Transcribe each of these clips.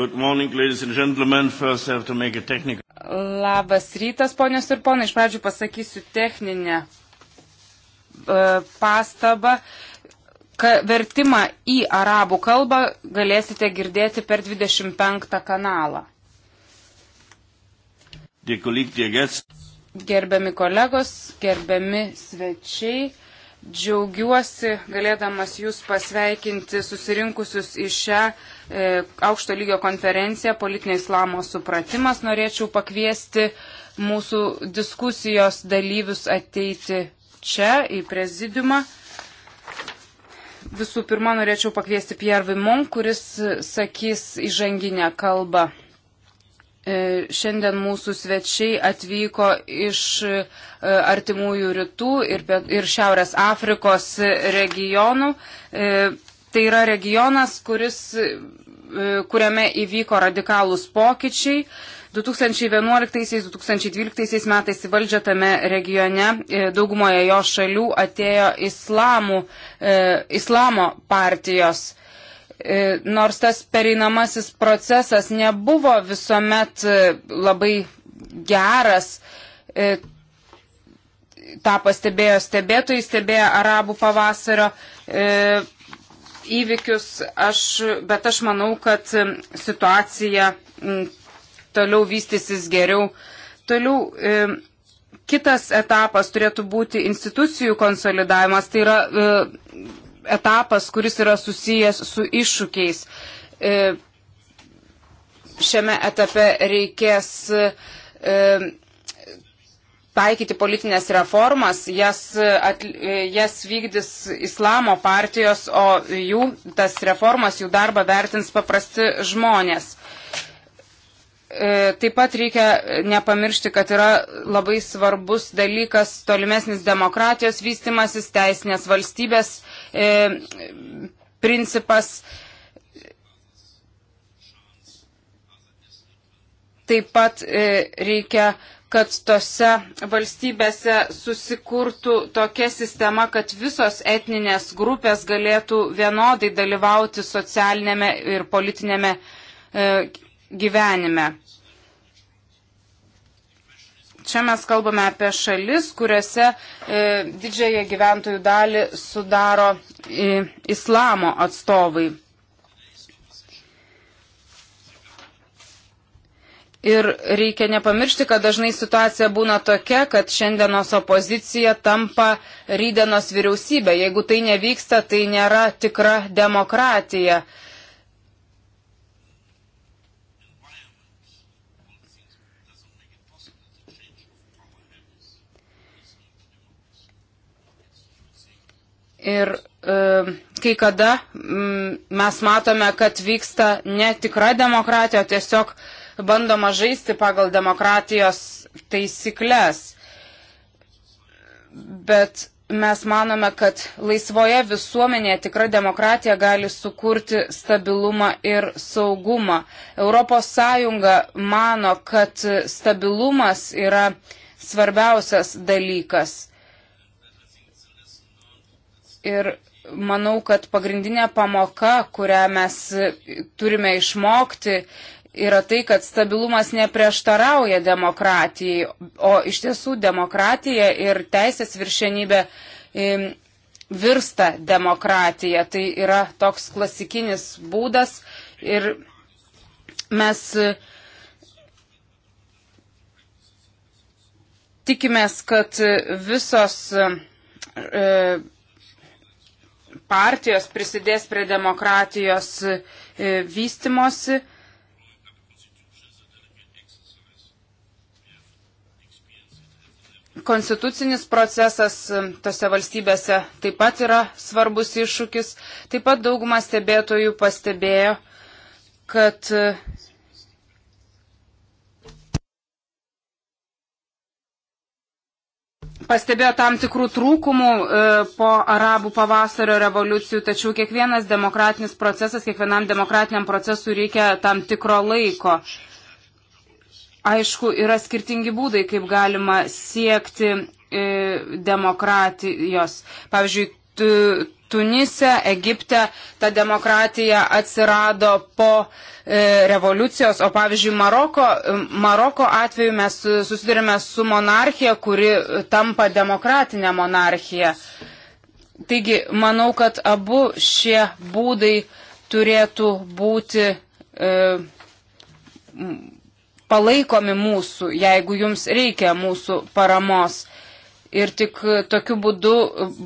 Good morning, ladies and gentlemen. First I have to make a technical. Labas rytas, ponios ir ponai. Iš pradžių pasakysiu techninę e, pastabą. Vertimą į arabų kalbą galėsite girdėti per 25 kanalą. Gerbiami kolegos, gerbiami svečiai. Džiaugiuosi galėdamas Jūs pasveikinti susirinkusius į šią e, aukšto lygio konferenciją politinio islamo supratimas. Norėčiau pakviesti mūsų diskusijos dalyvius ateiti čia į prezidiumą. Visų pirma, norėčiau pakviesti Pierre Vimon, kuris sakys įžanginę kalbą. E, šiandien mūsų svečiai atvyko iš e, artimųjų rytų ir, ir Šiaurės Afrikos regionų. E, tai yra regionas, kuris, kuriame įvyko radikalūs pokyčiai. 2011-2012 metais į valdžią tame regione daugumoje jo šalių atėjo islamų, islamo partijos. E, nors tas pereinamasis procesas nebuvo visuomet e, labai geras, e, tą pastebėjo stebėtojai, stebėjo arabų pavasario įvykius, aš, bet aš manau, kad situacija toliau vystysis geriau. Toliau kitas etapas turėtų būti institucijų konsolidavimas, tai yra etapas, kuris yra susijęs su iššūkiais. E, šiame etape reikės e, taikyti politinės reformas, jas, at, e, jas vykdys islamo partijos, o jų tas reformas, jų darbą vertins paprasti žmonės. Taip pat reikia nepamiršti, kad yra labai svarbus dalykas tolimesnis demokratijos vystimasis, teisinės valstybės e, principas. Taip pat e, reikia kad tose valstybėse susikurtų tokia sistema, kad visos etninės grupės galėtų vienodai dalyvauti socialinėme ir politinėme e, gyvenime. Čia mes kalbame apie šalis, kuriuose e, didžiąją gyventojų dalį sudaro e, islamo atstovai. Ir reikia nepamiršti, kad dažnai situacija būna tokia, kad šiandienos opozicija tampa rydienos vyriausybė. Jeigu tai nevyksta, tai nėra tikra demokratija. E, Ir e, kai kada m, mm, mes matome, kad vyksta ne tikra demokratija, o tiesiog bandoma žaisti pagal demokratijos taisyklės. Bet mes manome, kad laisvoje visuomenėje tikra demokratija gali sukurti stabilumą ir saugumą. ES mano, kad stabilumas yra svarbiausias dalykas. Ir manau, kad pagrindinė pamoka, kurią mes turime išmokti, yra tai, kad stabilumas neprieštarauja demokratijai, o iš tiesų demokratija ir teisės viršenybė virsta demokratija. Tai yra toks klasikinis būdas ir mes e, tikimės, kad visos e, partijos prisidės prie demokratijos e, vystimosi. Konstitucinis procesas e, tose valstybėse taip pat yra svarbus iššūkis. Taip pat dauguma stebėtojų pastebėjo, kad e, pastebėjo tam tikrų trūkumų e, po arabų pavasario revoliucijų, tačiau kiekvienas demokratinis procesas, kiekvienam demokratiniam procesui reikia tam tikro laiko. Aišku, yra skirtingi būdai, kaip galima siekti e, demokratijos. Pavyzdžiui, Tunise, Egipte ta demokratija atsirado po e, revoliucijos, o pavyzdžiui Maroko, Maroko atveju mes susidurime su monarchija, kuri tampa demokratinė monarchija. Taigi, manau, kad abu šie būdai turėtų būti e, palaikomi mūsų, jeigu jums reikia mūsų paramos ir tik tokiu būdu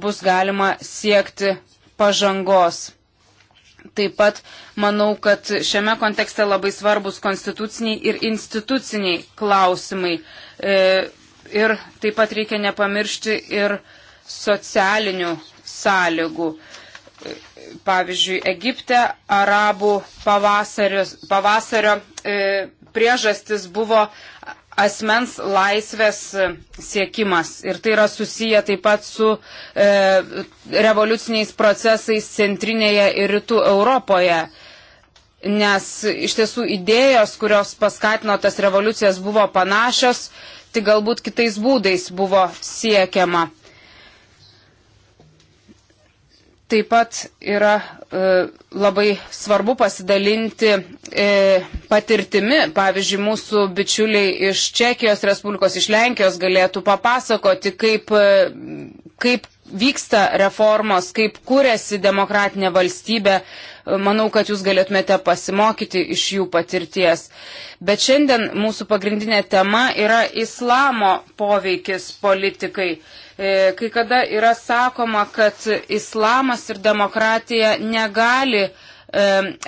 bus galima siekti pažangos. Taip pat manau, kad šiame kontekste labai svarbus konstituciniai ir instituciniai klausimai. E, ir taip pat reikia nepamiršti ir socialinių sąlygų. Pavyzdžiui, Egipte arabų pavasario e, priežastis buvo asmens laisvės siekimas. Ir tai yra susiję taip pat su e, revoliuciniais procesais centrinėje ir rytų Europoje. Nes iš tiesų idėjos, kurios paskatino tas revoliucijas, buvo panašios, tai galbūt kitais būdais buvo siekiama. Taip pat yra e, labai svarbu pasidalinti e, patirtimi. Pavyzdžiui, mūsų bičiuliai iš Čekijos Respublikos, iš Lenkijos galėtų papasakoti, kaip, e, kaip vyksta reformos, kaip kūrėsi demokratinė valstybė. E, manau, kad jūs galėtumėte pasimokyti iš jų patirties. Bet šiandien mūsų pagrindinė tema yra islamo poveikis politikai. E, E, kai kada yra sakoma, kad islamas ir demokratija negali e,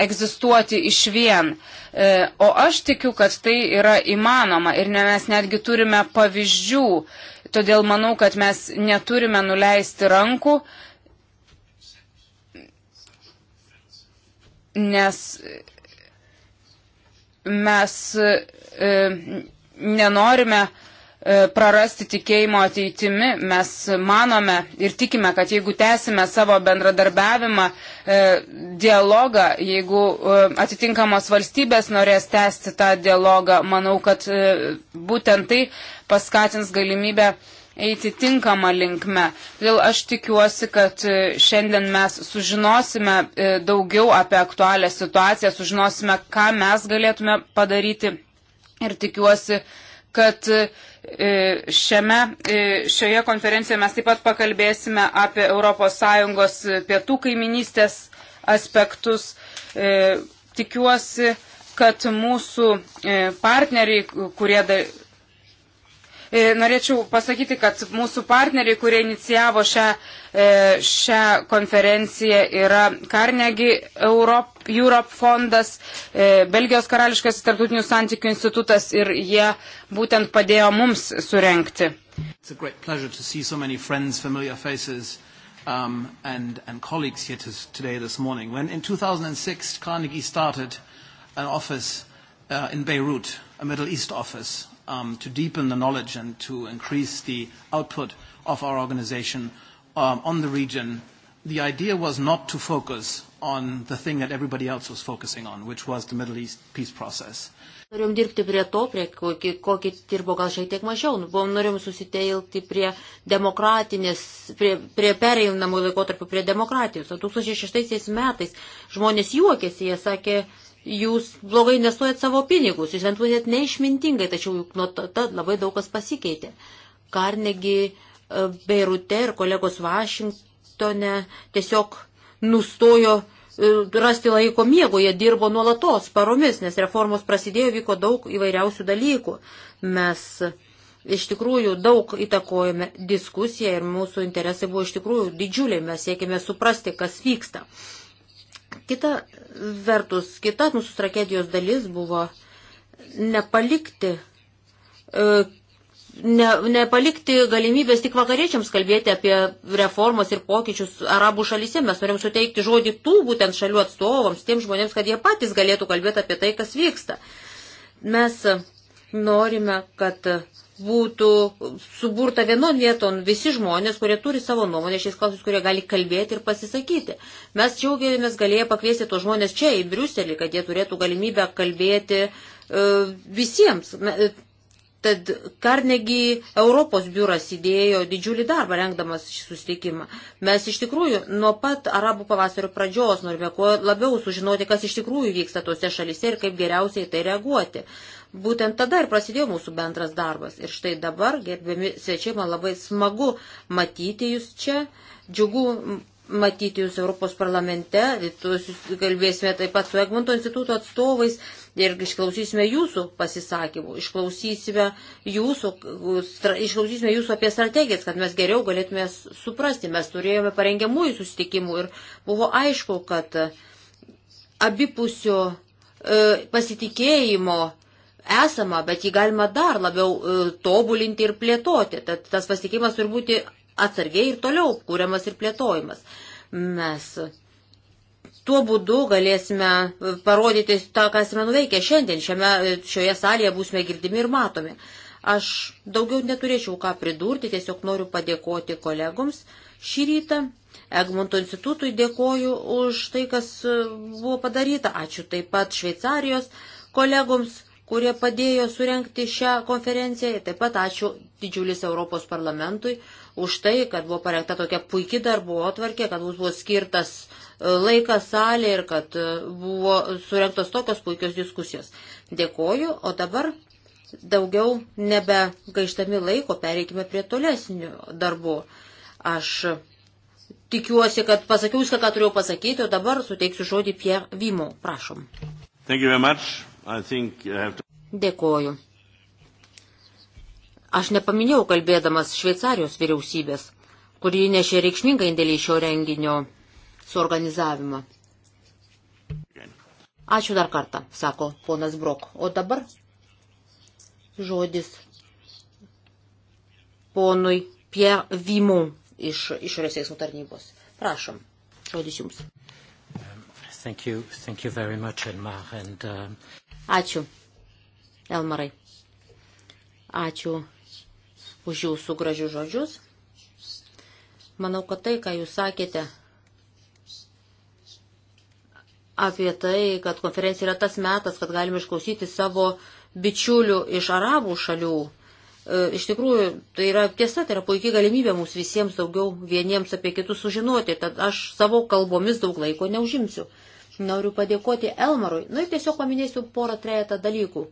egzistuoti iš vien. E, o aš tikiu, kad tai yra įmanoma ir ne, mes netgi turime pavyzdžių. Todėl manau, kad mes neturime nuleisti rankų, nes mes e, nenorime e, E, prarasti tikėjimo ateitimi. Mes manome ir tikime, kad jeigu tęsime savo bendradarbiavimą, e, dialogą, jeigu e, atitinkamos valstybės norės tęsti tą dialogą, manau, kad būtent tai paskatins galimybę eiti tinkamą linkmę. Todėl aš tikiuosi, kad šiandien mes sužinosime daugiau apie aktualią situaciją, sužinosime, ką mes galėtume padaryti ir tikiuosi, kad E, šiame, e, šioje konferencijoje mes taip pat pakalbėsime apie ES pietų kaiminystės aspektus. E, tikiuosi, kad mūsų partneriai, kurie E, norėčiau pasakyti, kad mūsų partneriai, kurie inicijavo šią, e, šią konferenciją, yra Carnegie Europe, Europe fondas, e, Belgijos karališkas tarptautinių santykių institutas ir jie būtent padėjo mums surenkti. So friends, um, and, and colleagues here today this morning. When in 2006 Carnegie started an office uh, in Beirut, a Middle East office um, to deepen the knowledge and to increase the output of our organization um, on the region, the idea was not to focus on the thing that everybody else was focusing on, which was the Middle East peace process. Norėjom dirbti prie to, prie kokį, kokį dirbo gal šiek tiek mažiau. Nu, buvom, norėjom susiteilti prie demokratinės, prie, prie pereinamų laikotarpių, prie demokratijos. O 2006 metais žmonės juokėsi, jie sakė, jūs blogai investuojat savo pinigus, jūs investuojat neišmintingai, tačiau juk nuo tada labai daug kas pasikeitė. Karnegi e, Beirute ir kolegos Vašingtone tiesiog nustojo e, rasti laiko miego, jie dirbo nuolatos paromis, nes reformos prasidėjo, vyko daug įvairiausių dalykų. Mes e, iš tikrųjų daug įtakojame diskusiją ir mūsų interesai buvo iš tikrųjų didžiuliai, mes siekime suprasti, kas vyksta. Uh, Kita vertus, kita mūsų tragedijos dalis buvo nepalikti, e, ne, nepalikti galimybės tik vakariečiams kalbėti apie reformas ir pokyčius arabų šalyse. Mes norim suteikti žodį tų būtent šalių atstovams, tiems žmonėms, kad jie patys galėtų kalbėti apie tai, kas vyksta. Mes norime, kad būtų suburta vienon vieton visi žmonės, kurie turi savo nuomonę šiais klausimais, kurie gali kalbėti ir pasisakyti. Mes džiaugiamės galėję pakviesti tos žmonės čia į Briuselį, kad jie turėtų galimybę kalbėti uh, visiems. E, tad Karnegi Europos biuras įdėjo didžiulį darbą rengdamas šį susitikimą. Mes iš tikrųjų nuo pat arabų pavasario pradžios norime kuo labiau sužinoti, kas iš tikrųjų vyksta tose šalise ir kaip geriausiai tai reaguoti. Uh, Būtent tada ir prasidėjo mūsų bendras darbas. Ir štai dabar, gerbiami svečiai, man labai smagu matyti jūs čia. Džiugu matyti jūs Europos parlamente. Kalbėsime taip pat su Egmonto instituto atstovais ir išklausysime jūsų pasisakymų. Išklausysime jūsų, išklausysime jūsų apie strategijas, kad mes geriau galėtume suprasti. Mes turėjome parengiamųjų susitikimų ir buvo aišku, kad abipusio e, pasitikėjimo esamą, bet jį galima dar labiau e, tobulinti ir plėtoti. Tad tas pasitikėjimas turi būti atsargiai ir toliau kūriamas ir plėtojimas. Mes tuo būdu galėsime e, parodyti tą, ką esame nuveikę šiandien. Šiame, e, šioje salėje būsime girdimi ir matomi. Aš daugiau neturėčiau ką pridurti, tiesiog noriu padėkoti kolegoms šį rytą. Egmonto institutui dėkoju už tai, kas e, buvo padaryta. Ačiū taip pat Šveicarijos kolegoms kurie padėjo surenkti šią konferenciją. Taip pat ačiū didžiulis Europos parlamentui už tai, kad buvo parengta tokia puikia darbo atvarkė, kad mums buvo skirtas e, laikas salė ir kad e, buvo surenktos tokios puikios diskusijos. Dėkoju, o dabar daugiau nebe gaištami laiko pereikime prie tolesnių darbų. Aš tikiuosi, kad pasakiau viską, ką turėjau pasakyti, o dabar suteiksiu žodį Pierre Vimo. Prašom. Thank you very much. To... Dėkoju. Aš nepaminėjau kalbėdamas Šveicarijos vyriausybės, kuri nešė reikšmingą indėlį šio renginio suorganizavimą. Ačiū dar kartą, sako ponas Brok. O dabar žodis ponui Pierre Vimon iš išorės teismų tarnybos. Prašom, žodis jums. Thank you, thank you very much, Elmar. And, uh... Ačiū, Elmarai. Ačiū už jūsų gražius žodžius. Manau, kad tai, ką jūs sakėte apie tai, kad konferencija yra tas metas, kad galime išklausyti savo bičiulių iš arabų šalių. E, iš tikrųjų, tai yra tiesa, tai yra puikiai galimybė mums visiems daugiau vieniems apie kitus sužinoti, tad aš savo kalbomis daug laiko neužimsiu. Noriu padėkoti Elmarui. Nu ir tiesiog paminėsiu porą trejetą dalykų.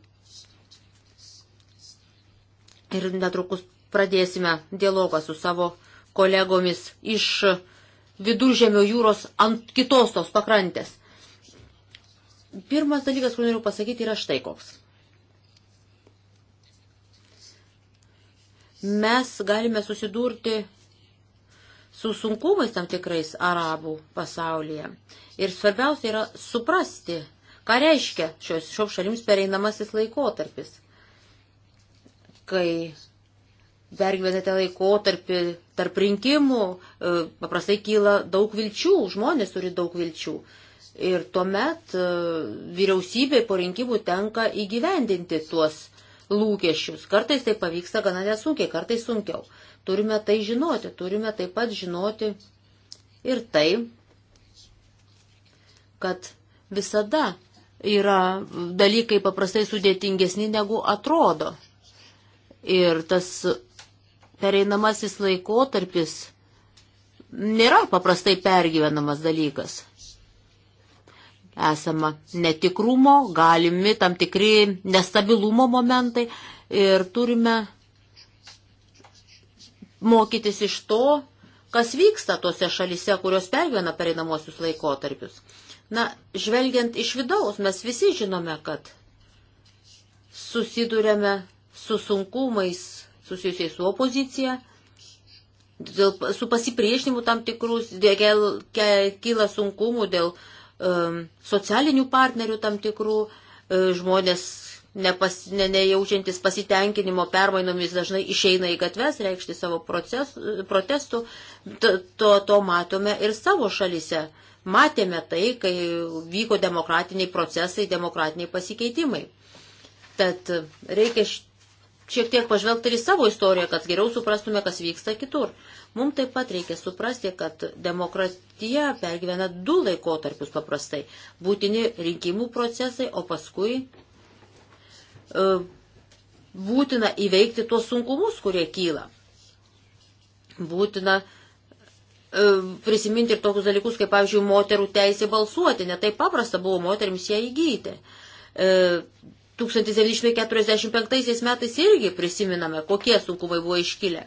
Ir netrukus pradėsime dialogą su savo kolegomis iš viduržėmio jūros ant kitos tos pakrantės. Pirmas dalykas, kurį noriu pasakyti, yra štai koks. Mes galime susidurti su sunkumais tam tikrais arabų pasaulyje. Ir svarbiausia yra suprasti, ką reiškia šios, šios šalims pereinamasis laikotarpis. Kai pergyvenate laikotarpį tarp rinkimų, e, paprastai kyla daug vilčių, žmonės turi daug vilčių. Ir tuomet e, vyriausybė po rinkimų tenka įgyvendinti tuos lūkesčius. Kartais tai pavyksta gana nesunkiai, kartais sunkiau. Turime tai žinoti, turime taip pat žinoti ir tai, kad visada yra dalykai paprastai sudėtingesni negu atrodo. Ir tas pereinamasis laikotarpis nėra paprastai pergyvenamas dalykas. Esama netikrumo, galimi tam tikri nestabilumo momentai ir turime mokytis iš to, kas vyksta tose šalise, kurios pergyvena pereinamosius laikotarpius. Na, žvelgiant iš vidaus, mes visi žinome, kad susidurėme su sunkumais susijusiais su opozicija, dėl, su pasipriešinimu tam tikrus, dėl, ke, kyla sunkumų dėl um, socialinių partnerių tam tikrų, um, žmonės nepas, ne, nejaučiantis pasitenkinimo permainomis dažnai išeina į gatves reikšti savo proces, protestų, to, to, to matome ir savo šalise. Matėme tai, kai vyko demokratiniai procesai, demokratiniai pasikeitimai. Tad reikia šiek tiek pažvelgti ir į savo istoriją, kad geriau suprastume, kas vyksta kitur. Mums taip pat reikia suprasti, kad demokratija pergyvena du laikotarpius paprastai - būtini rinkimų procesai, o paskui E, būtina įveikti tuos sunkumus, kurie kyla. Būtina e, prisiminti ir tokius dalykus, kaip, pavyzdžiui, moterų teisė balsuoti. Netai paprasta buvo moterims ją įgyti. 1945 e, metais irgi prisiminame, kokie sunkumai buvo iškilę.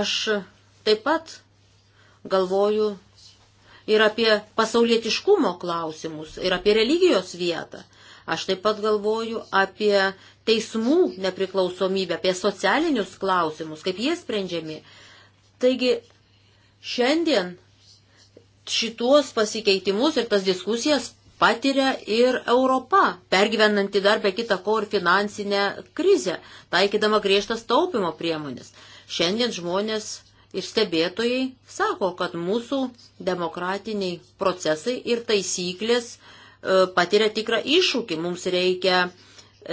Aš taip pat galvoju ir apie pasaulietiškumo klausimus, ir apie religijos vietą. Aš taip pat galvoju apie teismų nepriklausomybę, apie socialinius klausimus, kaip jie sprendžiami. Taigi šiandien šituos pasikeitimus ir tas diskusijas patiria ir Europa, pergyvenanti dar be kita ko ir finansinę krizę, taikydama griežtas taupimo priemonės. Šiandien žmonės ir stebėtojai sako, kad mūsų demokratiniai procesai ir taisyklės E, patiria tikrą iššūkį, mums reikia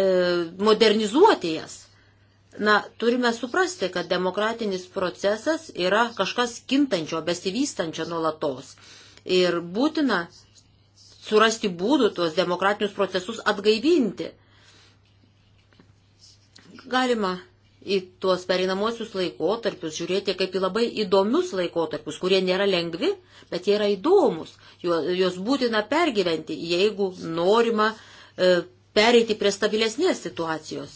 e, modernizuoti jas. Na, turime suprasti, kad demokratinis procesas yra kažkas kintančio, besivystančio nuolatos. Ir būtina surasti būdų tuos demokratinius procesus atgaivinti. Galima į tuos pereinamosius laikotarpius žiūrėti kaip į labai įdomius laikotarpius, kurie nėra lengvi, bet jie yra įdomus. Juos būtina pergyventi, jeigu norima e, pereiti prie stabilesnės situacijos.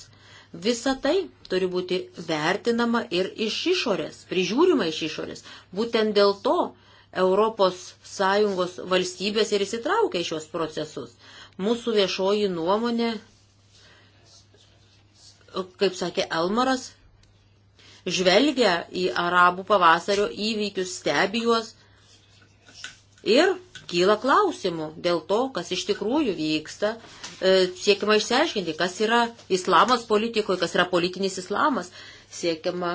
Visa tai turi būti vertinama ir iš išorės, prižiūrima iš išorės. Būtent dėl to ES valstybės ir įsitraukia į šios procesus. Mūsų viešoji nuomonė kaip sakė Elmaras, žvelgia į arabų pavasario įvykius, stebi juos ir kyla klausimų dėl to, kas iš tikrųjų vyksta. E, siekiama išsiaiškinti, kas yra islamas politikoje, kas yra politinis islamas. Siekiama.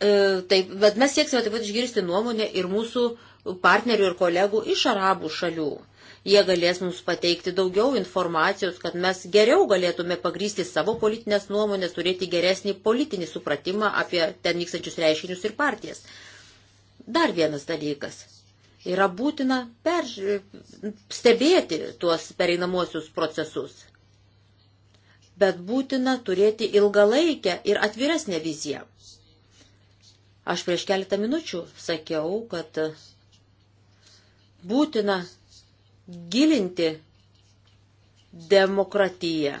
E, taip, bet mes sieksime taip pat išgirsti nuomonę ir mūsų partnerių ir kolegų iš arabų šalių. Jie galės mums pateikti daugiau informacijos, kad mes geriau galėtume pagrysti savo politinės nuomonės, turėti geresnį politinį supratimą apie ten vykstančius reiškinius ir partijas. Dar vienas dalykas. Yra būtina per, stebėti tuos pereinamosius procesus. Bet būtina turėti ilgalaikę ir atviresnę viziją. Aš prieš keletą minučių sakiau, kad būtina gilinti demokratiją.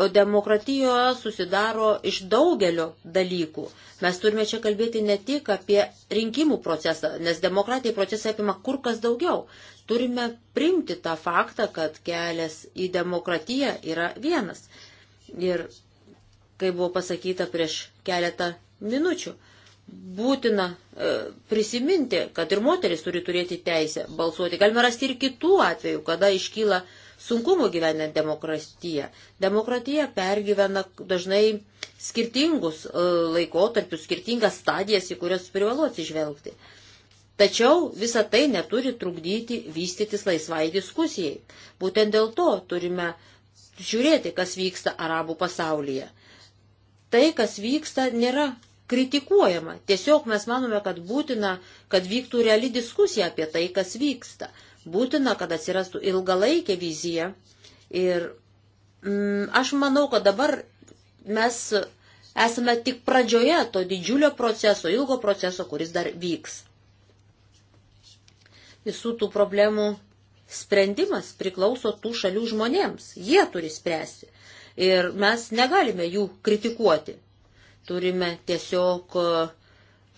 O demokratijoje susidaro iš daugelio dalykų. Mes turime čia kalbėti ne tik apie rinkimų procesą, nes demokratijai procesai apima kur kas daugiau. Turime primti tą faktą, kad kelias į demokratiją yra vienas. Ir kaip buvo pasakyta prieš keletą minučių, būtina e, prisiminti, kad ir moteris turi turėti teisę balsuoti. Galime rasti ir kitų atvejų, kada iškyla sunkumų gyvenant demokratiją. Demokratija pergyvena dažnai skirtingus e, laikotarpius, skirtingas stadijas, į kurias privalu atsižvelgti. Tačiau visa tai neturi trukdyti vystytis laisvai diskusijai. Būtent dėl to turime žiūrėti, kas vyksta arabų pasaulyje. Tai, kas vyksta, nėra kritikuojama. Tiesiog mes manome, kad būtina, kad vyktų reali diskusija apie tai, kas vyksta. Būtina, kad atsirastų ilgalaikė vizija. Ir mm, aš manau, kad dabar mes esame tik pradžioje to didžiulio proceso, ilgo proceso, kuris dar vyks. Visų tų problemų sprendimas priklauso tų šalių žmonėms. Jie turi spręsti. Ir mes negalime jų kritikuoti. Turime tiesiog e,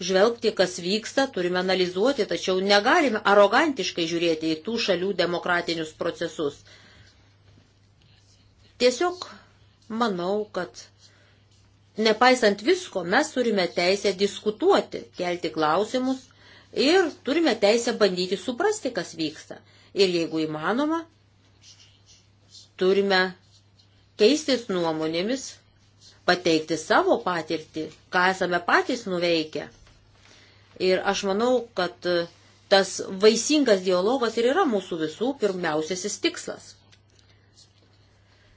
žvelgti, kas vyksta, turime analizuoti, tačiau negalime arogantiškai žiūrėti į tų šalių demokratinius procesus. Tiesiog manau, kad nepaisant visko, mes turime teisę diskutuoti, kelti klausimus ir turime teisę bandyti suprasti, kas vyksta. Ir jeigu įmanoma, turime keistis nuomonėmis pateikti savo patirtį, ką esame patys nuveikę. Ir aš manau, kad e, tas vaisingas dialogas ir yra mūsų visų pirmiausiasis tikslas.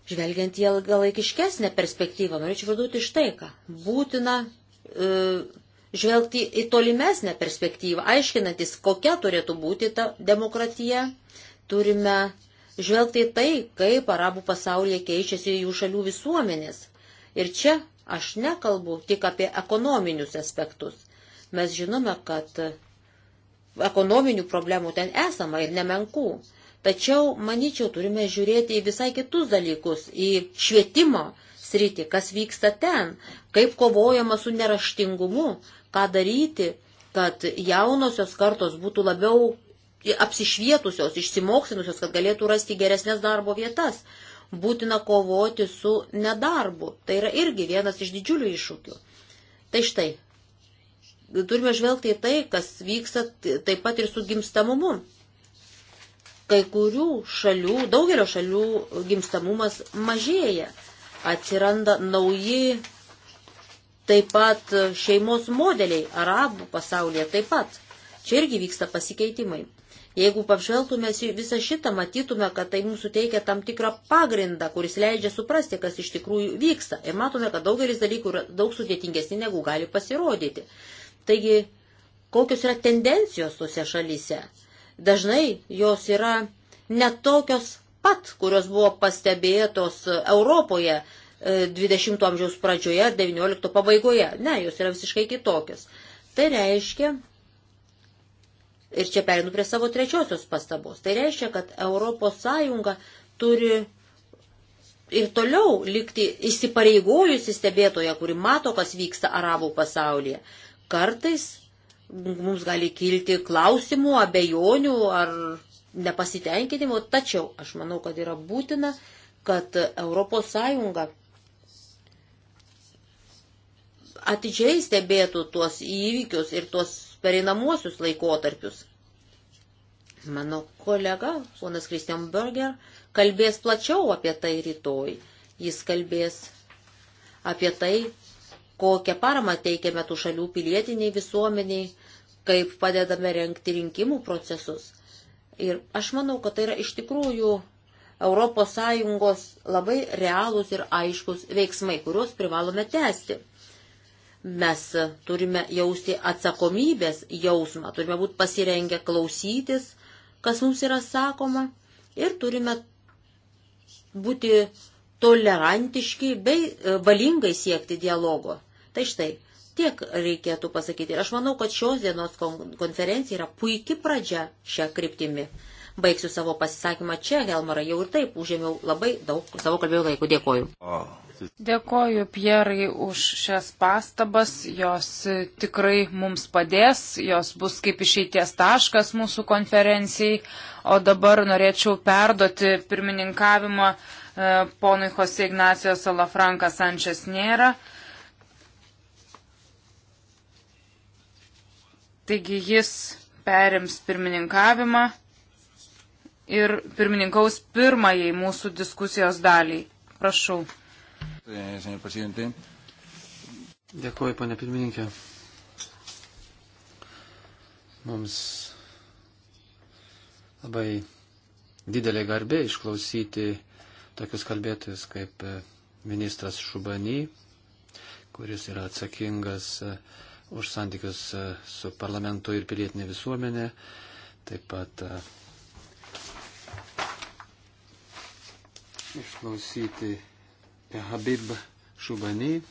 Žvelgiant į ilgalaikiškesnę perspektyvą, norėčiau vadovauti štai ką. Būtina e, žvelgti į tolimesnę perspektyvą, aiškinantis, kokia turėtų būti ta demokratija. Turime žvelgti į tai, kaip arabų pasaulyje keičiasi jų šalių visuomenės. Ir čia aš nekalbu tik apie ekonominius aspektus. Mes žinome, kad ekonominių problemų ten esama ir nemenkų. Tačiau, manyčiau, turime žiūrėti į visai kitus dalykus, į švietimo sritį, kas vyksta ten, kaip kovojama su neraštingumu, ką daryti, kad jaunosios kartos būtų labiau apsišvietusios, išsimoksinusios, kad galėtų rasti geresnės darbo vietas būtina kovoti su nedarbu. Tai yra irgi vienas iš didžiulių iššūkių. Tai štai, turime žvelgti į tai, kas vyksta taip pat ir su gimstamumu. Kai kurių šalių, daugelio šalių gimstamumas mažėja, atsiranda nauji taip pat šeimos modeliai, arabų pasaulyje taip pat. Čia irgi vyksta pasikeitimai. Jeigu apžvelgtume visą šitą, matytume, kad tai mums suteikia tam tikrą pagrindą, kuris leidžia suprasti, kas iš tikrųjų vyksta. Ir matome, kad daugelis dalykų yra daug sudėtingesni, negu gali pasirodyti. Taigi, kokios yra tendencijos tose šalyse? Dažnai jos yra netokios pat, kurios buvo pastebėtos e, Europoje 20 e, amžiaus pradžioje ar 19 pabaigoje. Ne, jos yra visiškai kitokios. Tai reiškia, Ir čia perinu prie savo trečiosios pastabos. Tai reiškia, kad ES turi ir toliau likti įsipareigojusi stebėtoje, kuri mato, kas vyksta arabų pasaulyje. Kartais mums gali kilti klausimų, abejonių ar nepasitenkinimo, tačiau aš manau, kad yra būtina, kad ES atidžiai stebėtų tuos įvykius ir tuos pereinamuosius laikotarpius. Mano kolega, ponas Christian Berger, kalbės plačiau apie tai rytoj. Jis kalbės apie tai, kokią paramą teikiame tų šalių pilietiniai visuomeniai, kaip padedame renkti rinkimų procesus. Ir aš manau, kad tai yra iš tikrųjų ES labai realūs ir aiškus veiksmai, kuriuos privalome tęsti. Mes turime jausti atsakomybės jausmą, turime būti pasirengę klausytis, kas mums yra sakoma ir turime būti tolerantiški bei e, valingai siekti dialogo. Tai štai, tiek reikėtų pasakyti. Ir aš manau, kad šios dienos konferencija yra puikia pradžia šią kryptimį. Baigsiu savo pasisakymą čia, Helmara, jau ir taip užėmiau labai daug savo kalbėjų laiko. Dėkoju. Oh. Dėkoju Pierai už šias pastabas, jos tikrai mums padės, jos bus kaip išeities taškas mūsų konferencijai, o dabar norėčiau perduoti pirmininkavimą e, ponui Jose Ignacijos Alafranka Sančias nėra. Taigi jis perims pirmininkavimą ir pirmininkaus pirmajai mūsų diskusijos daliai. Prašau. Eh, Dėkuoju, ponė pirmininkė. Mums labai didelė garbė išklausyti tokius kalbėtojus kaip eh, ministras Šubany, kuris yra atsakingas eh, už santykius su parlamentu ir pilietinė visuomenė, taip pat išklausyti Habib Šubany,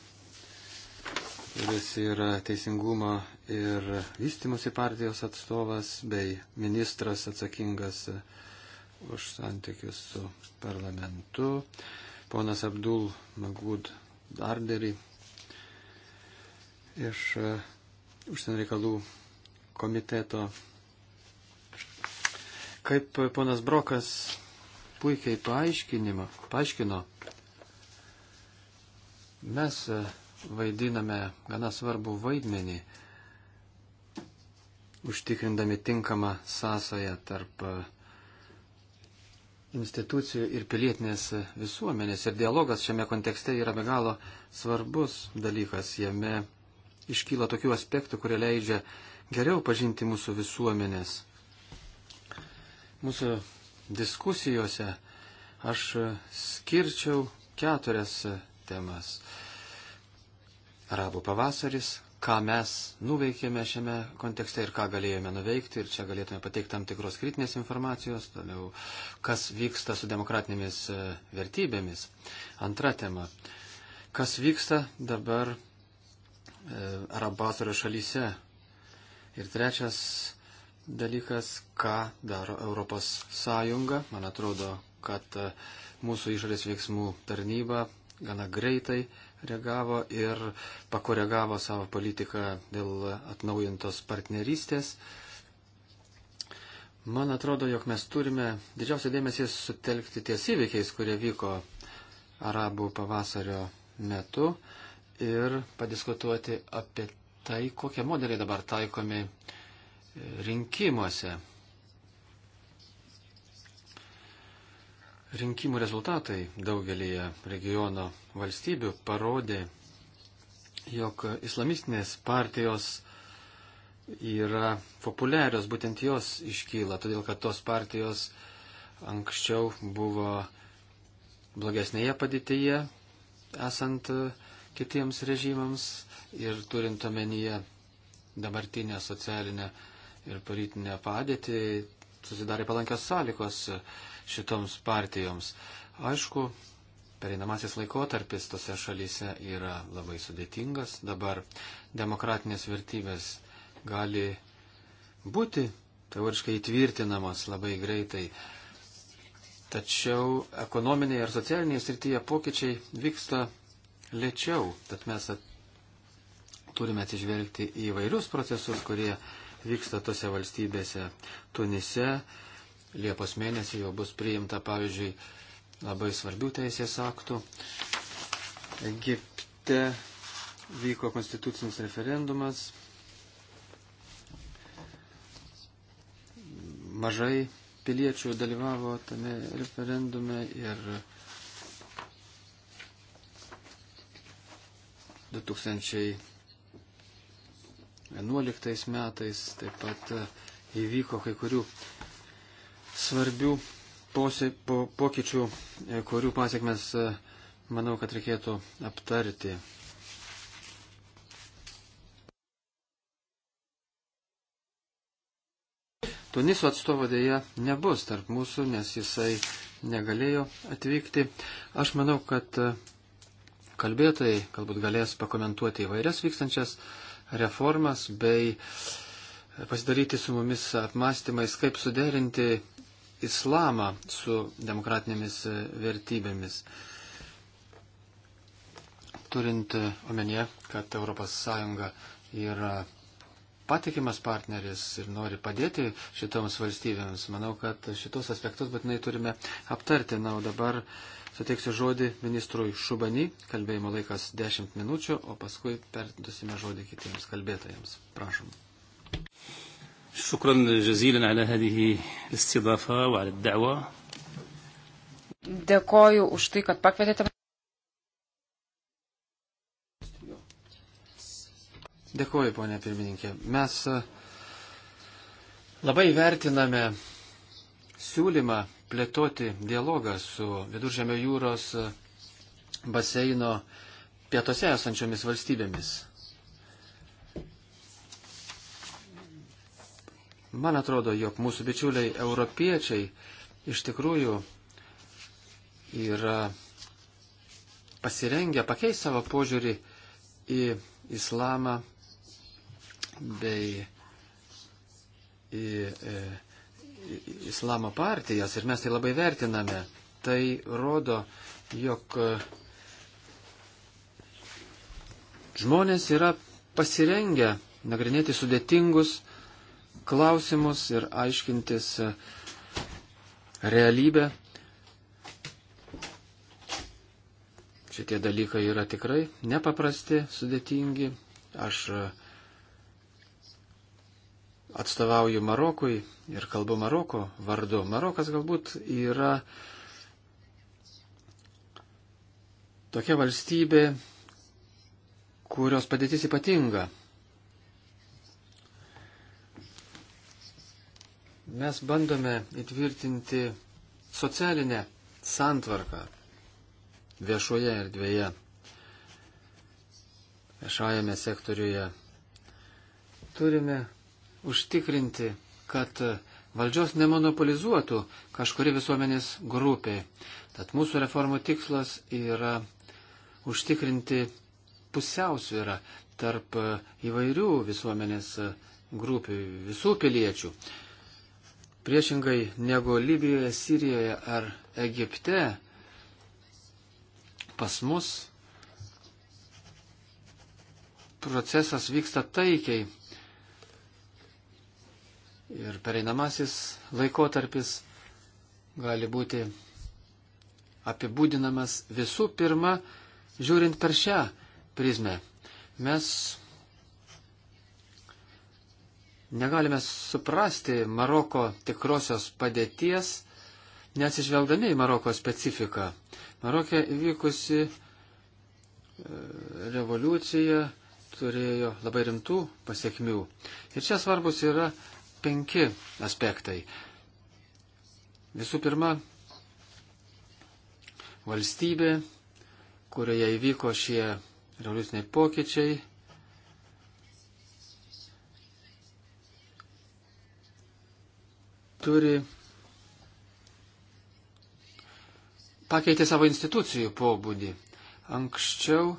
kuris yra teisingumo ir vystimosi partijos atstovas bei ministras atsakingas e, už santykius su parlamentu. Ponas Abdul Magud Darderį iš e, užsienio reikalų komiteto. Kaip ponas Brokas puikiai paaiškinimo, paaiškino, Mes e, vaidiname gana svarbų vaidmenį, užtikrindami tinkamą sąsąją tarp e, institucijų ir pilietinės visuomenės. Ir dialogas šiame kontekste yra be galo svarbus dalykas. Jame iškyla tokių aspektų, kurie leidžia geriau pažinti mūsų visuomenės. Mūsų diskusijose aš skirčiau keturias temas. Arabų pavasaris, ką mes nuveikėme šiame kontekste ir ką galėjome nuveikti, ir čia galėtume pateikti tam tikros kritinės informacijos, toliau, kas vyksta su demokratinėmis e, vertybėmis. Antra tema, kas vyksta dabar e, Arabų pavasario šalyse. Ir trečias dalykas, ką daro Europos Sąjunga. Man atrodo, kad e, mūsų išorės veiksmų tarnyba gana greitai reagavo ir pakoregavo savo politiką dėl atnaujintos partnerystės. Man atrodo, jog mes turime didžiausią dėmesį sutelkti ties įvykiais, kurie vyko arabų pavasario metu ir padiskutuoti apie tai, kokie modeliai dabar taikomi rinkimuose Rinkimų rezultatai daugelįje regiono valstybių parodė, jog islamistinės partijos yra populiarios, būtent jos iškyla, todėl kad tos partijos anksčiau buvo blogesnėje padėtyje esant kitiems režimams ir turint omenyje dabartinę socialinę ir politinę padėtį susidarė palankios sąlygos šitoms partijoms. Aišku, pereinamasis laikotarpis tose šalyse yra labai sudėtingas. Dabar demokratinės vertybės gali būti teoriškai įtvirtinamas labai greitai. Tačiau ekonominėje ir socialinėje srityje pokyčiai vyksta lėčiau, tad mes at... turime atsižvelgti į vairius procesus, kurie vyksta tose valstybėse Tunise, Liepos mėnesį jau bus priimta, pavyzdžiui, labai svarbių teisės aktų. Egipte vyko konstitucinis referendumas. Mažai piliečių dalyvavo tame referendume ir 2011 metais taip pat įvyko kai kurių svarbių posė, po, pokyčių, e, kurių pasiekmes e, manau, kad reikėtų aptarti. Tuniso atstovo dėja nebus tarp mūsų, nes jisai negalėjo atvykti. Aš manau, kad e, kalbėtojai galbūt galės pakomentuoti įvairias vykstančias reformas bei pasidaryti su mumis apmąstymais, kaip suderinti islamą su demokratinėmis e, vertybėmis. Turint e, omenyje, kad ES yra patikimas partneris ir nori padėti šitoms valstybėms, manau, kad šitos aspektus būtinai turime aptarti. Na, o dabar suteiksiu žodį ministrui Šubani, kalbėjimo laikas 10 minučių, o paskui perdusime žodį kitiems kalbėtojams. Prašom. شكرا جزيلا على هذه الاستضافة وعلى الدعوة Dėkoju už tai, kad pakvietėte. Dėkoju, ponė pirmininkė. Mes e, labai vertiname siūlymą plėtoti dialogą su Viduržėmio jūros e, baseino pietose esančiomis valstybėmis. Man atrodo, jog mūsų bičiuliai europiečiai iš tikrųjų yra pasirengę pakeisti savo požiūrį į islamą bei į, į, e, į islamo partijas ir mes tai labai vertiname. Tai rodo, jog e, žmonės yra pasirengę nagrinėti sudėtingus klausimus ir aiškintis e, realybę. Šitie dalykai yra tikrai nepaprasti, sudėtingi. Aš e, atstovauju Marokui ir kalbu Maroko vardu. Marokas galbūt yra tokia valstybė, kurios padėtis ypatinga. Mes bandome įtvirtinti socialinę santvarką viešoje erdvėje, viešajame sektoriuje. Turime užtikrinti, kad valdžios nemonopolizuotų kažkuri visuomenės grupė. Tad mūsų reformų tikslas yra užtikrinti pusiausvyrą tarp įvairių visuomenės grupių, visų piliečių. Priešingai negu Libijoje, Sirijoje ar Egipte, pas mus procesas vyksta taikiai. Ir pereinamasis laikotarpis gali būti apibūdinamas visų pirma, žiūrint per šią prizmę. Mes Negalime suprasti Maroko tikrosios padėties, nesižvelgdami į Maroko specifiką. Marokė įvykusi e, revoliucija turėjo labai rimtų pasiekmių. Ir čia svarbus yra penki aspektai. Visų pirma, valstybė, kurioje įvyko šie revoliuciniai pokyčiai, turi pakeitė savo institucijų pobūdį. Anksčiau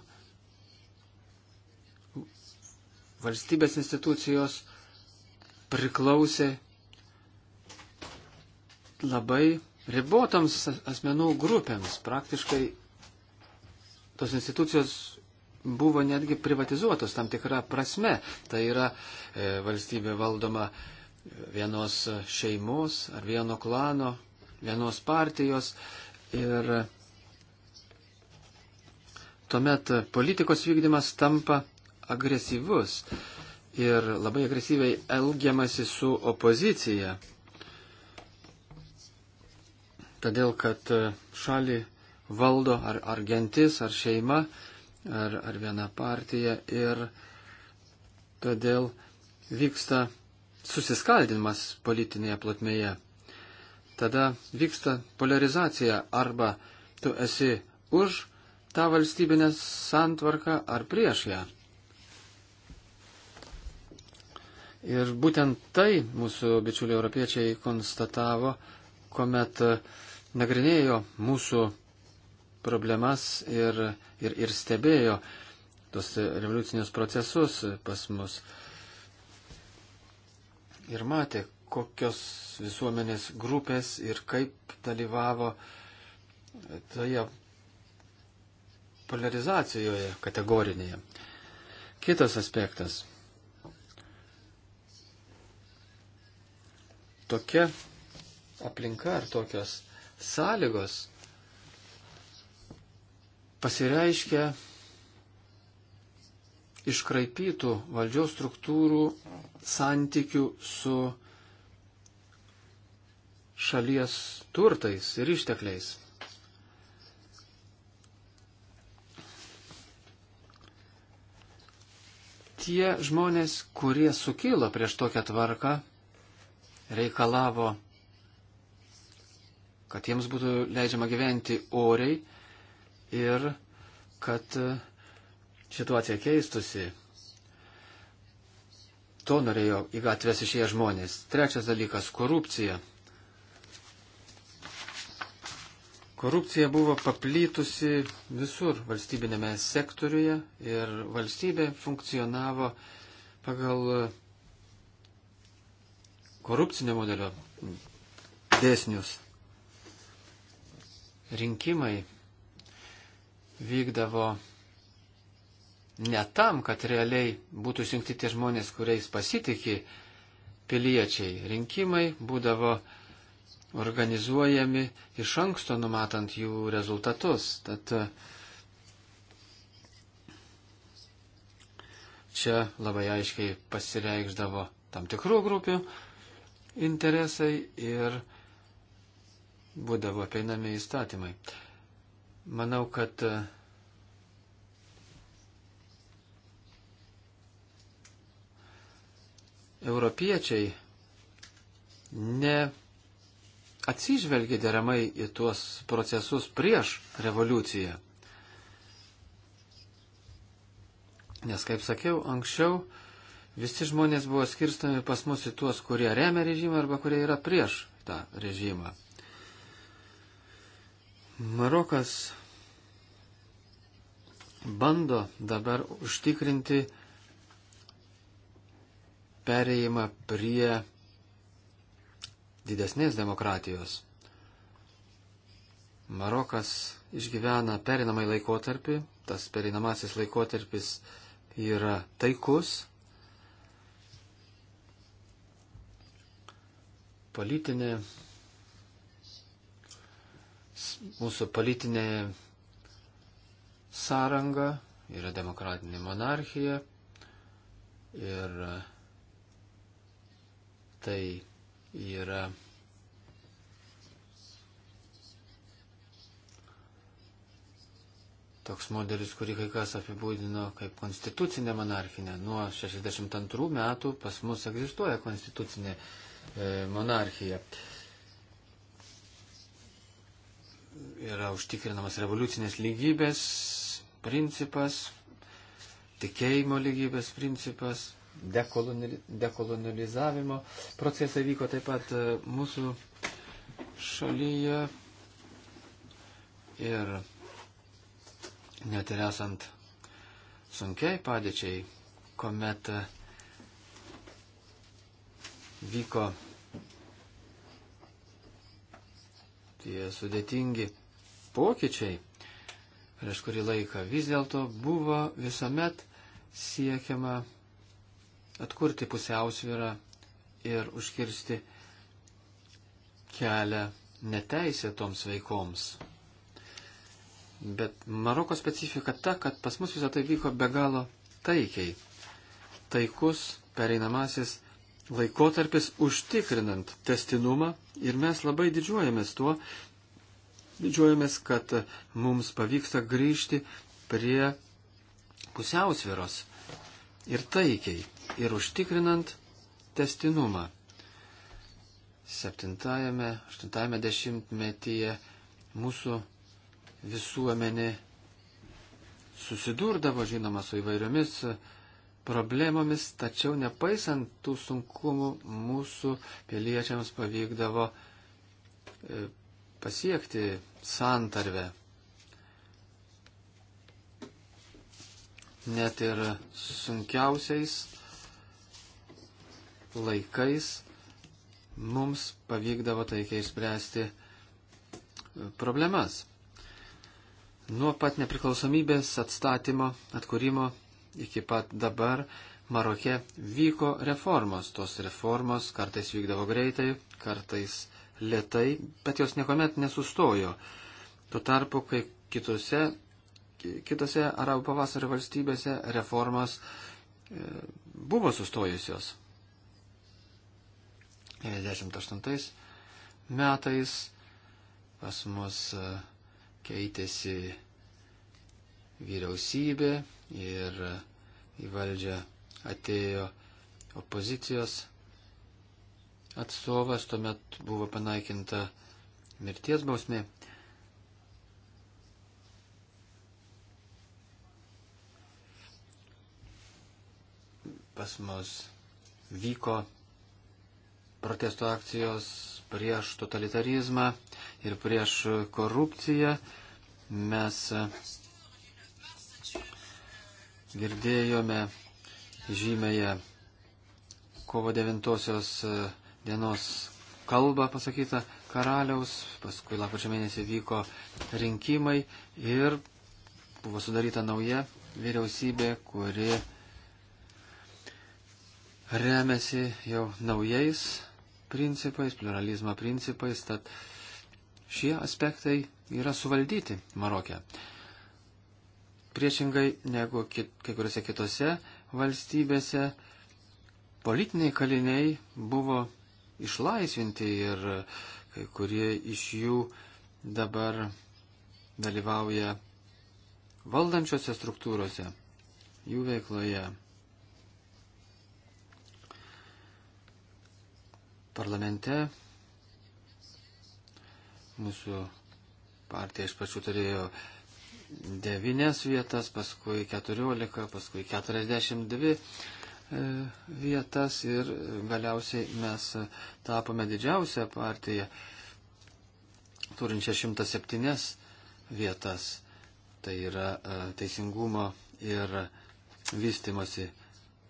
valstybės institucijos priklausė labai ribotams asmenų grupėms. Praktiškai tos institucijos buvo netgi privatizuotos tam tikrą prasme. Tai yra e, valstybė valdoma e, vienos šeimos ar vieno klano, vienos partijos. Ir tuomet politikos vykdymas tampa agresyvus ir labai agresyviai elgiamasi su opozicija. Todėl, kad šalį valdo ar, ar gentis, ar šeima, ar, ar viena partija ir todėl vyksta susiskaldimas politinėje plotmėje. Tada vyksta polarizacija arba tu esi už tą valstybinę santvarką ar prieš ją. Ir būtent tai mūsų bičiuliai europiečiai konstatavo, kuomet e, nagrinėjo mūsų problemas ir, ir, ir stebėjo tos revoliucinius procesus pas mus. Uh, ir matė, kokios visuomenės grupės ir kaip dalyvavo toje polarizacijoje kategorinėje. Kitas aspektas. Tokia aplinka ar tokios sąlygos pasireiškia iškraipytų valdžios struktūrų santykių su šalies turtais ir ištekliais. Tie žmonės, kurie sukilo prieš tokią tvarką, reikalavo, kad jiems būtų leidžiama gyventi oriai ir kad uh, situacija keistusi. To norėjo į gatves išėję žmonės. Trečias dalykas - korupcija. Korupcija buvo paplytusi visur valstybinėme sektoriuje ir valstybė funkcionavo pagal korupcinio modelio dėsnius. Rinkimai vykdavo ne tam, kad realiai būtų išrinkti tie žmonės, kuriais pasitikė piliečiai. Rinkimai būdavo organizuojami iš anksto numatant jų rezultatus. Tad čia labai aiškiai pasireikždavo tam tikrų grupių interesai ir būdavo peinami įstatymai. Manau, kad uh, europiečiai ne atsižvelgia deramai į tuos procesus prieš revoliuciją. Nes, kaip sakiau, anksčiau visi žmonės buvo skirstami pas mus į tuos, kurie remia režimą arba kurie yra prieš tą režimą. Marokas bando dabar užtikrinti pereimą prie didesnės demokratijos. Marokas išgyvena perinamai laikotarpį, tas perinamasis laikotarpis yra taikus. Politinė, mūsų politinė sąranga yra demokratinė monarchija ir tai yra toks modelis, kurį kai kas apibūdino kaip konstitucinė monarchinė. Nuo 62 metų pas mus egzistuoja konstitucinė e, monarchija. Yra užtikrinamas revoliucinės lygybės principas, tikėjimo lygybės principas dekolonializavimo procesai vyko taip pat e, mūsų šalyje ir net ir esant sunkiai padėčiai, kuomet e, vyko tie sudėtingi pokyčiai prieš kurį laiką, vis dėlto buvo visuomet siekiama atkurti pusiausvyrą ir užkirsti kelią neteisėtoms veikoms. Bet Maroko specifika ta, kad pas mus visą tai vyko be galo taikiai. Taikus pereinamasis laikotarpis užtikrinant testinumą ir mes labai didžiuojamės tuo, didžiuojamės, kad mums pavyksta grįžti prie pusiausviros ir taikiai ir užtikrinant testinumą. Septintajame, aštuntajame dešimtmetyje mūsų visuomenė susidurdavo, žinoma, su įvairiomis problemomis, tačiau nepaisant tų sunkumų mūsų piliečiams pavykdavo e, pasiekti santarvę. Net ir sunkiausiais laikais mums pavykdavo taikiai spręsti e, problemas. Nuo pat nepriklausomybės atstatymo, atkūrimo iki pat dabar Marokė vyko reformos. Tos reformos kartais vykdavo greitai, kartais lietai, bet jos niekuomet nesustojo. Tuo tarpu, kai kitose, kitose arabų pavasario valstybėse reformos e, buvo sustojusios. 98 metais pas mus e, keitėsi vyriausybė ir į valdžią atėjo opozicijos atstovas, tuomet buvo panaikinta mirties bausmė. Pas mus vyko protesto akcijos prieš totalitarizmą ir prieš korupciją. Mes girdėjome žymėje kovo 9 dienos kalbą pasakytą karaliaus, paskui lapkričio mėnesį vyko rinkimai ir buvo sudaryta nauja vyriausybė, kuri remiasi jau naujais principais, pluralizmo principais, tad šie aspektai yra suvaldyti Marokė. Priešingai negu kit, kai kuriuose kitose valstybėse, politiniai kaliniai buvo išlaisvinti ir kai kurie iš jų dabar dalyvauja valdančiose struktūrose, jų veikloje. parlamente. Mūsų partija iš pačių turėjo 9 vietas, paskui 14, paskui 42 e, vietas ir galiausiai mes tapome didžiausią partiją, turinčią 107 vietas. Tai yra e, teisingumo ir vystimosi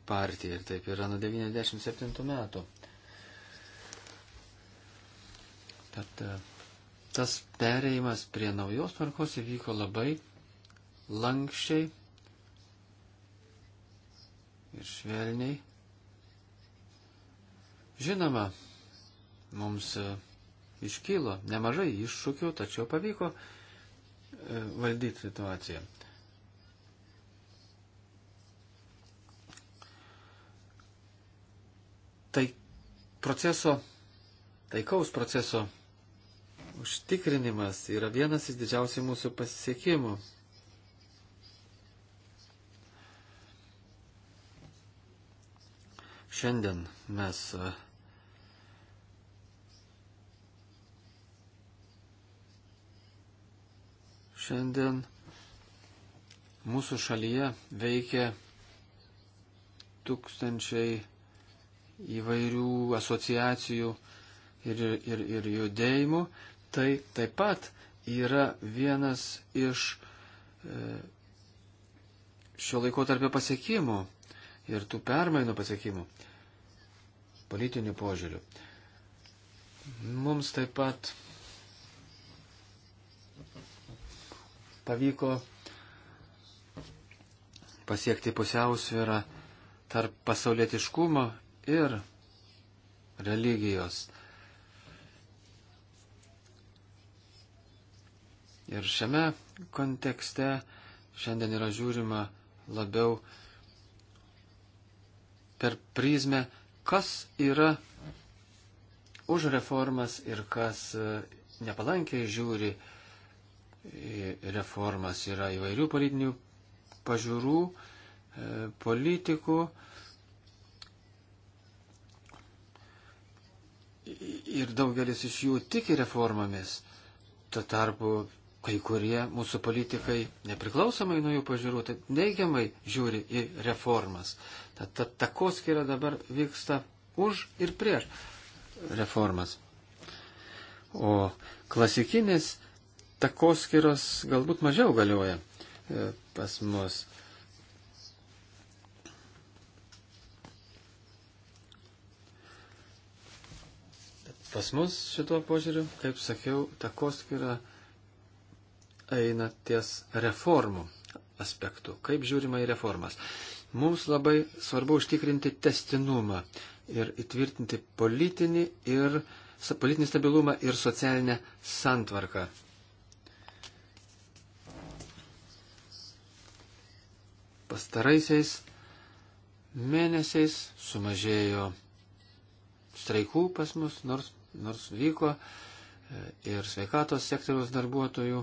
partija ir taip yra nuo 97 metų. kad e, tas pereimas prie naujos tvarkos įvyko labai lankščiai ir švelniai. Žinoma, mums e, iškylo nemažai iššūkių, tačiau pavyko e, valdyti situaciją. Tai proceso, taikaus proceso užtikrinimas yra vienas iš didžiausių mūsų pasiekimų. Šiandien mes e, Šiandien mūsų šalyje veikia tūkstančiai įvairių asociacijų ir, ir, ir judėjimų, tai taip pat yra vienas iš e, šio laiko tarp pasiekimų ir tų permainų pasiekimų politinių požiūrių. Mums taip pat pavyko pasiekti pusiausvyrą tarp pasaulietiškumo ir religijos. Ir šiame kontekste šiandien yra žiūrima labiau per prizmę, kas yra už reformas ir kas e, nepalankiai žiūri reformas. Yra įvairių politinių pažiūrų, e, politikų. Ir daugelis iš jų tiki reformomis. Tuo tarpu kai kurie mūsų politikai, nepriklausomai nuo jų pažiūrų, tai neigiamai žiūri į reformas. Tad ta, takoskira dabar vyksta už ir prieš reformas. O klasikinės takoskiros galbūt mažiau galioja e, pas mus. Pas mus šituo požiūriu, kaip sakiau, takoskira yra eina ties reformų aspektu, kaip žiūrima į reformas. Mums labai svarbu užtikrinti testinumą ir įtvirtinti politinį, ir, politinį stabilumą ir socialinę santvarką. Pastaraisiais mėnesiais sumažėjo streikų pas mus, nors, nors vyko e, ir sveikatos sektoriaus darbuotojų,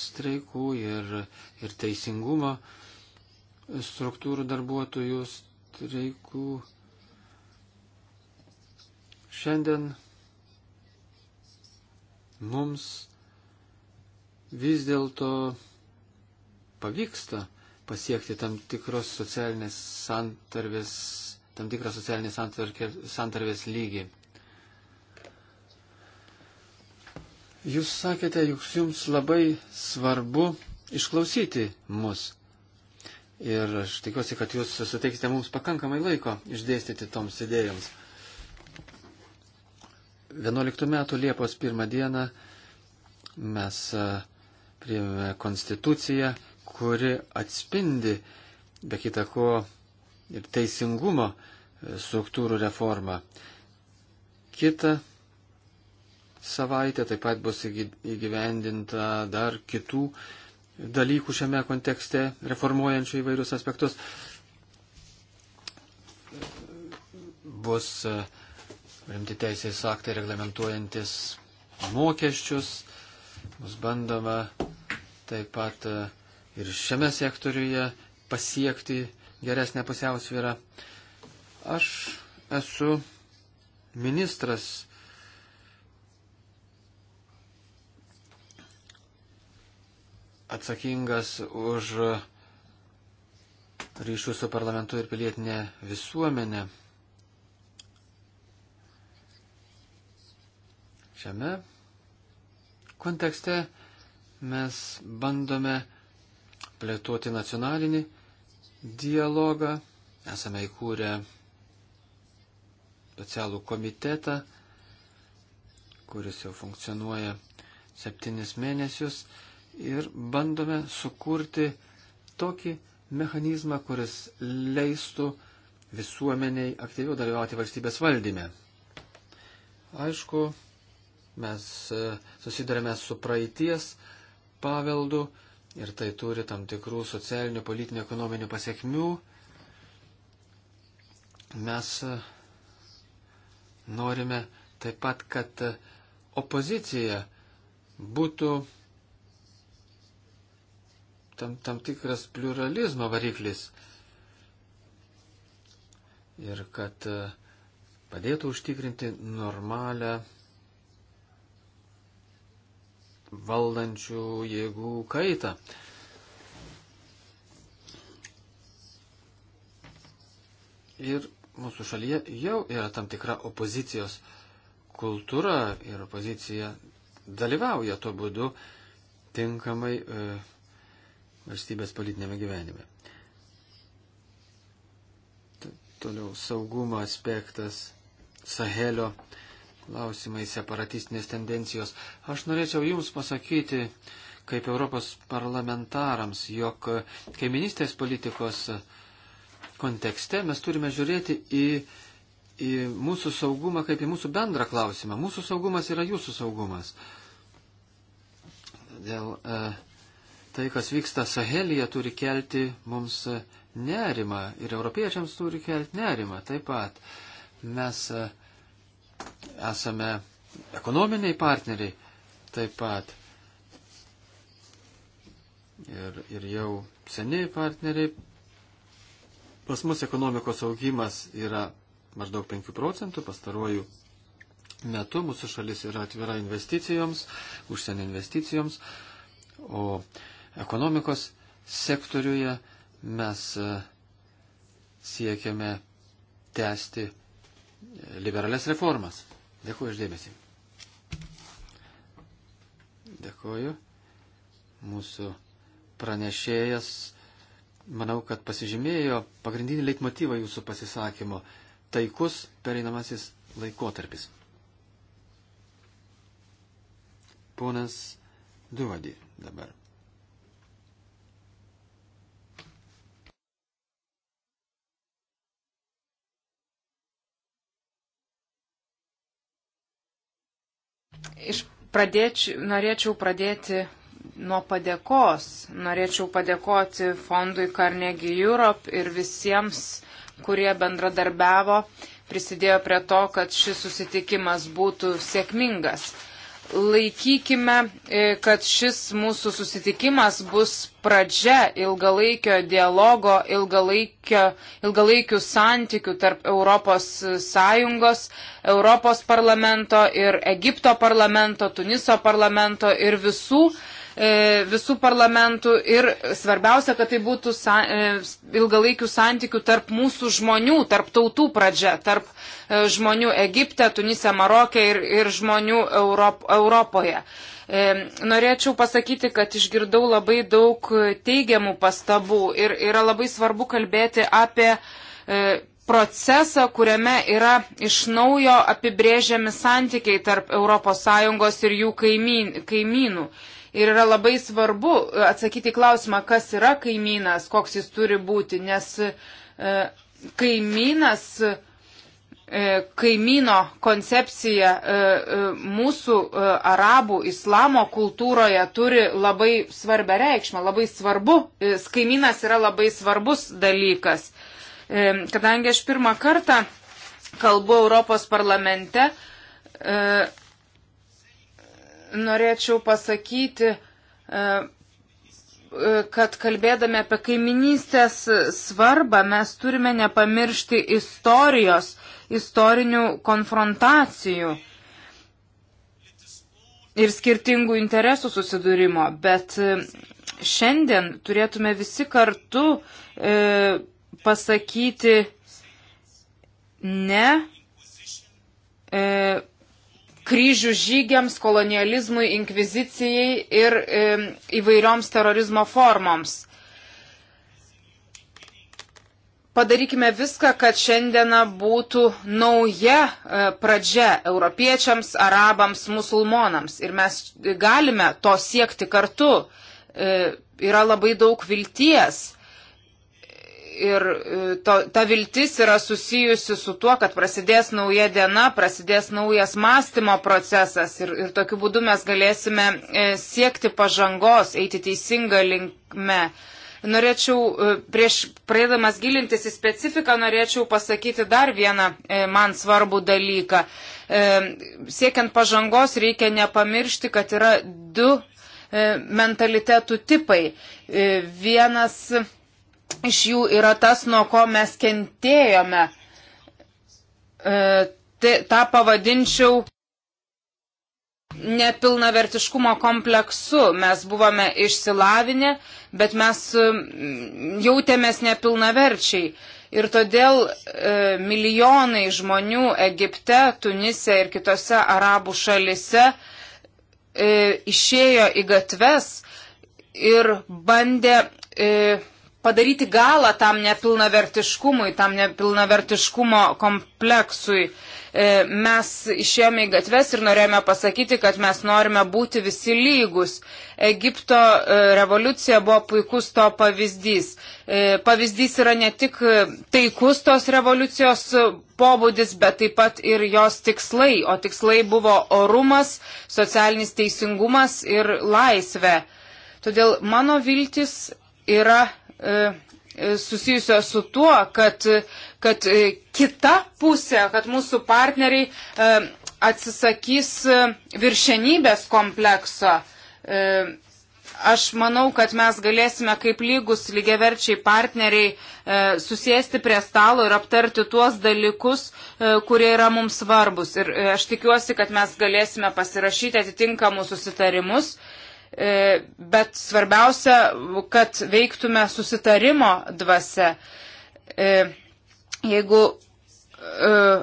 streikų ir, ir teisingumo struktūrų darbuotojų streikų. Šiandien mums vis dėlto pavyksta pasiekti tam tikros socialinės santarvės, tam tikrą socialinės santarvės lygį. Jūs sakėte, juk jums labai svarbu išklausyti mus. Ir aš tikiuosi, kad jūs suteiksite mums pakankamai laiko išdėstyti toms idėjoms. 11 metų Liepos 1 dieną mes priėmėme konstituciją, kuri atspindi, be kita ko, ir teisingumo e, struktūrų reformą. Kita savaitę, taip pat bus įgyvendinta dar kitų dalykų šiame kontekste, reformuojančių įvairius aspektus. Bus e, rimti teisės aktai reglamentuojantis mokesčius, bus bandoma taip pat e, ir šiame sektoriuje pasiekti geresnę pusiausvyrą. Aš esu ministras atsakingas už ryšių su parlamentu ir pilietinė visuomenė. Šiame kontekste mes bandome plėtoti nacionalinį dialogą, esame įkūrę specialų komitetą, kuris jau funkcionuoja septynis mėnesius ir bandome sukurti tokį mechanizmą, kuris leistų visuomeniai aktyviau dalyvauti valstybės valdyme. Aišku, mes e, susidurėme su praeities paveldu ir tai turi tam tikrų socialinių, politinių, ekonominių pasiekmių. Mes e, norime taip pat, kad e, opozicija būtų tam, tam tikras pluralizmo variklis. Ir kad e, padėtų užtikrinti normalią valdančių jėgų kaitą. Ir mūsų šalyje jau yra tam tikra opozicijos kultūra ir opozicija dalyvauja tuo būdu tinkamai e, valstybės politinėme gyvenime. Toliau saugumo aspektas, Sahelio klausimai, separatistinės tendencijos. Aš norėčiau Jums pasakyti, kaip Europos parlamentarams, jog kaiminystės politikos kontekste mes turime žiūrėti į, į mūsų saugumą kaip į mūsų bendrą klausimą. Mūsų saugumas yra jūsų saugumas. Dėl e, tai, kas vyksta Sahelija, turi kelti mums nerimą ir europiečiams turi kelti nerimą taip pat. Mes e, esame ekonominiai partneriai taip pat. Ir, ir jau seniai partneriai. Pas mus ekonomikos augimas yra maždaug 5 procentų pastaruoju metu. Mūsų šalis yra atvira investicijoms, užsienio investicijoms. O ekonomikos sektoriuje mes e, siekiame tęsti e, liberales reformas. Dėkuoju išdėmesį. Dėkuoju. Mūsų pranešėjas, manau, kad pasižymėjo pagrindinį leitmotyvą jūsų pasisakymo - taikus pereinamasis laikotarpis. Ponas Duvadį dabar. Iš pradėčių, norėčiau pradėti nuo padėkos. Norėčiau padėkoti fondui Carnegie Europe ir visiems, kurie bendradarbiavo, prisidėjo prie to, kad šis susitikimas būtų sėkmingas laikykime, e, kad šis mūsų susitikimas bus pradžia ilgalaikio dialogo, ilgalaikio, ilgalaikių santykių tarp Europos Sąjungos, Europos parlamento ir Egipto parlamento, Tuniso parlamento ir visų E, visų parlamentų ir svarbiausia, kad tai būtų sa, e, ilgalaikių santykių tarp mūsų žmonių, tarp tautų pradžia, tarp e, žmonių Egipte, Tunise, Marokė ir, ir žmonių Europ, Europoje. Norėčiau pasakyti, kad išgirdau labai daug teigiamų pastabų ir yra labai svarbu kalbėti apie procesą, kuriame yra iš naujo apibrėžiami santykiai tarp ES ir jų kaimyn, kaimynų. Ir yra labai svarbu e, atsakyti klausimą, kas yra kaimynas, koks jis turi būti, nes e, kaimynas, e, kaimyno koncepcija e, e mūsų e, arabų islamo kultūroje turi labai svarbę reikšmę, labai svarbu, e, kaimynas yra labai svarbus dalykas. E, kadangi aš pirmą kartą kalbu Europos parlamente, e, norėčiau pasakyti, e, e, kad kalbėdami apie kaiminystės svarbą mes turime nepamiršti istorijos, istorinių konfrontacijų ir skirtingų interesų susidūrimo, bet e, šiandien turėtume visi kartu e, pasakyti ne e, kryžių žygiams, kolonializmui, inkvizicijai ir e, įvairioms terorizmo formoms. Padarykime viską, kad šiandiena būtų nauja e, pradžia europiečiams, arabams, musulmonams. Ir mes galime to siekti kartu. E, yra labai daug vilties ir e, to, ta viltis yra susijusi su tuo, kad prasidės nauja diena, prasidės naujas mąstymo procesas ir, ir tokiu būdu mes galėsime e, siekti pažangos, eiti teisingą linkme. Norėčiau, e, prieš praeidamas gilintis į specifiką, norėčiau pasakyti dar vieną man svarbų dalyką. Siekiant pažangos reikia nepamiršti, kad yra du mentalitetų tipai. Vienas iš jų yra tas, nuo ko mes kentėjome. E, tai, tą pavadinčiau nepilnavertiškumo kompleksu. Mes buvome išsilavinę, bet mes jautėmės nepilnaverčiai. Ir todėl e, milijonai žmonių Egipte, Tunise ir kitose arabų šalise e, išėjo į gatves ir bandė e, padaryti galą tam nepilnavertiškumui, tam nepilnavertiškumo kompleksui. E, mes išėjome į gatves ir norėjome pasakyti, kad mes norime būti visi lygus. Egipto e, revoliucija buvo puikus to pavyzdys. E, pavyzdys yra ne tik taikus tos revoliucijos pobūdis, bet taip pat ir jos tikslai. O tikslai buvo orumas, socialinis teisingumas ir laisvė. Todėl mano viltis yra E, e, susijusios su tuo, kad, kad e, kita pusė, kad mūsų partneriai atsisakys viršenybės komplekso. Aš manau, kad mes galėsime kaip lygus lygiaverčiai partneriai susėsti prie stalo ir aptarti tuos dalykus, kurie yra mums svarbus. Ir aš tikiuosi, kad mes galėsime pasirašyti atitinkamus susitarimus E, bet svarbiausia, kad veiktume susitarimo dvasia. E, jeigu e,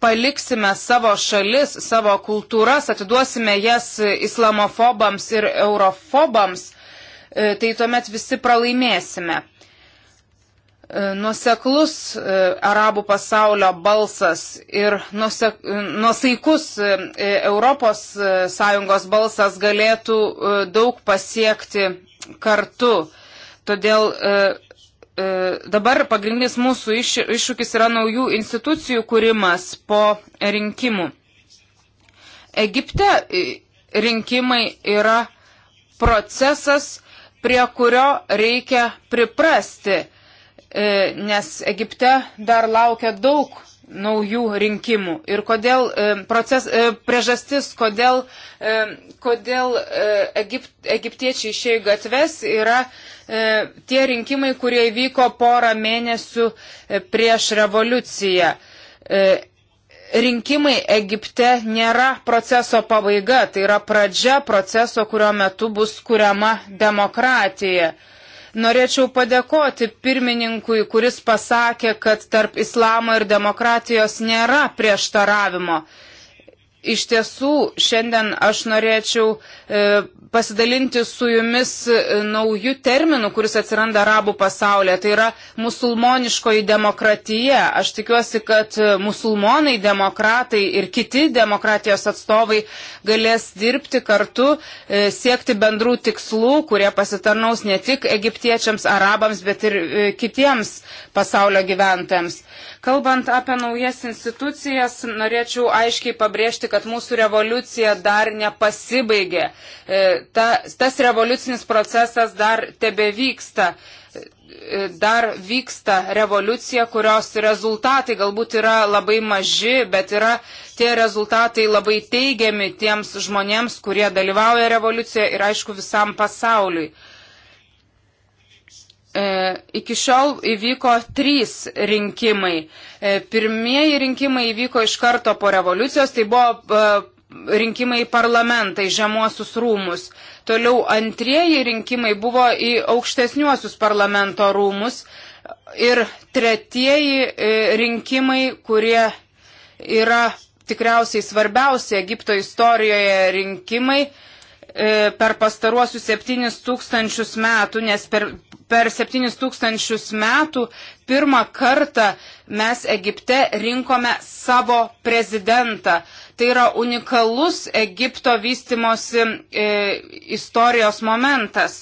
paliksime savo šalis, savo kultūras, atiduosime jas islamofobams ir eurofobams, tai tuomet visi pralaimėsime. E, nuseklus e, arabų pasaulio balsas ir nusaikus e, Europos Sąjungos balsas galėtų daug pasiekti kartu. Todėl dabar pagrindinis mūsų iššūkis yra naujų institucijų kūrimas po rinkimų. Egipte rinkimai yra procesas, prie kurio reikia priprasti E, nes Egipte dar laukia daug naujų rinkimų ir kodėl e, proces, e, priežastis, kodėl, kodėl Egipt, egiptiečiai išėjo į gatves, yra tie rinkimai, kurie vyko porą mėnesių prieš revoliuciją. Rinkimai Egipte nėra proceso pabaiga, tai yra pradžia proceso, kurio metu bus kuriama demokratija. Norėčiau padėkoti pirmininkui, kuris pasakė, kad tarp islamo ir demokratijos nėra prieštaravimo iš tiesų šiandien aš norėčiau e, pasidalinti su jumis e, naujų terminų, kuris atsiranda arabų pasaulyje. Tai yra musulmoniškoji demokratija. Aš tikiuosi, kad e, musulmonai, demokratai ir kiti demokratijos atstovai galės dirbti kartu, e, siekti bendrų tikslų, kurie pasitarnaus ne tik egiptiečiams, arabams, bet ir e, kitiems pasaulio gyventojams. Kalbant apie naujas institucijas, norėčiau aiškiai pabrėžti, kad mūsų revoliucija dar nepasibaigė. E, ta, tas revoliucinis procesas dar tebe vyksta. E, dar vyksta revoliucija, kurios rezultatai galbūt yra labai maži, bet yra tie rezultatai labai teigiami tiems žmonėms, kurie dalyvauja revoliucijoje ir aišku visam pasauliui. E, iki šiol įvyko trys rinkimai. E, pirmieji rinkimai įvyko iš karto po revoliucijos, tai buvo e, rinkimai į parlamentą, į žemuosius rūmus. Toliau antrieji rinkimai buvo į aukštesniuosius parlamento rūmus. Ir tretieji rinkimai, kurie yra tikriausiai svarbiausi Egipto istorijoje rinkimai per pastaruosius 7000 metų, nes per per 7000 metų pirmą kartą mes Egipte rinkome savo prezidentą. Tai yra unikalus Egipto vystimosi e, istorijos momentas.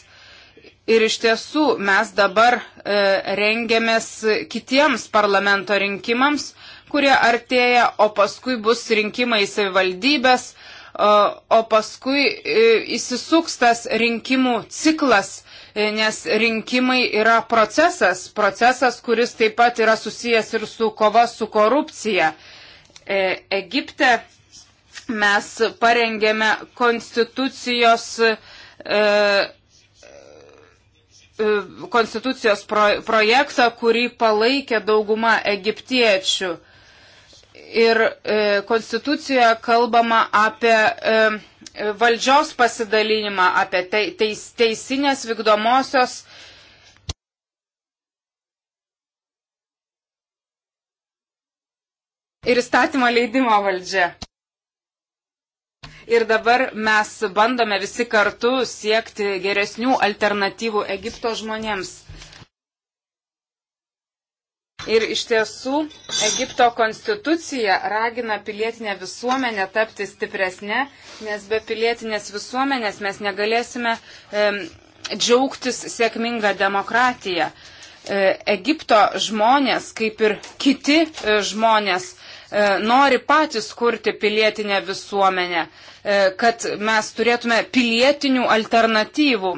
Ir iš tiesų mes dabar e, rengiamės kitiems parlamento rinkimams, kurie artėja, o paskui bus rinkimai į savivaldybės, o, o paskui e, įsisuks tas rinkimų ciklas nes rinkimai yra procesas, procesas, kuris taip pat yra susijęs ir su kova su korupcija. E, Egipte mes parengėme konstitucijos e, e, konstitucijos pro, projektą, kurį palaikė dauguma egiptiečių. Ir e, konstitucijoje kalbama apie e, valdžios pasidalinimą, apie teis, teisinės vykdomosios ir įstatymo leidimo valdžia. Ir dabar mes bandome visi kartu siekti geresnių alternatyvų Egipto žmonėms. Ir iš tiesų Egipto konstitucija ragina pilietinę visuomenę tapti stipresnė, nes be pilietinės visuomenės mes negalėsime e, džiaugtis sėkmingą demokratiją. E, Egipto žmonės, kaip ir kiti e, žmonės, e, nori patys kurti pilietinę visuomenę, e, kad mes turėtume pilietinių alternatyvų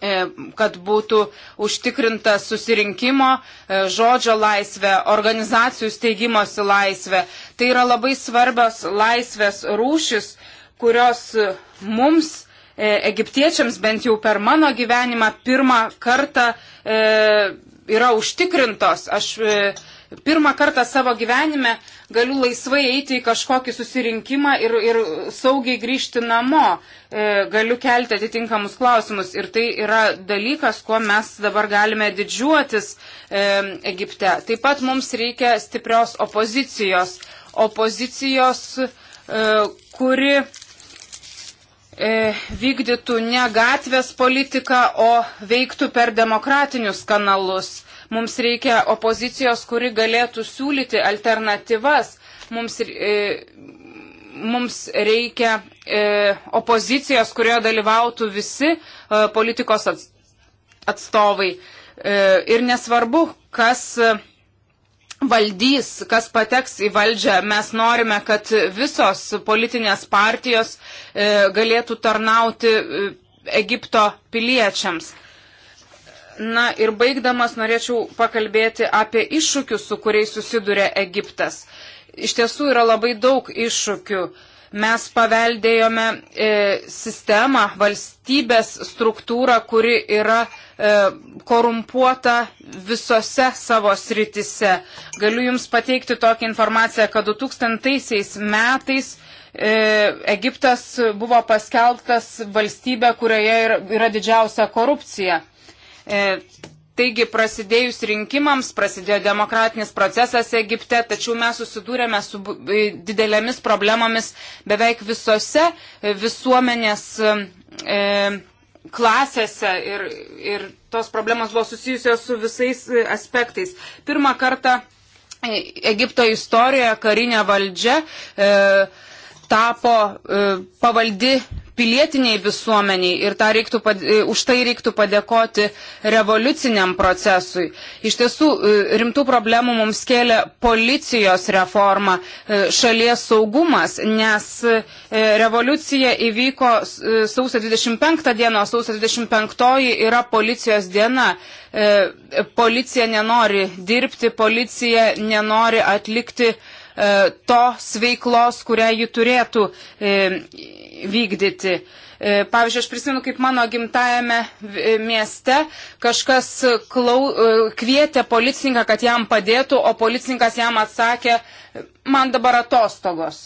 E, kad būtų užtikrinta susirinkimo, e, žodžio laisvė, organizacijų steigimosi laisvė. Tai yra labai svarbios laisvės rūšis, kurios mums, e, egiptiečiams, bent jau per mano gyvenimą, pirmą kartą yra užtikrintos. Aš pirmą kartą savo gyvenime galiu laisvai eiti į kažkokį susirinkimą ir, ir saugiai grįžti namo, e, galiu kelti atitinkamus klausimus. Ir tai yra dalykas, kuo mes dabar galime didžiuotis e, Egipte. Taip pat mums reikia stiprios opozicijos. Opozicijos, e, kuri e, vykdytų ne gatvės politiką, o veiktų per demokratinius kanalus. Mums reikia opozicijos, kuri galėtų siūlyti alternatyvas. Mums, e, mums reikia e, opozicijos, kurioje dalyvautų visi e, politikos atstovai. E, ir nesvarbu, kas. E, valdys, kas pateks į valdžią. Mes norime, kad visos politinės partijos e, galėtų tarnauti e, Egipto piliečiams. Na ir baigdamas norėčiau pakalbėti apie iššūkius, su kuriais susiduria Egiptas. Iš tiesų yra labai daug iššūkių. Mes paveldėjome e, sistemą, valstybės struktūrą, kuri yra e, korumpuota visose savo sritise. Galiu Jums pateikti tokią informaciją, kad 2000 metais e, Egiptas buvo paskelbtas valstybė, kurioje yra, yra didžiausia korupcija. E, taigi prasidėjus rinkimams, prasidėjo demokratinis procesas Egipte, tačiau mes susidūrėme su e, didelėmis problemomis beveik visose e, visuomenės e, klasėse ir, ir tos problemos buvo susijusios su visais aspektais. Pirmą kartą Egipto istorijoje karinė valdžia e, tapo e, pavaldi pilietiniai visuomeniai ir reiktų, e, už tai reiktų padėkoti revoliuciniam procesui. Iš tiesų, e, rimtų problemų mums kėlė policijos reforma, e, šalies saugumas, nes revoliucija įvyko sausio 25 dieną, o sausio 25 yra policijos diena. Policija nenori dirbti, policija nenori atlikti E, tos veiklos, kurią ji turėtų e, vykdyti. E, pavyzdžiui, aš prisimenu, kaip mano gimtajame mieste kažkas klau, kvietė policininką, kad jam padėtų, o policininkas jam atsakė, man dabar atostogos.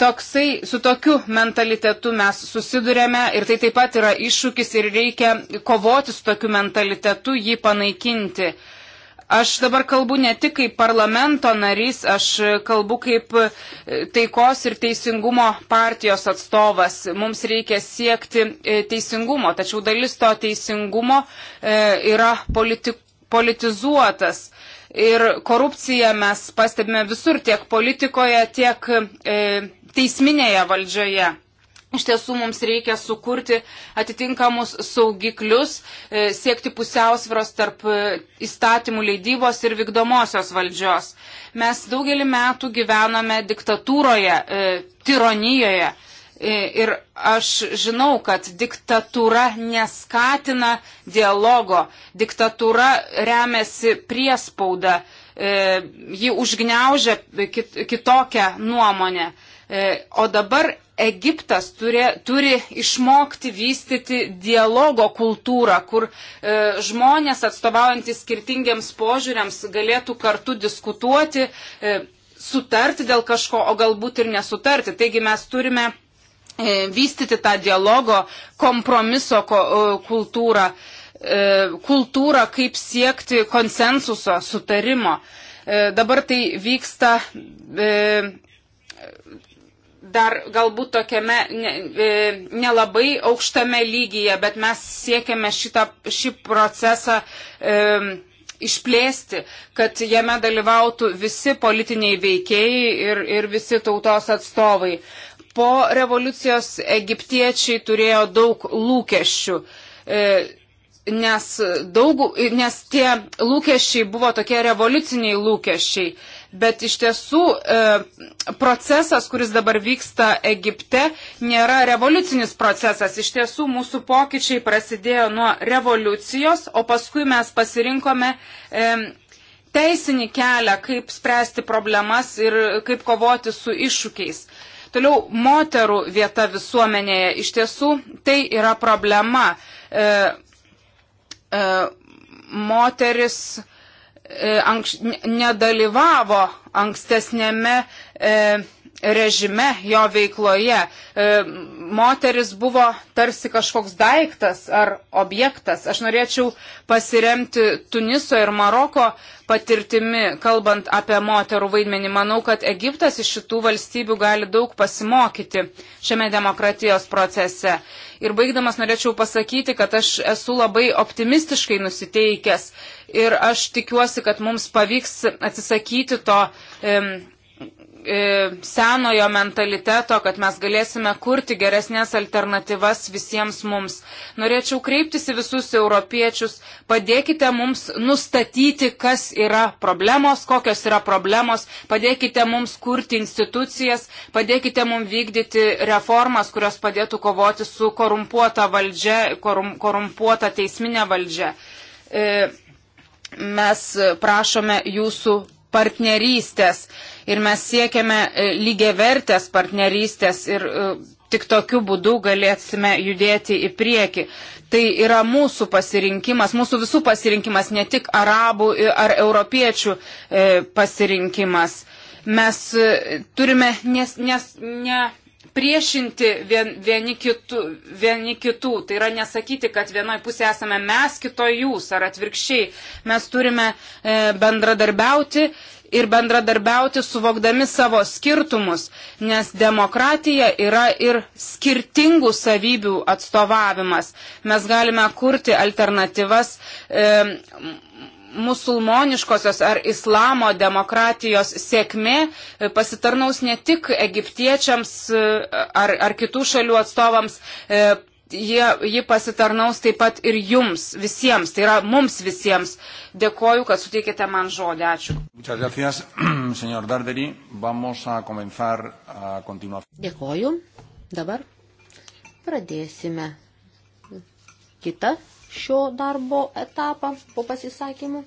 Toksai, su tokiu mentalitetu mes susidurėme ir tai taip pat yra iššūkis ir reikia kovoti su tokiu mentalitetu, jį panaikinti. Uh, Aš dabar kalbu ne tik kaip parlamento narys, aš kalbu kaip e, taikos ir teisingumo partijos atstovas. Mums reikia siekti e, teisingumo, tačiau dalis to teisingumo e, yra politi politizuotas. Ir korupciją mes pastebime visur, tiek politikoje, tiek e, teisminėje valdžioje. Iš tiesų mums reikia sukurti atitinkamus saugiklius, e, siekti pusiausvėros tarp e, įstatymų leidybos ir vykdomosios valdžios. Mes daugelį metų gyvenome diktatūroje, e, tironijoje. Ir aš žinau, kad diktatūra neskatina dialogo, diktatūra remiasi priespaudą, ji užgneužia kitokią nuomonę. E, o dabar Egiptas turi, turi išmokti vystyti dialogo kultūrą, kur e, žmonės atstovaujantis skirtingiams požiūriams galėtų kartu diskutuoti, e, sutarti dėl kažko, o galbūt ir nesutarti. Taigi mes turime e, vystyti tą dialogo kompromiso ko, e, kultūrą, e, kultūrą, kaip siekti konsensuso, sutarimo. E, dabar tai vyksta. E, dar galbūt tokiame e, nelabai ne, ne aukštame lygyje, bet mes siekiame šitą, šį procesą e, išplėsti, kad jame dalyvautų visi politiniai veikėjai ir, ir visi tautos atstovai. Po revoliucijos egiptiečiai turėjo daug lūkesčių. E, Nes, daug, nes tie lūkesčiai buvo tokie revoliuciniai lūkesčiai. E, bet iš tiesų e, procesas, kuris dabar vyksta Egipte, nėra revoliucinis procesas. Iš tiesų mūsų pokyčiai prasidėjo nuo revoliucijos, o paskui mes pasirinkome e, teisinį kelią, kaip spręsti problemas ir kaip kovoti su iššūkiais. Toliau moterų vieta visuomenėje iš tiesų tai yra problema. E, e, moteris e, E, anks, nedalyvavo ankstesnėme e, režime, jo veikloje. E, moteris buvo tarsi kažkoks daiktas ar objektas. Aš norėčiau pasiremti Tuniso ir Maroko patirtimi, kalbant apie moterų vaidmenį. Manau, kad Egiptas iš šitų valstybių gali daug pasimokyti šiame demokratijos procese. E, Ir baigdamas norėčiau pasakyti, kad aš esu labai optimistiškai nusiteikęs ir aš tikiuosi, kad mums pavyks atsisakyti to. Um, E, senojo mentaliteto, kad mes galėsime kurti geresnės alternatyvas visiems mums. Norėčiau kreiptis į visus europiečius, padėkite mums nustatyti, kas yra problemos, kokios yra problemos, padėkite mums kurti institucijas, padėkite mums vykdyti reformas, kurios padėtų kovoti su korumpuota valdžia, korum, korumpuota teisminė valdžia. E, mes prašome jūsų partnerystės ir mes siekiame e, lygiavertės partnerystės ir e, tik tokiu būdu galėsime judėti į priekį. Tai yra mūsų pasirinkimas, mūsų visų pasirinkimas, ne tik arabų ar europiečių e, pasirinkimas. Mes turime nes, nes, ne, nepriešinti vien, vieni, kitų, vieni kitų. Tai yra nesakyti, kad vienoje pusėje esame mes, kitoje jūs ar atvirkščiai. Mes turime e, bendradarbiauti ir bendradarbiauti suvokdami savo skirtumus, nes demokratija yra ir skirtingų savybių atstovavimas. Mes galime kurti alternatyvas e, musulmoniškosios ar islamo demokratijos sėkmė e, pasitarnaus ne tik egiptiečiams e, ar, ar kitų šalių atstovams, e, jie, ji pasitarnaus taip pat ir jums visiems, tai yra mums visiems. Dėkoju, kad suteikėte man žodį. Ačiū. Gracias, Dėkoju. Dabar pradėsime kitą šio darbo etapą po pasisakymų.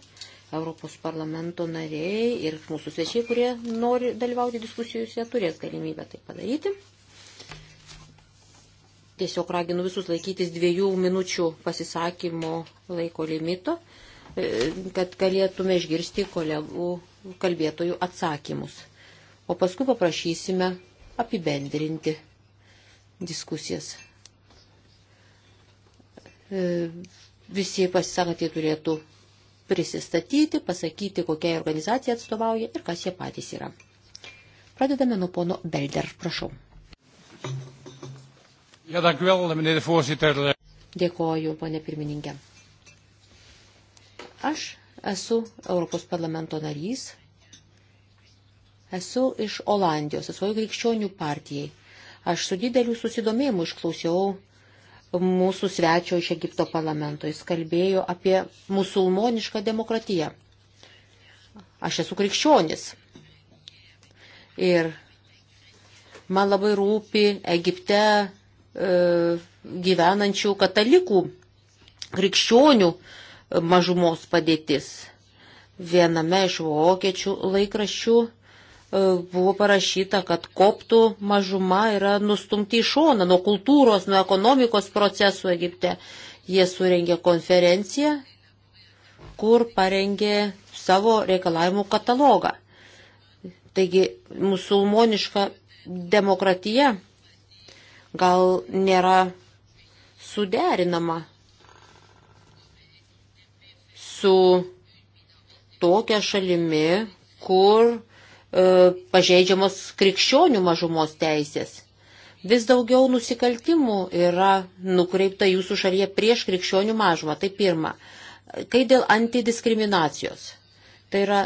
Europos parlamento nariai ir mūsų svečiai, kurie nori dalyvauti diskusijose, turės galimybę tai padaryti. Tiesiog raginu visus laikytis dviejų minučių pasisakymo laiko limito, e, kad galėtume išgirsti kolegų kalbėtojų atsakymus. O paskui paprašysime apibendrinti diskusijas. E, visi pasisakantys tai turėtų prisistatyti, pasakyti, kokiai organizacijai atstovauja ir kas jie patys yra. Pradedame nuo pono Belder, prašau. Ja, dank u wel, meneer de voorzitter. Dėkoju, ponė pirmininkė. Aš esu Europos parlamento narys, esu iš Olandijos, esu krikščionių partijai. Aš su dideliu susidomėjimu išklausiau mūsų svečio iš Egipto parlamento. Jis kalbėjo apie musulmonišką demokratiją. Aš esu krikščionis. Ir man labai rūpi Egipte e, gyvenančių katalikų, krikščionių e, mažumos padėtis. Viename iš vokiečių laikraščių E, buvo parašyta, kad koptų mažuma yra nustumti į šoną nuo kultūros, nuo ekonomikos procesų Egipte. Jie surengė konferenciją, kur parengė savo reikalavimų katalogą. Taigi musulmoniška demokratija gal nėra suderinama su tokia šalimi, kur E, pažeidžiamos krikščionių mažumos teisės. Vis daugiau nusikaltimų yra nukreipta jūsų šalyje prieš krikščionių mažumą. Tai pirma. Kai dėl antidiskriminacijos. Tai yra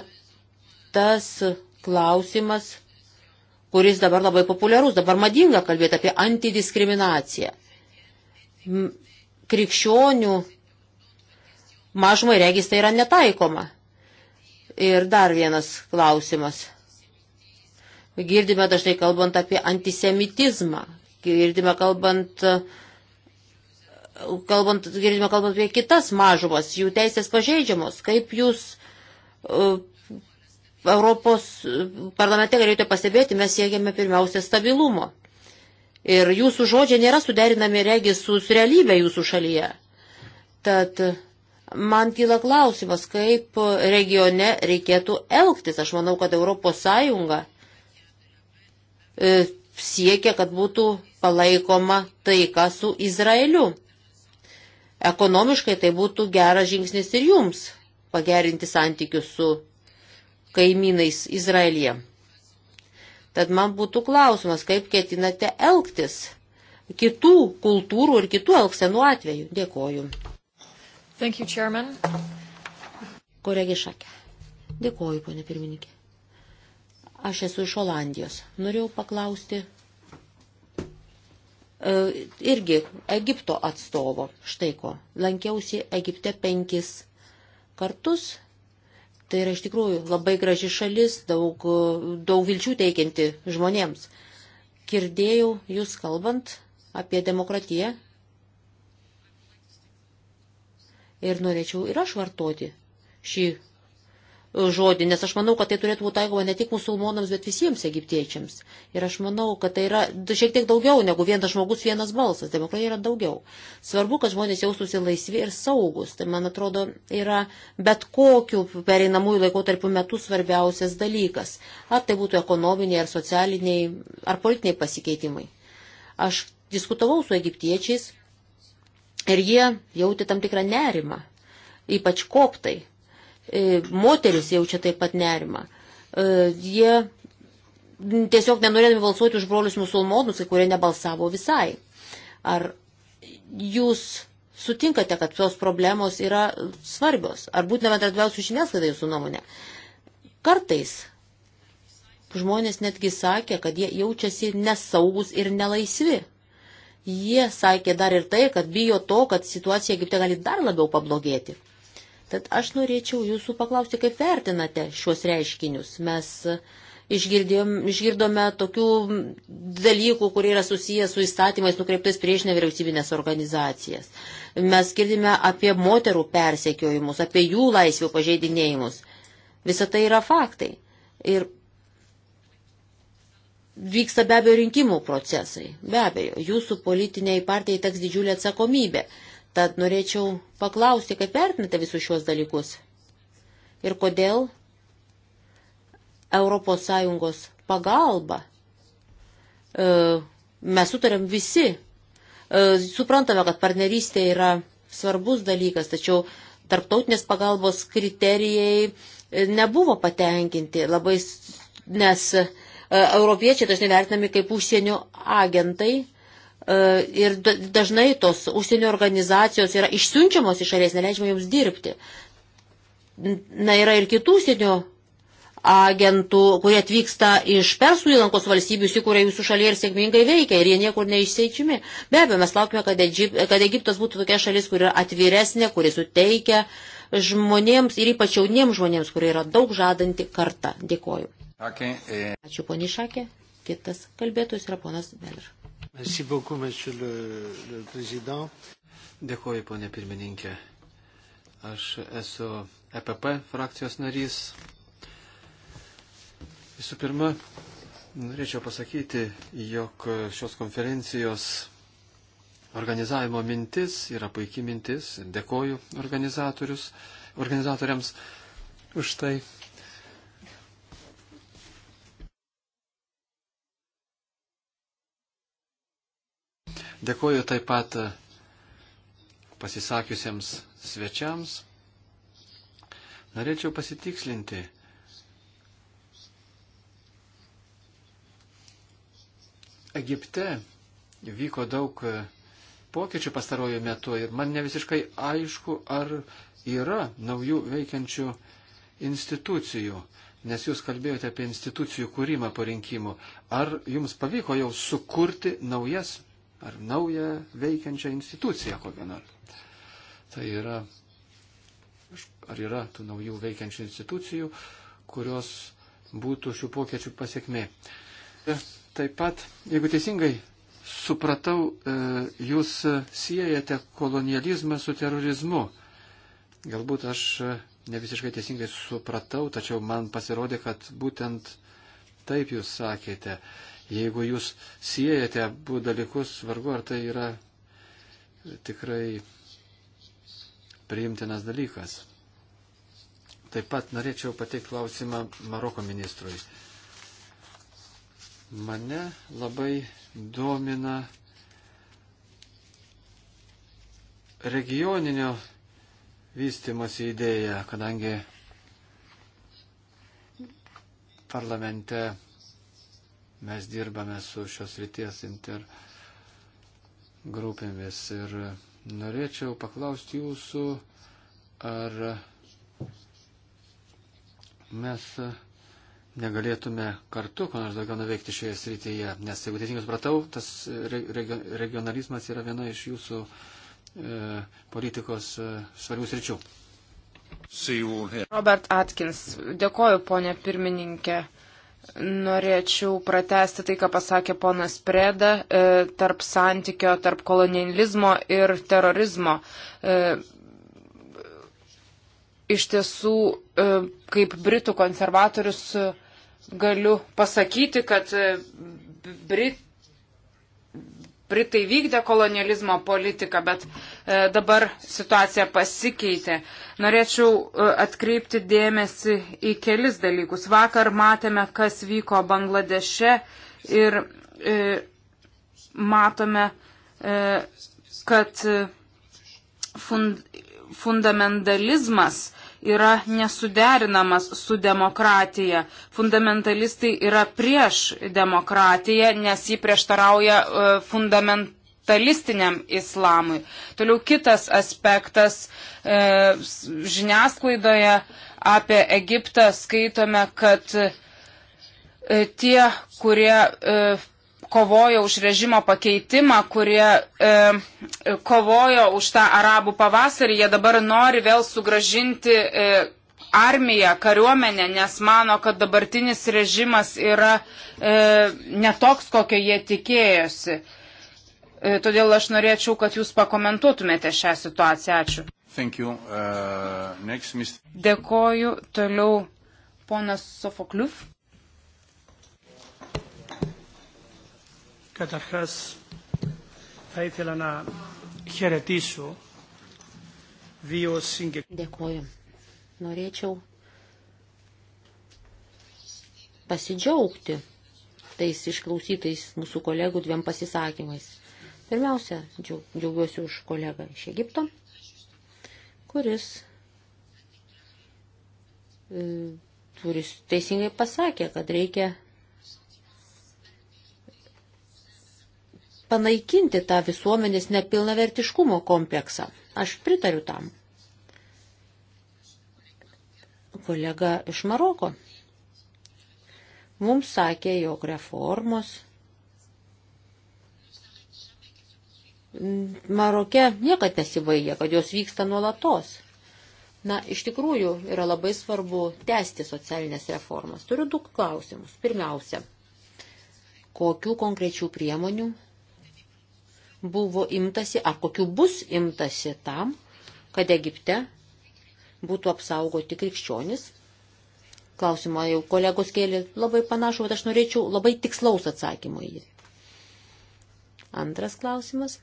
tas klausimas, kuris dabar labai populiarus, dabar madinga kalbėti apie antidiskriminaciją. Krikščionių mažumai regis tai yra netaikoma. Ir dar vienas klausimas. Girdime dažnai kalbant apie antisemitizmą, girdime kalbant, kalbant, girdime kalbant apie kitas mažumas, jų teisės pažeidžiamos. Kaip jūs uh, Europos parlamente galėjote pastebėti, mes siekiame pirmiausia stabilumo. Ir jūsų žodžiai nėra suderinami regis su realybė jūsų šalyje. Tad man kyla klausimas, kaip regione reikėtų elgtis. Aš manau, kad Europos Sąjunga E, siekia, kad būtų palaikoma taika su Izraeliu. Ekonomiškai tai būtų geras žingsnis ir jums pagerinti santykius su kaimynais Izraelyje. Tad man būtų klausimas, kaip ketinate elgtis kitų kultūrų ir kitų elgsenų atveju. Dėkoju. Thank you, Chairman. Kolegė Šakė. Dėkoju, ponė pirmininkė. Aš esu iš Olandijos. Norėjau paklausti e, irgi Egipto atstovo. Štai ko. Lankiausi Egipte penkis kartus. Tai yra iš tikrųjų labai graži šalis, daug, daug vilčių teikianti žmonėms. Kirdėjau jūs kalbant apie demokratiją. Ir norėčiau ir aš vartoti šį žodį, nes aš manau, kad tai turėtų būti taikoma ne tik musulmonams, bet visiems egiptiečiams. Ir aš manau, kad tai yra šiek tiek daugiau negu vienas žmogus, vienas balsas. Demokratija yra daugiau. Svarbu, kad žmonės jaustųsi laisvi ir saugus. Tai, man atrodo, yra bet kokiu pereinamųjų laikotarpių metu svarbiausias dalykas. Ar tai būtų ekonominiai, ar socialiniai, ar politiniai pasikeitimai. Aš diskutavau su egiptiečiais ir jie jautė tam tikrą nerimą, ypač koptai E, moteris jaučia taip pat nerimą. E, jie tiesiog nenorėdami balsuoti už brolius musulmonus, kurie nebalsavo visai. Ar jūs sutinkate, kad tos problemos yra svarbios? Ar būtina bendradarbiauti su žiniasklaida jūsų nuomonė? Kartais žmonės netgi sakė, kad jie jaučiasi nesaugus ir nelaisvi. Jie sakė dar ir tai, kad bijo to, kad situacija Egipte gali dar labiau pablogėti. Tad aš norėčiau jūsų paklausti, kaip vertinate šiuos reiškinius. Mes išgirdėm, išgirdome tokių dalykų, kurie yra susijęs su įstatymais nukreiptais prieš nevyriausybinės organizacijas. Mes girdime apie moterų persekiojimus, apie jų laisvių pažeidinėjimus. Visa tai yra faktai. Ir vyksta be abejo rinkimų procesai. Be abejo, jūsų politiniai partijai teks didžiulė atsakomybė. Tad norėčiau paklausti, kaip vertinate visus šios dalykus ir kodėl ES pagalba e, mes sutarėm visi. E, suprantame, kad partnerystė yra svarbus dalykas, tačiau tarptautinės pagalbos kriterijai e, nebuvo patenkinti, labai, nes europiečiai dažnai vertinami kaip užsienio agentai E, ir dažnai tos užsienio organizacijos yra išsiunčiamos iš šalies, neleidžiama jums dirbti. Na, yra ir kitų užsienio agentų, kurie atvyksta iš Persų įlankos valstybių, įsikūrė jūsų šalyje ir sėkmingai veikia ir jie niekur neišseičiami. Be abejo, mes laukime, kad, Egip, kad Egiptas būtų tokia šalis, kur yra atviresnė, kuri suteikia žmonėms ir ypač jauniems žmonėms, kurie yra daug žadanti kartą. Dėkoju. Okay, e... Ačiū, poniai Šakė. Kitas kalbėtojas yra ponas Belir. Dėkuoju, ponė pirmininkė. Aš esu EPP frakcijos narys. Visų pirma, norėčiau pasakyti, jog šios konferencijos organizavimo mintis yra puikiai mintis. Dėkoju organizatoriams už tai. Dėkuoju taip pat pasisakiusiems svečiams. Norėčiau pasitikslinti. Egipte vyko daug pokyčių pastarojų metu ir man ne visiškai aišku, ar yra naujų veikiančių institucijų, nes jūs kalbėjote apie institucijų kūrimą po rinkimų. Ar jums pavyko jau sukurti naujas ar naują veikiančią instituciją kokią nors. Tai yra, ar yra tų naujų veikiančių institucijų, kurios būtų šių pokėčių pasiekmė. Taip pat, jeigu teisingai supratau, e, jūs siejate kolonializmą su terorizmu. Galbūt aš e, ne visiškai teisingai supratau, tačiau man pasirodė, kad būtent taip jūs sakėte. Jeigu jūs siejate abu dalykus, vargu ar tai yra tikrai priimtinas dalykas. Taip pat norėčiau pateikti klausimą Maroko ministrui. Mane labai domina regioninio vystimosi idėja, kadangi parlamente Mes dirbame su šios ryties inter grupėmis ir norėčiau paklausti jūsų, ar mes negalėtume kartu, ko nors daugiau nuveikti šioje srityje, nes jeigu teisingai supratau, tas regionalizmas yra viena iš jūsų e, politikos e, svarbių sričių. Robert Atkins, dėkoju ponė pirmininkė. Norėčiau pratesti tai, ką pasakė ponas Preda, e, tarp santykio, tarp kolonializmo ir terorizmo. E, iš tiesų, e, kaip britų konservatorius, e, galiu pasakyti, kad e, Brit, Britai vykdė kolonializmo politiką, bet e, dabar situacija pasikeitė. Norėčiau e, atkreipti dėmesį į kelis dalykus. Vakar matėme, kas vyko Bangladeše ir e, matome, e, kad e, fund, fundamentalizmas yra nesuderinamas su demokratija. Fundamentalistai yra prieš demokratiją, nes jį prieštarauja fundamentalistai fundamentalistiniam islamui. Toliau kitas aspektas e, žiniasklaidoje apie Egiptą skaitome, kad e, tie, kurie e, kovojo už režimo pakeitimą, kurie e, kovojo už tą arabų pavasarį, jie dabar nori vėl sugražinti e, armiją, kariuomenę, nes mano, kad dabartinis režimas yra e, netoks, kokio jie tikėjosi. E, todėl aš norėčiau, kad jūs pakomentuotumėte šią situaciją. Ačiū. Thank you. Uh, next, Mr. Dėkoju. Toliau ponas Sofokliuf. Καταρχάς θα ήθελα να χαιρετήσω δύο συγκεκριμένες. Dėkoju. Norėčiau pasidžiaugti tais išklausytais mūsų kolegų dviem pasisakymais. Pirmiausia, džiaugiuosi už kolegą iš Egipto, kuris e, turi teisingai pasakė, kad reikia panaikinti tą visuomenės nepilnavertiškumo kompleksą. Aš pritariu tam. Kolega iš Maroko mums sakė, jog reformos Maroke niekad nesibaigia, kad jos vyksta nuolatos. Na, iš tikrųjų yra labai svarbu tęsti socialinės reformas. Turiu du klausimus. Pirmiausia, kokių konkrečių priemonių buvo imtasi, ar kokiu bus imtasi tam, kad Egipte būtų apsaugoti krikščionis. Klausimą jau kolegos kėlė labai panašų, bet aš norėčiau labai tikslaus atsakymo į jį. Antras klausimas.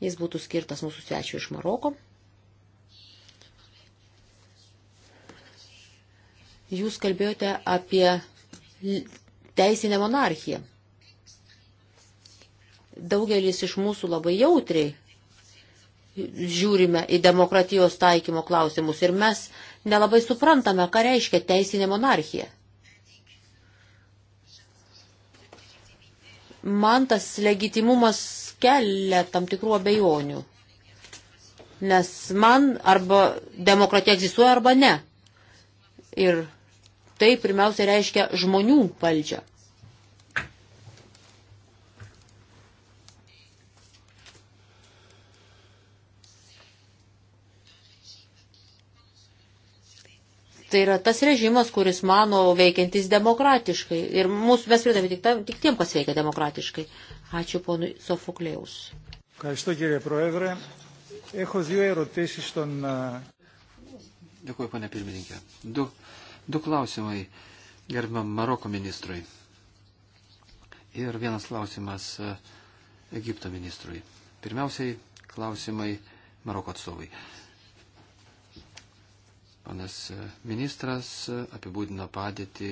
Jis būtų skirtas mūsų svečiu iš Maroko. Jūs kalbėjote apie teisinę monarchiją daugelis iš mūsų labai jautriai žiūrime į demokratijos taikymo klausimus ir mes nelabai suprantame, ką reiškia teisinė monarchija. Man tas legitimumas kelia tam tikrų abejonių, nes man arba demokratija egzistuoja arba ne. Ir tai pirmiausia reiškia žmonių valdžią. Tai yra tas režimas, kuris mano veikiantis demokratiškai. Ir mūsų, mes pridavė tik, tam, tik tiem, kas veikia demokratiškai. Ačiū ponui Sofoklėjus. Dėkuoju, ponė pirmininkė. Du, du klausimai gerbiam Maroko ministrui. Ir vienas klausimas Egipto ministrui. Pirmiausiai klausimai Maroko atstovai. Uh, Panas ministras apibūdino padėtį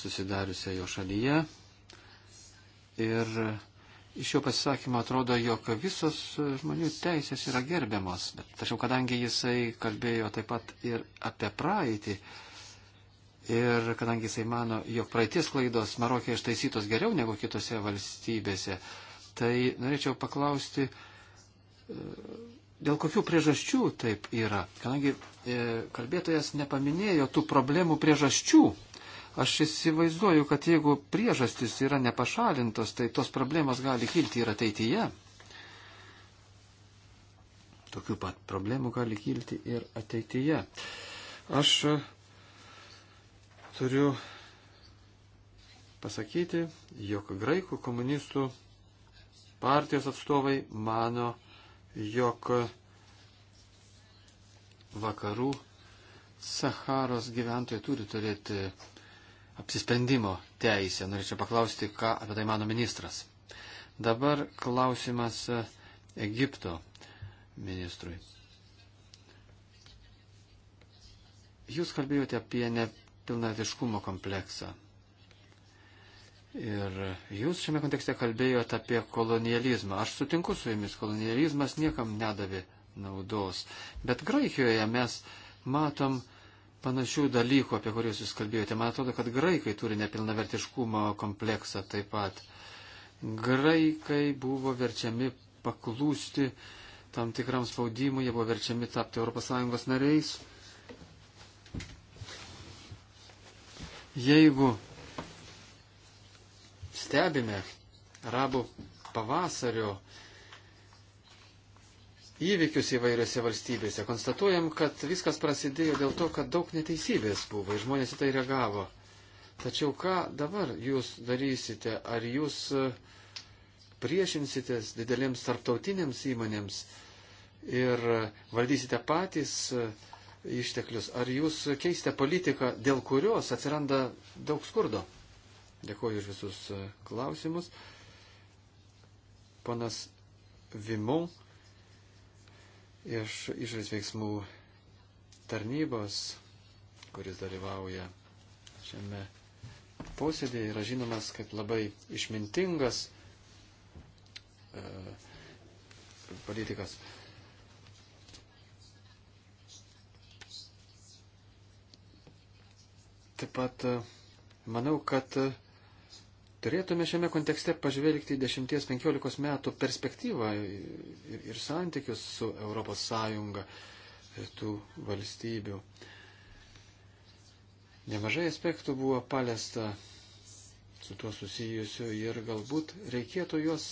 susidariusią jo šalyje. Ir iš jo pasisakymo atrodo, jog visos žmonių teisės yra gerbiamos. Bet, tačiau kadangi jisai kalbėjo taip pat ir apie praeitį, ir kadangi jisai mano, jog praeities klaidos Marokė ištaisytos geriau negu kitose valstybėse, tai norėčiau paklausti, dėl kokių priežasčių taip yra. Kadangi e, kalbėtojas nepaminėjo tų problemų priežasčių, aš įsivaizduoju, kad jeigu priežastis yra nepašalintos, tai tos problemos gali kilti ir ateityje. Tokių pat problemų gali kilti ir ateityje. Aš e, turiu pasakyti, jog graikų komunistų partijos atstovai mano, jog vakarų Saharos gyventojai turi turėti apsisprendimo teisę. Norėčiau paklausti, ką apie tai mano ministras. Dabar klausimas e, Egipto ministrui. Jūs kalbėjote apie nepilnatiškumo kompleksą. Ir jūs šiame kontekste kalbėjote apie kolonializmą. Aš sutinku su jumis, kolonializmas niekam nedavė naudos. Bet Graikijoje mes matom panašių dalykų, apie kuriuos jūs kalbėjote. Man atrodo, kad graikai turi nepilnavertiškumo kompleksą taip pat. Graikai buvo verčiami paklūsti tam tikram spaudimui, jie buvo verčiami tapti ES nariais. Jeigu stebime arabų pavasario įvykius įvairiose valstybėse, konstatuojam, kad viskas prasidėjo dėl to, kad daug neteisybės buvo ir žmonės į tai reagavo. Tačiau ką dabar jūs darysite? Ar jūs e, priešinsitės didelėms tarptautinėms įmonėms ir valdysite patys e, išteklius? Ar jūs keisite politiką, dėl kurios atsiranda daug skurdo? Dėkuoju už visus e, klausimus. Panas Vimau iš išorės veiksmų tarnybos, kuris dalyvauja šiame posėdėje, yra žinomas kaip labai išmintingas e, politikas. Taip pat e, manau, kad e, Turėtume šiame kontekste pažvelgti 10-15 metų perspektyvą ir, ir santykius su ES tų valstybių. Nemažai aspektų buvo paliesta su tuo susijusiu ir galbūt reikėtų juos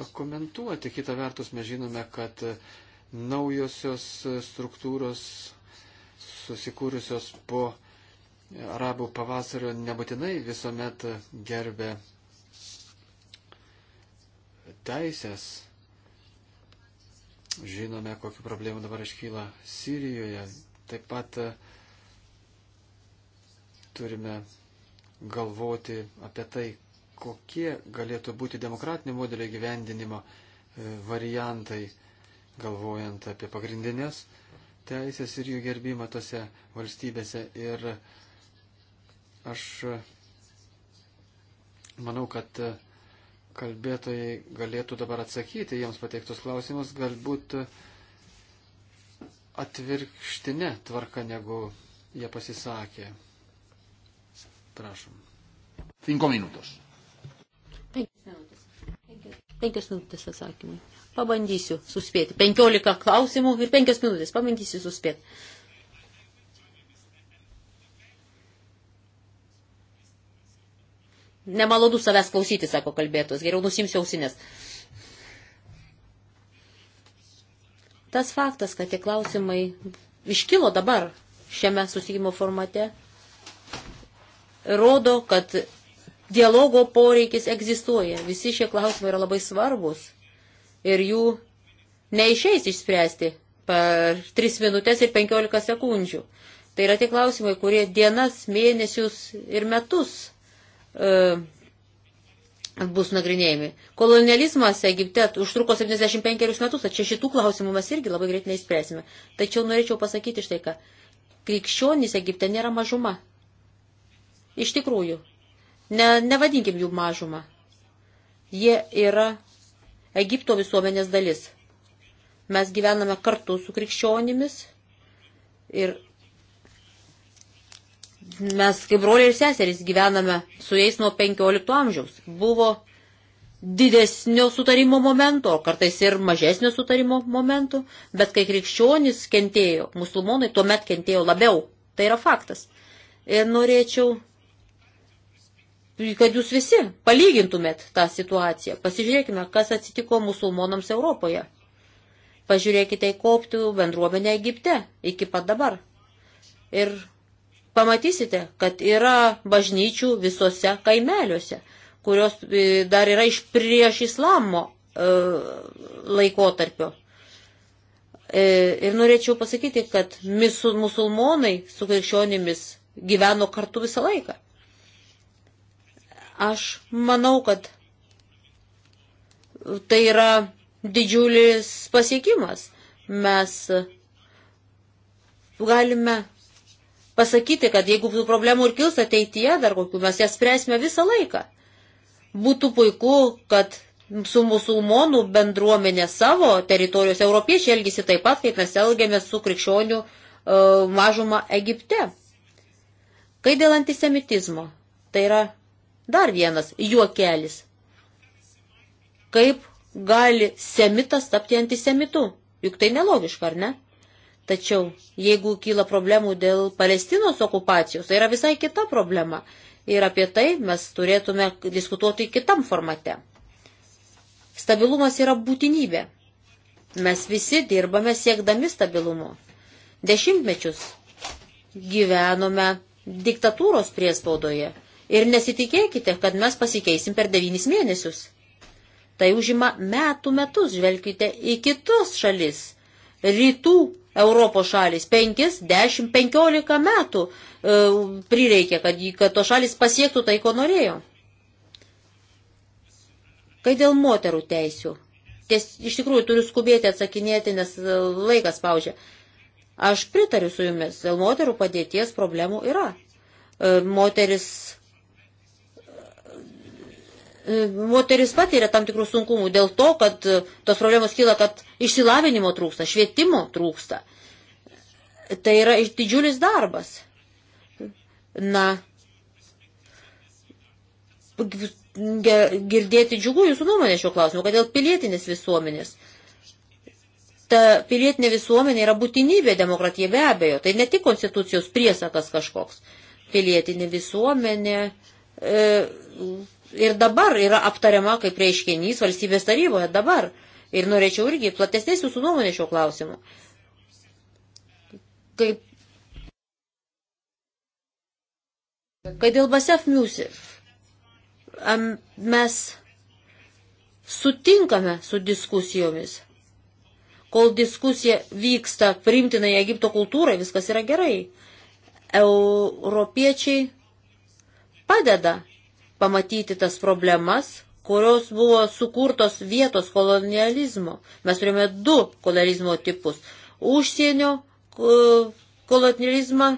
pakomentuoti. Kita vertus, mes žinome, kad naujosios struktūros susikūrusios po arabų pavasario nebūtinai visuomet gerbė teisės. Žinome, kokiu problemu dabar iškyla Sirijoje. Taip pat e, turime galvoti apie tai, kokie galėtų būti demokratinio modelio gyvendinimo e, variantai, galvojant apie pagrindinės teisės ir jų gerbimą tose valstybėse. Ir Aš e, manau, kad e, kalbėtojai galėtų dabar atsakyti jiems pateiktus klausimus, galbūt e, atvirkštinė tvarka, negu jie pasisakė. Prašom. 5 minutos. 5 minutės. 5 minutės atsakymai. Pabandysiu suspėti. 15 klausimų ir 5 minutės. Pabandysiu suspėti. Nemalonu savęs klausyti, sako kalbėtos, geriau nusimsiu ausinės. Tas faktas, kad tie klausimai iškilo dabar šiame susitikimo formate, rodo, kad dialogo poreikis egzistuoja. Visi šie klausimai yra labai svarbus ir jų neišeis išspręsti per 3 minutės ir 15 sekundžių. Tai yra tie klausimai, kurie dienas, mėnesius ir metus E, bus nagrinėjami. Kolonializmas Egipte užtruko 75 metus, tačiau šitų klausimų mes irgi labai greit neįspręsime. Tačiau norėčiau pasakyti štai ką. Krikščionys Egipte nėra mažuma. Iš tikrųjų, ne, nevadinkim jų mažumą. Jie yra Egipto visuomenės dalis. Mes gyvename kartu su krikščionimis ir mes kaip broliai ir seserys gyvename su jais nuo 15 amžiaus. Buvo didesnio sutarimo momento, kartais ir mažesnio sutarimo momento, bet kai krikščionys kentėjo, musulmonai tuomet kentėjo labiau. Tai yra faktas. Ir norėčiau, kad jūs visi palygintumėt tą situaciją. Pasižiūrėkime, kas atsitiko musulmonams Europoje. Pažiūrėkite į koptų bendruomenę Egipte iki pat dabar. Ir pamatysite, kad yra bažnyčių visose kaimeliuose, kurios e, dar yra iš prieš islamo e, laikotarpio. E, ir norėčiau pasakyti, kad misu, musulmonai su krikščionimis gyveno kartu visą laiką. Aš manau, kad tai yra didžiulis pasiekimas. Mes galime pasakyti, kad jeigu tų problemų ir kils ateityje dar kokių, mes jas spręsime visą laiką. Būtų puiku, kad su musulmonų bendruomenė savo teritorijos europiečiai elgisi taip pat, kaip mes elgiamės su krikščionių uh, mažuma Egipte. Kai dėl antisemitizmo, tai yra dar vienas juokelis. Kaip gali semitas tapti antisemitu? Juk tai nelogiška, ar ne? Tačiau jeigu kyla problemų dėl Palestinos okupacijos, tai yra visai kita problema. Ir apie tai mes turėtume diskutuoti kitam formate. Stabilumas yra būtinybė. Mes visi dirbame siekdami stabilumo. Dešimtmečius gyvenome diktatūros priespaudoje. Ir nesitikėkite, kad mes pasikeisim per devynis mėnesius. Tai užima metų metus, žvelkite į kitos šalis rytų Europos šalis. 5, 10, 15 metų e, prireikė, kad, kad to šalis pasiektų tai, ko norėjo. Kai dėl moterų teisių. Ties, iš tikrųjų turiu skubėti atsakinėti, nes e, laikas paužia. Aš pritariu su jumis, dėl moterų padėties problemų yra. E, moteris moteris patiria tam tikrų sunkumų dėl to, kad e, tos problemos kyla, kad išsilavinimo trūksta, švietimo trūksta. Tai yra didžiulis darbas. Na, girdėti džiugu jūsų nuomonę šiuo klausimu, kad dėl pilietinės visuomenės. Ta pilietinė visuomenė yra būtinybė demokratija be abejo. Tai ne tik konstitucijos priesakas kažkoks. Pilietinė visuomenė. E, ir dabar yra aptariama kaip reiškinys valstybės taryboje dabar. Ir norėčiau irgi platesnės jūsų nuomonės šio klausimu. Kaip Kai dėl Basef Music mes sutinkame su diskusijomis. Kol diskusija vyksta primtinai Egipto kultūrai, viskas yra gerai. Europiečiai padeda pamatyti tas problemas, kurios buvo sukurtos vietos kolonializmo. Mes turime du kolonializmo tipus - užsienio kolonializmą,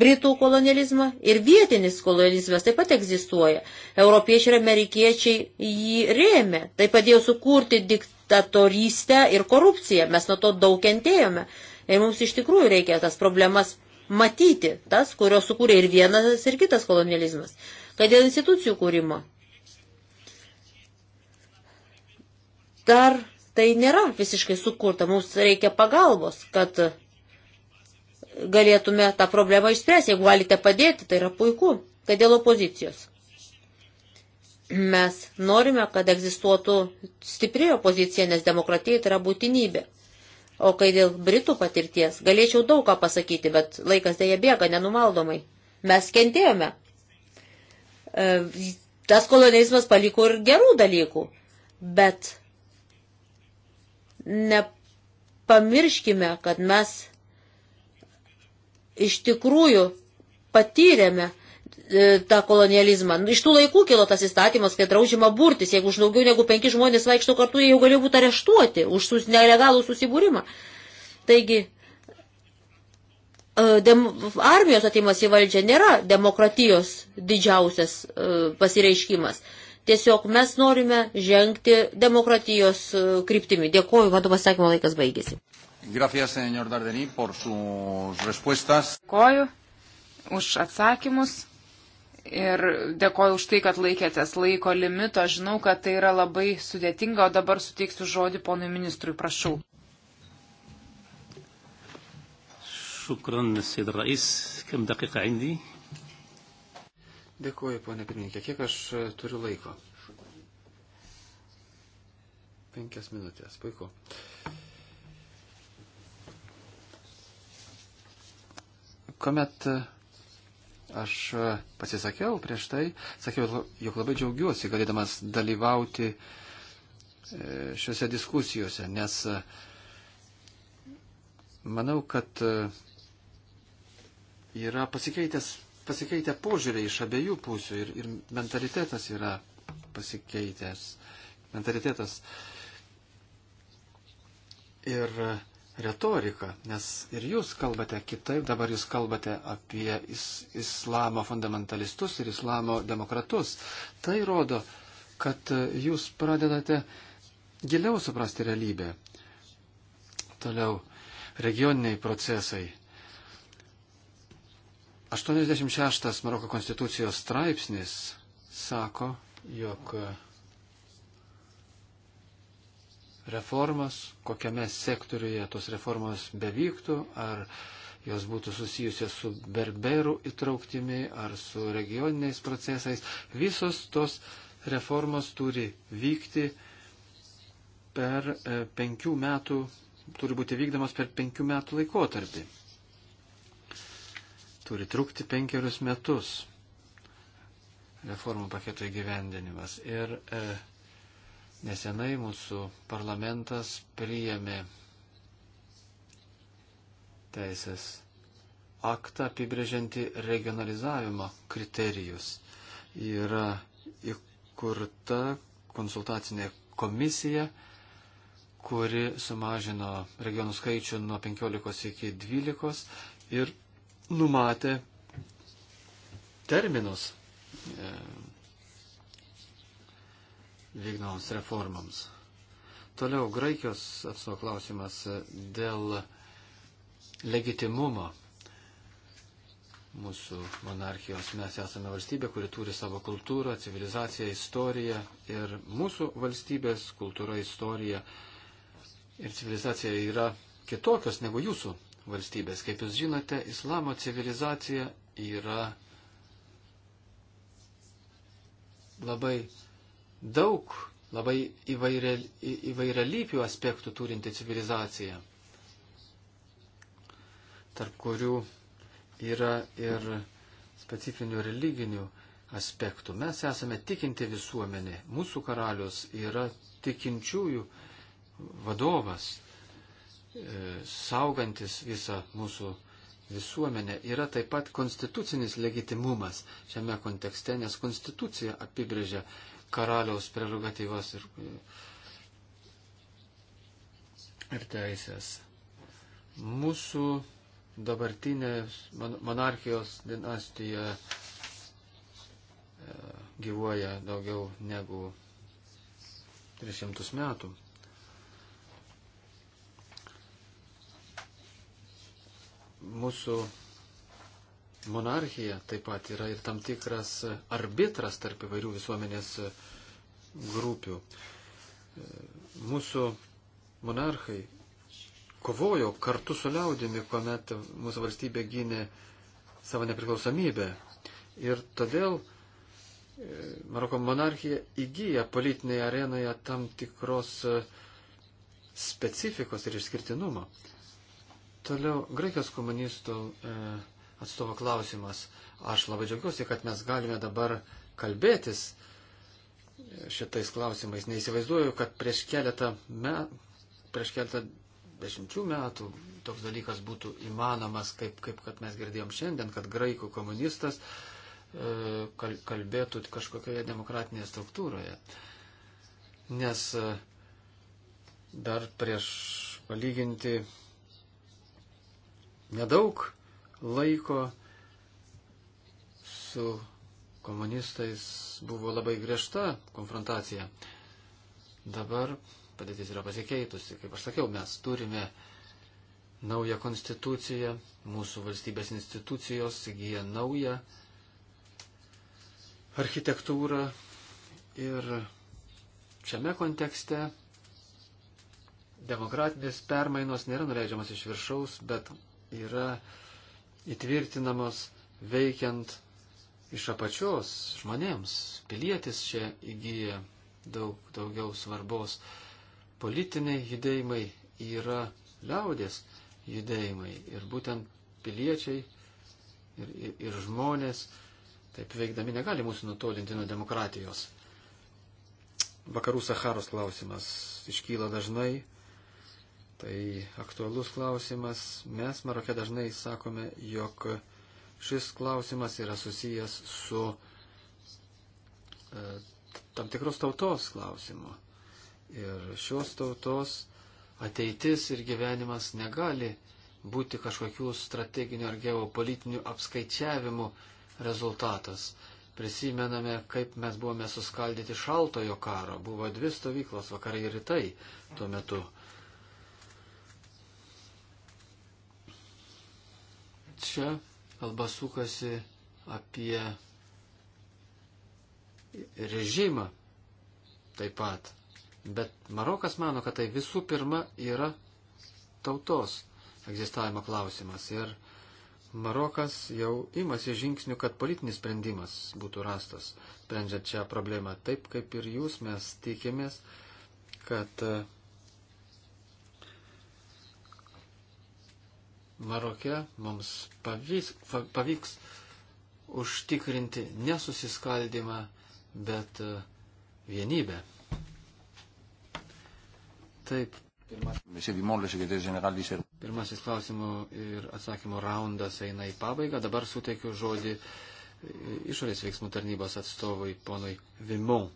britų kolonializmą ir vietinis kolonializmas taip pat egzistuoja. Europiečiai ir amerikiečiai jį rėmė, tai padėjo sukurti diktatorystę ir korupciją, mes nuo to daug kentėjome. Ir mums iš tikrųjų reikia tas problemas matyti, tas, kurios sukūrė ir vienas, ir kitas kolonializmas kad dėl institucijų kūrimo. Dar tai nėra visiškai sukurta, mums reikia pagalbos, kad galėtume tą problemą išspręsti. Jeigu galite padėti, tai yra puiku, kad dėl opozicijos. Mes norime, kad egzistuotų stipri opozicija, nes demokratija tai yra būtinybė. O kai dėl Britų patirties, galėčiau daug ką pasakyti, bet laikas dėja bėga nenumaldomai. Mes kentėjome. E, tas kolonizmas paliko ir gerų dalykų, bet nepamirškime, kad mes iš tikrųjų patyrėme e, tą kolonializmą. Iš tų laikų kilo tas įstatymas, kai draužima burtis, jeigu už daugiau negu penki žmonės vaikšto kartu, jie jau galėjo būti areštuoti už sus, nelegalų susibūrimą. Taigi, dem, armijos atimas į valdžią nėra demokratijos didžiausias pasireiškimas. Tiesiog mes norime žengti demokratijos kryptimi. Dėkuoju, vadovo sakymo laikas baigėsi. Gracias, señor Dardeni, por sus respuestas. Dėkuoju už atsakymus ir dėkoju už tai, kad laikėtės laiko limito. Žinau, kad tai yra labai sudėtinga, o dabar suteiksiu žodį ponui ministrui, prašau. شكرا السيد الرئيس كم دقيقة عندي Dėkuoju, ponė pirmininkė. Kiek aš e, turiu laiko? Penkias minutės. Puiku. Komet e, aš e, pasisakiau prieš tai, sakiau, jog labai džiaugiuosi galėdamas dalyvauti šiuose diskusijose, nes manau, kad yra pasikeitęs, pasikeitę požiūrė iš abiejų pusių ir, ir mentalitetas yra pasikeitęs. Mentalitetas ir retorika, nes ir jūs kalbate kitaip, dabar jūs kalbate apie is, islamo fundamentalistus ir islamo demokratus. Tai rodo, kad jūs pradedate giliau suprasti realybę. Toliau regioniniai procesai 86 Maroko konstitucijos straipsnis sako, jog reformas, kokiame sektoriuje tos reformos bevyktų, ar jos būtų susijusios su berberų įtrauktimi, ar su regioniniais procesais, visos tos reformos turi vykti per e, penkių metų, turi būti vykdomas per penkių metų laikotarpį turi trukti penkerius metus reformų paketo įgyvendinimas. Ir e, nesenai mūsų parlamentas priėmė teisės aktą apibrėžianti regionalizavimo kriterijus. Yra įkurta konsultacinė komisija, kuri sumažino regionų skaičių nuo 15 iki 12 ir numatė terminus e, vykdomoms reformams. Toliau Graikijos atsuo klausimas dėl legitimumo mūsų monarchijos. Mes esame valstybė, kuri turi savo kultūrą, civilizaciją, istoriją ir mūsų valstybės kultūra, istorija ir civilizacija yra kitokios negu jūsų valstybės. Kaip jūs žinote, islamo civilizacija yra labai daug, labai įvairia, įvairialypių aspektų turinti civilizacija, tarp kurių yra ir specifinių religinių aspektų. Mes esame tikinti visuomenė. Mūsų karalius yra tikinčiųjų vadovas. E, saugantis visą mūsų visuomenę, yra taip pat konstitucinis legitimumas šiame kontekste, nes konstitucija apibrėžia karaliaus prerogatyvas ir, e, ir teisės. Mūsų dabartinė monarchijos dinastija e, gyvuoja daugiau negu 300 metų. mūsų monarchija taip pat yra ir tam tikras arbitras tarp įvairių visuomenės grupių. Mūsų monarchai kovojo kartu su liaudimi, kuomet mūsų valstybė gynė savo nepriklausomybę. Ir todėl e, Maroko monarchija įgyja politinėje arenoje tam tikros e, specifikos ir išskirtinumo. Toliau Graikijos komunistų e, atstovo klausimas. Aš labai džiaugiuosi, kad mes galime dabar kalbėtis šitais klausimais. Neįsivaizduoju, kad prieš keletą, me, prieš keletą dešimčių metų toks dalykas būtų įmanomas, kaip, kaip kad mes girdėjom šiandien, kad graikų komunistas e, kalbėtų kažkokioje demokratinėje struktūroje. Nes e, dar prieš palyginti nedaug laiko su komunistais buvo labai griežta konfrontacija. Dabar padėtis yra pasikeitusi. Kaip aš sakiau, mes turime naują konstituciją, mūsų valstybės institucijos įgyja naują architektūrą ir šiame kontekste demokratinės permainos nėra nuleidžiamas iš viršaus, bet yra įtvirtinamos veikiant iš apačios žmonėms. Pilietis čia įgyja daug daugiau svarbos. Politiniai judėjimai yra liaudės judėjimai ir būtent piliečiai ir, ir, ir žmonės taip veikdami negali mūsų nutolinti nuo demokratijos. Vakarų Saharos klausimas iškyla dažnai Tai aktualus klausimas. Mes Marokė dažnai sakome, jog šis klausimas yra susijęs su e, tam tikros tautos klausimu. Ir šios tautos ateitis ir gyvenimas negali būti kažkokių strateginių ar geopolitinių apskaičiavimų rezultatas. Prisimename, kaip mes buvome suskaldyti šaltojo karo. Buvo dvi stovyklos, vakarai ir rytai tuo metu. čia kalba sukasi apie režimą taip pat. Bet Marokas mano, kad tai visų pirma yra tautos egzistavimo klausimas. Ir Marokas jau imasi žingsnių, kad politinis sprendimas būtų rastas, sprendžiant šią problemą. Taip kaip ir jūs, mes tikimės, kad uh, Maroke mums pavyks, pavyks užtikrinti nesusiskaldimą, bet e, vienybę. Taip. Pirmasis klausimų ir atsakymų raundas eina į pabaigą. Dabar suteikiu žodį e, išorės veiksmų tarnybos atstovui ponui Vimon.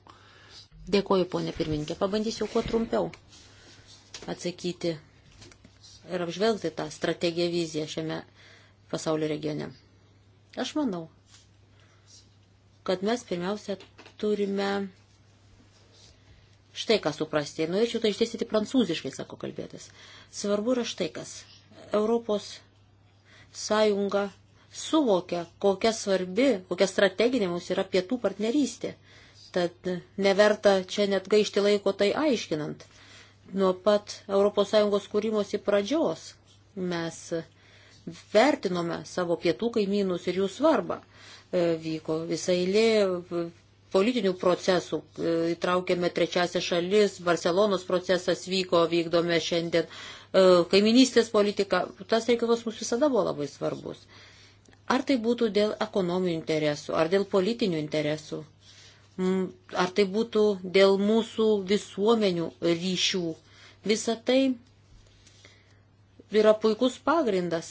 Dėkoju, ponė pirmininkė. Pabandysiu kuo trumpiau atsakyti ir apžvelgti tą strategiją viziją šiame pasaulio regione. Aš manau, kad mes pirmiausia turime štai ką suprasti. Ir norėčiau tai išdėstyti prancūziškai, sako kalbėtas. Svarbu yra štai kas. Europos sąjunga suvokia, kokia svarbi, kokia strateginė mums yra pietų partnerystė. Tad neverta čia net gaišti laiko tai aiškinant nuo pat ES kūrimosi pradžios mes vertinome savo pietų kaimynus ir jų svarbą. E, vyko visai lė politinių procesų, e, įtraukėme trečiasią šalis, Barcelonos procesas vyko, vykdome šiandien e, kaiminystės politiką. Tas reikalas mums visada buvo labai svarbus. Ar tai būtų dėl ekonominių interesų, ar dėl politinių interesų, Mm, ar tai būtų dėl mūsų visuomenių ryšių. Visa tai yra puikus pagrindas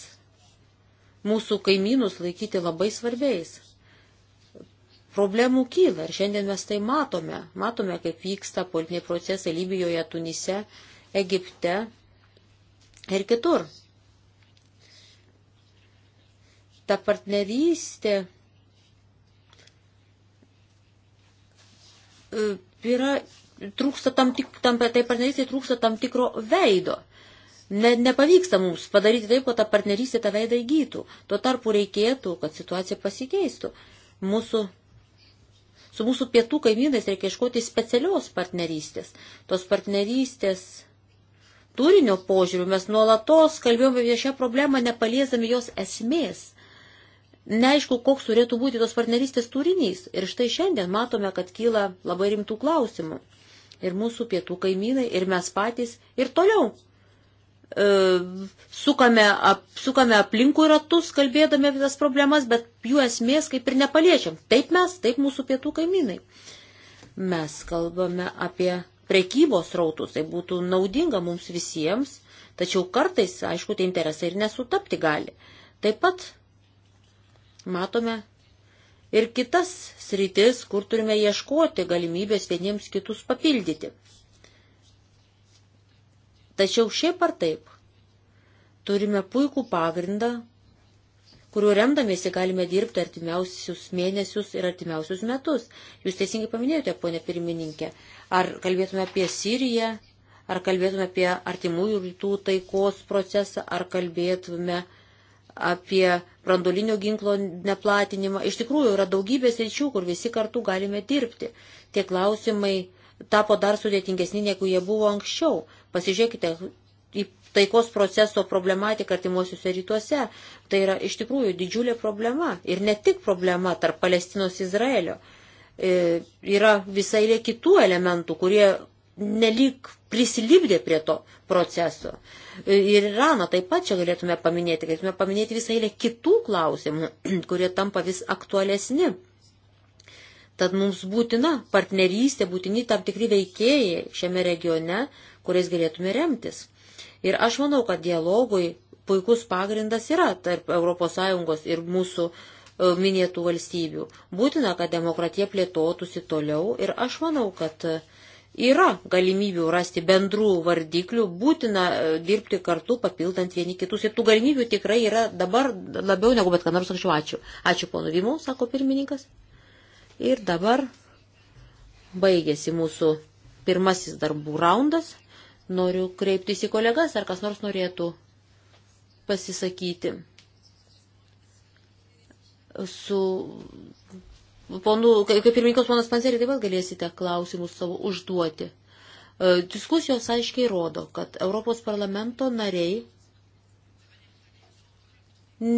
mūsų kaimynus laikyti labai svarbiais. Problemų kyla ir šiandien mes tai matome. Matome, kaip vyksta politiniai procesai Libijoje, Tunise, Egipte ir kitur. Ta partnerystė E, yra, trūksta tam, tik, tam tai partnerystė trūksta tam tikro veido. Ne, nepavyksta mums padaryti taip, kad ta partnerystė tą veidą įgytų. Tuo tarpu reikėtų, kad situacija pasikeistų. Mūsų, su mūsų pietų kaimynais reikia iškoti specialios partnerystės. Tos partnerystės turinio požiūrių mes nuolatos kalbėjome apie šią problemą, nepaliesdami jos esmės neaišku, koks turėtų būti tos partnerystės turinys. Ir štai šiandien matome, kad kyla labai rimtų klausimų. Ir mūsų pietų kaimynai, ir mes patys, ir toliau. E, sukame, ap, sukame aplinkų ratus, kalbėdami apie tas problemas, bet jų esmės kaip ir nepaliečiam. Taip mes, taip mūsų pietų kaimynai. Mes kalbame apie prekybos rautus, tai būtų naudinga mums visiems, tačiau kartais, aišku, tie interesai ir nesutapti gali. Taip pat matome ir kitas sritis, kur turime ieškoti galimybės vieniems kitus papildyti. Tačiau šiaip ar taip, turime puikų pagrindą, kuriuo remdamiesi galime dirbti artimiausius mėnesius ir artimiausius metus. Jūs teisingai paminėjote, ponė pirmininkė, ar kalbėtume apie Siriją, ar kalbėtume apie artimųjų rytų taikos procesą, ar kalbėtume apie apie brandolinio ginklo neplatinimą. Iš tikrųjų yra daugybės ryčių, kur visi kartu galime dirbti. Tie klausimai tapo dar sudėtingesni, negu jie buvo anksčiau. Pasižiūrėkite į taikos proceso problematiką artimuosiuose rytuose. Tai yra iš tikrųjų didžiulė problema. Ir ne tik problema tarp Palestinos Izraelio. E, yra visai lė kitų elementų, kurie nelik prisilipdė prie to proceso. Ir Iraną taip pat čia galėtume paminėti, galėtume paminėti visą eilę kitų klausimų, kurie tampa vis aktualesni. Tad mums būtina partnerystė, būtini tam tikri veikėjai šiame regione, kuriais galėtume remtis. Ir aš manau, kad dialogui puikus pagrindas yra tarp ES ir mūsų e, minėtų valstybių. Būtina, kad demokratija plėtotųsi toliau ir aš manau, kad yra galimybių rasti bendrų vardiklių, būtina e, dirbti kartu, papildant vieni kitus. Ir tų galimybių tikrai yra dabar labiau negu bet ką nors anksčiau. Ačiū. Ačiū ponu Vimu, sako pirmininkas. Ir dabar baigėsi mūsų pirmasis darbų raundas. Noriu kreiptis į kolegas, ar kas nors norėtų pasisakyti. Su ponų, kaip pirmininkas ponas Panserį, taip pat galėsite klausimus savo užduoti. E, diskusijos aiškiai rodo, kad Europos parlamento nariai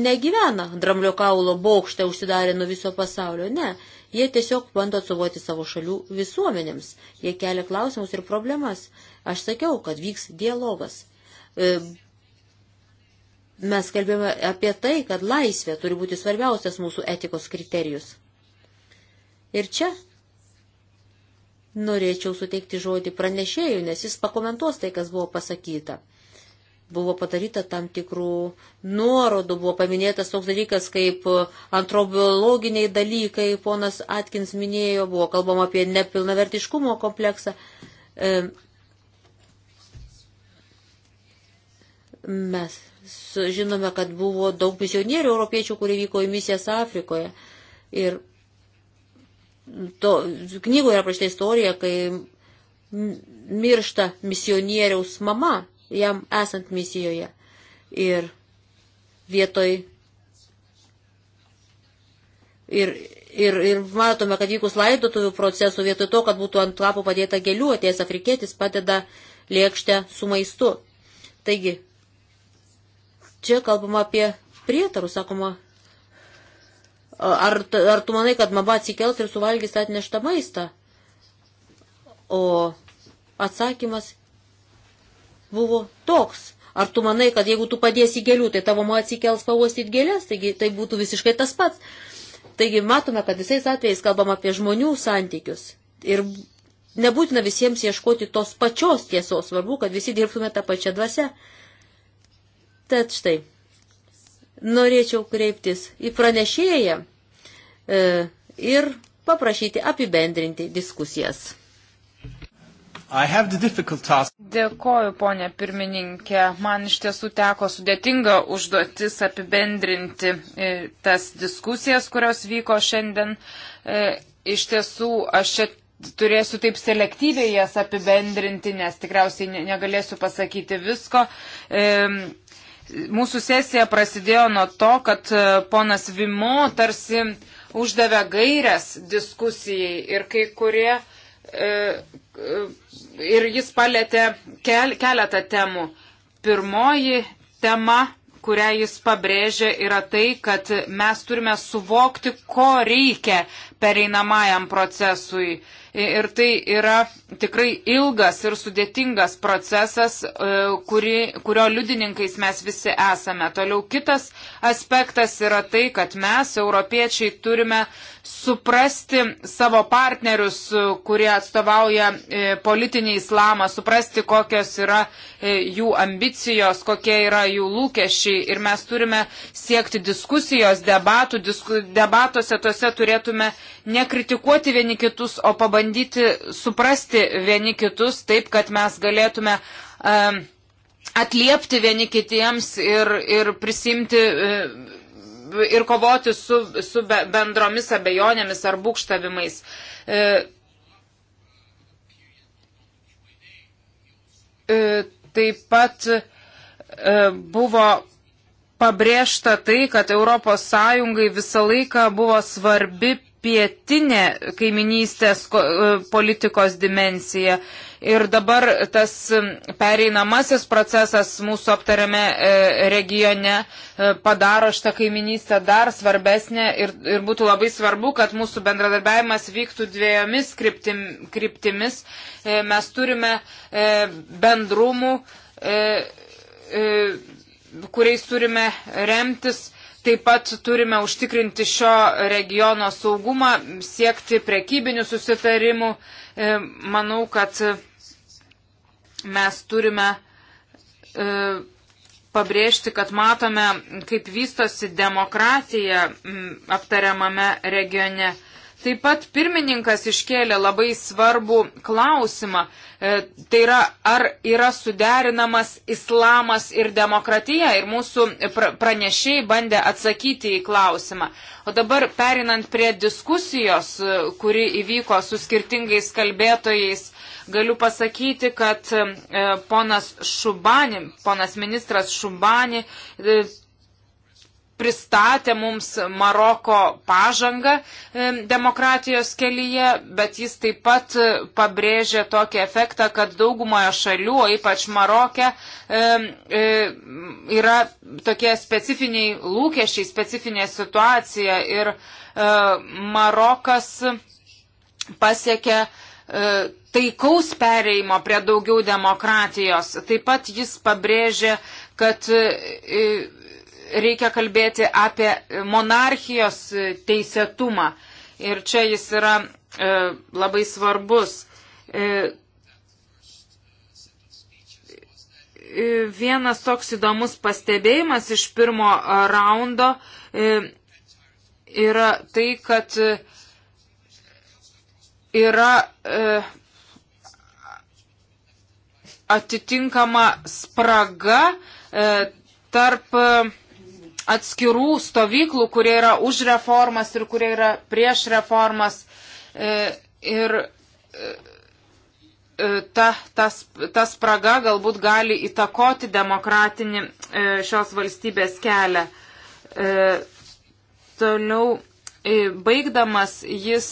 negyvena dramblio kaulo bokšte užsidarę nuo viso pasaulio, ne. Jie tiesiog bando atsuvoti savo šalių visuomenėms. Jie kelia klausimus ir problemas. Aš sakiau, kad vyks dialogas. E, mes kalbėjome apie tai, kad laisvė turi būti svarbiausias mūsų etikos kriterijus. Ir čia norėčiau suteikti žodį pranešėjų, nes jis pakomentuos tai, kas buvo pasakyta. Buvo padaryta tam tikrų nuorodų, buvo paminėtas toks dalykas kaip antrobiologiniai dalykai, ponas Atkins minėjo, buvo kalbama apie nepilnavertiškumo kompleksą. Mes žinome, kad buvo daug misionierių europiečių, kurie vyko į misijas Afrikoje. Ir to, knygoje yra prašta istorija, kai miršta misionieriaus mama, jam esant misijoje. Ir vietoj. Ir, ir, ir matome, kad vykus laidotuvių procesų, vietoj to, kad būtų ant lapų padėta gėlių, atėjęs afrikietis padeda lėkštę su maistu. Taigi, čia kalbama apie prietarus, sakoma, Ar, ar tu manai, kad mama atsikels ir suvalgys atneštą maistą? O atsakymas buvo toks. Ar tu manai, kad jeigu tu padėsi gėlių, tai tavo mama atsikels pauostyti gėlės, taigi tai būtų visiškai tas pats. Taigi matome, kad visais atvejais kalbam apie žmonių santykius. Ir nebūtina visiems ieškoti tos pačios tiesos, svarbu, kad visi dirbtume tą pačią dvasę. Tad štai, norėčiau kreiptis į pranešėją e, ir paprašyti apibendrinti diskusijas. Dėkoju, ponė pirmininkė. Man iš tiesų teko sudėtinga užduotis apibendrinti e, tas diskusijas, kurios vyko šiandien. E, iš tiesų, aš čia turėsiu taip selektyviai jas apibendrinti, nes tikriausiai negalėsiu pasakyti visko. E, mūsų sesija prasidėjo nuo to, kad e, ponas Vimo tarsi uždavė gairias diskusijai ir kai kurie. E, e, ir jis palėtė kel, keletą temų. Pirmoji tema kurią jis pabrėžė, yra tai, kad mes turime suvokti, ko reikia pereinamajam procesui. Ir tai yra tikrai ilgas ir sudėtingas procesas, e, kuri, kurio liudininkais mes visi esame. Toliau kitas aspektas yra tai, kad mes, europiečiai, turime uh, suprasti savo partnerius, e, kurie atstovauja e, politinį islamą, suprasti, kokios yra e, jų ambicijos, kokie yra jų lūkesčiai. Ir mes turime siekti diskusijos, debatų, disku, debatuose tuose turėtume nekritikuoti vieni kitus, o pabandyti suprasti vieni kitus taip, kad mes galėtume. Um, atliepti vieni kitiems ir, ir prisimti ir kovoti su, su bendromis abejonėmis ar būkštavimais. E, e, taip pat e, buvo pabrėžta tai, kad ES visą laiką buvo svarbi pietinė kaiminystės e, politikos dimensija. Ir dabar tas e, pereinamasis procesas mūsų aptariame e, regione padaro šitą kaiminystę dar svarbesnė ir, ir būtų labai svarbu, kad mūsų bendradarbiavimas vyktų dviejomis kryptim, kryptimis. Mes turime bendrumų kuriais turime remtis Taip pat turime užtikrinti šio regiono saugumą, siekti prekybinių susitarimų. E, manau, kad mes turime e, pabrėžti, kad matome, kaip vystosi demokratija aptariamame regione. Taip pat pirmininkas iškėlė labai svarbų klausimą. E, tai yra, ar yra suderinamas islamas ir demokratija. Ir mūsų pranešiai bandė atsakyti į klausimą. O dabar perinant prie diskusijos, e, kuri įvyko su skirtingais kalbėtojais, galiu pasakyti, kad e, ponas Šubani, ponas ministras Šubani pristatė mums Maroko pažangą e, demokratijos kelyje, bet jis taip pat e, pabrėžė tokį efektą, kad daugumoje šalių, ypač Maroke, e, yra tokie specifiniai lūkesčiai, specifinė situacija ir Marokas pasiekė taikaus pereimo prie daugiau demokratijos. Taip pat jis pabrėžė, kad reikia kalbėti apie monarchijos teisėtumą. Ir čia jis yra e, labai svarbus. E, e vienas toks įdomus pastebėjimas iš pirmo e, raundo e, yra tai, kad e, yra e, atitinkama spraga e, tarp e, atskirų stovyklų, kurie yra už reformas ir kurie yra prieš reformas. E, ir e, e, ta, tas, tas praga galbūt gali įtakoti demokratinį šios valstybės kelią. Toliau baigdamas jis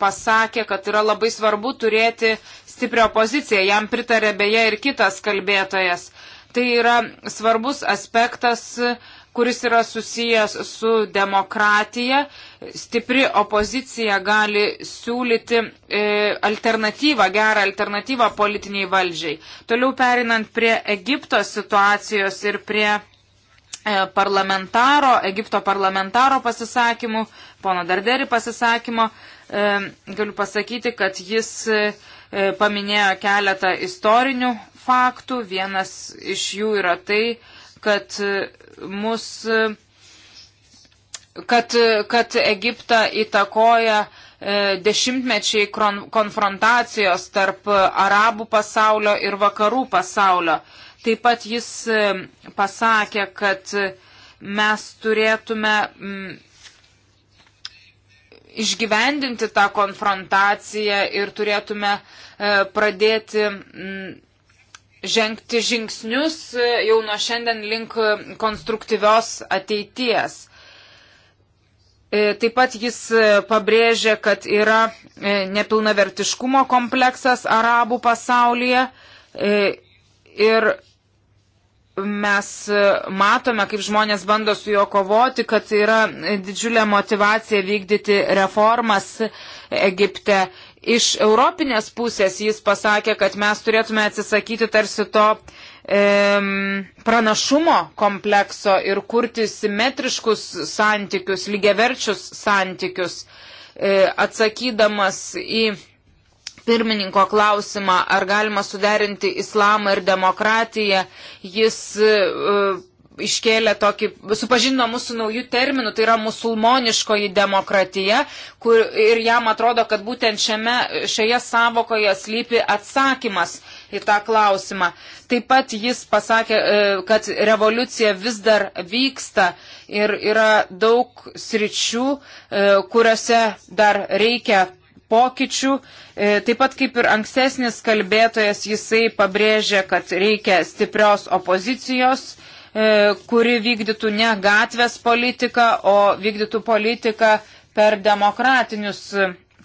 pasakė, kad yra labai svarbu turėti stiprią opoziciją. Jam pritarė beje ir kitas kalbėtojas. Tai yra svarbus aspektas, kuris yra susijęs su demokratija. Stipri opozicija gali siūlyti e, alternatyvą, gerą alternatyvą politiniai valdžiai. Toliau perinant prie Egipto situacijos ir prie e, parlamentaro, Egipto parlamentaro pasisakymų, pono Darderi pasisakymo, e, galiu pasakyti, kad jis paminėjo keletą istorinių faktų. Vienas iš jų yra tai, kad mus, kad, kad Egiptą įtakoja e, dešimtmečiai konfrontacijos tarp arabų pasaulio ir vakarų pasaulio. Taip pat jis e, pasakė, kad mes turėtume mm, išgyvendinti tą konfrontaciją ir turėtume e, pradėti mm, žengti žingsnius jau nuo šiandien link konstruktyvios ateities. E, taip pat jis pabrėžė, kad yra e, nepilnavertiškumo kompleksas arabų pasaulyje e, ir mes matome, kaip žmonės bando su juo kovoti, kad yra didžiulė motivacija vykdyti reformas Egipte iš europinės pusės jis pasakė, kad mes turėtume atsisakyti tarsi to e, pranašumo komplekso ir kurti simetriškus santykius, lygiaverčius santykius, e, atsakydamas į pirmininko klausimą, ar galima suderinti islamą ir demokratiją, jis e, iškėlė tokį, supažino mūsų naujų terminų, tai yra musulmoniškoji demokratija, kur ir jam atrodo, kad būtent šiame, šioje savokoje slypi atsakymas į tą klausimą. Taip pat jis pasakė, e, kad revoliucija vis dar vyksta ir yra daug sričių, e, kuriuose dar reikia pokyčių. E, taip pat kaip ir ankstesnis kalbėtojas, jisai pabrėžė, kad reikia stiprios opozicijos E, kuri vykdytų ne gatvės politiką, o vykdytų politiką per demokratinius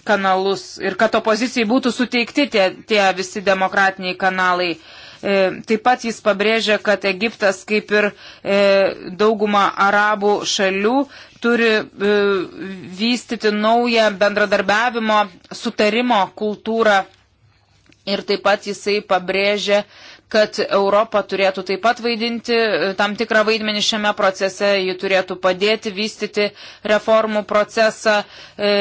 kanalus ir kad opozicijai būtų suteikti tie, tie visi demokratiniai kanalai. E, taip pat jis pabrėžia, kad Egiptas, kaip ir e, dauguma arabų šalių, turi vystyti naują bendradarbiavimo sutarimo kultūrą. Ir taip pat jisai pabrėžia, kad Europa turėtų taip pat vaidinti e, tam tikrą vaidmenį šiame procese, ji turėtų padėti vystyti reformų procesą, e,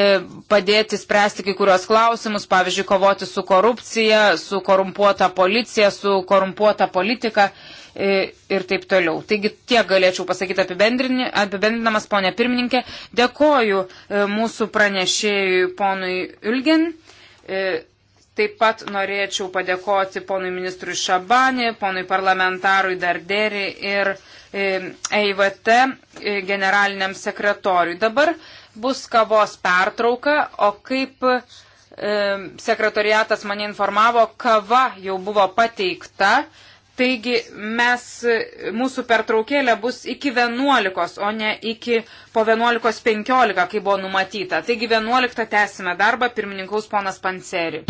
padėti spręsti kai kurios klausimus, pavyzdžiui, kovoti su korupcija, su korumpuota policija, su korumpuota politika e, ir taip toliau. Taigi tiek galėčiau pasakyti apibendrinamas, ponė pirmininkė. Dėkoju mūsų pranešėjui ponui Ilgin. Taip pat norėčiau padėkoti ponui ministrui Šabanį, ponui parlamentarui Darderį ir EIVT e e, generaliniam sekretoriui. Dabar bus kavos pertrauka, o kaip e, sekretoriatas mane informavo, kava jau buvo pateikta. Taigi mes, e, mūsų pertraukėlė bus iki 11, o ne iki po 11.15, kai buvo numatyta. Taigi 11 tęsime darbą, pirmininkaus ponas Panceri.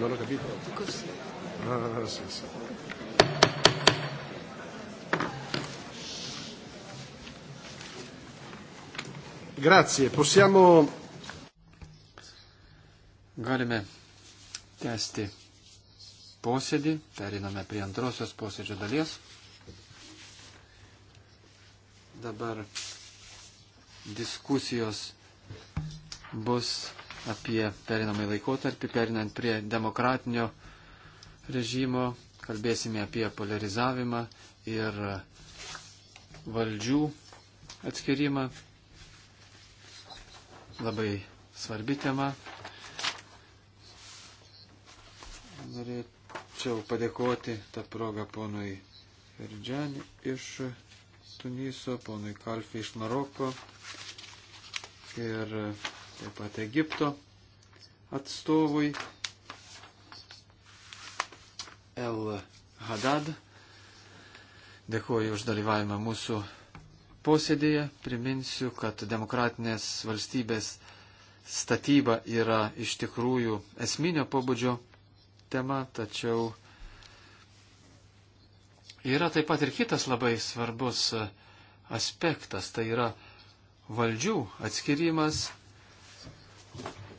Non ho capito. Così. Ah, sì, sì. Grazie, possiamo. Galime tęsti posėdį, periname prie antrosios posėdžio dalies. Dabar diskusijos bus apie perinamąjį laikotarpį, perinant prie demokratinio režimo, kalbėsime apie polarizavimą ir valdžių atskirimą. Labai svarbi tema. Norėčiau padėkoti tą progą ponui Verdžiani iš Tuniso, ponui Kalfi iš Maroko ir taip pat Egipto atstovui El Hadad. Dėkuoju už dalyvavimą mūsų posėdėje. Priminsiu, kad demokratinės valstybės statyba yra iš tikrųjų esminio pobūdžio tema, tačiau yra taip pat ir kitas labai svarbus aspektas, tai yra valdžių atskirimas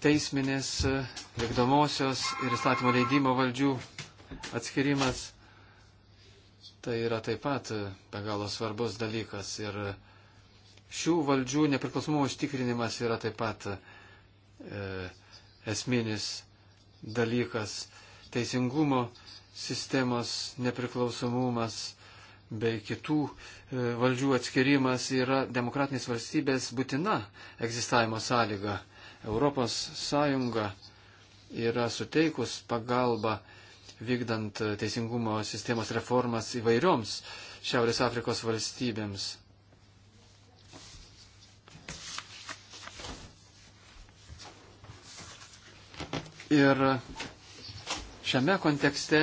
teisminės, e, vykdomosios ir įstatymo leidimo valdžių atskirimas. Tai yra taip pat e, be galo svarbus dalykas. Ir e, šių valdžių nepriklausomumo užtikrinimas yra taip pat e, esminis dalykas. Teisingumo sistemos nepriklausomumas bei kitų valdžių atskirimas yra demokratinės valstybės būtina egzistavimo sąlyga. Europos Sąjunga yra suteikus pagalbą vykdant teisingumo sistemos reformas įvairioms Šiaurės Afrikos valstybėms. Ir šiame kontekste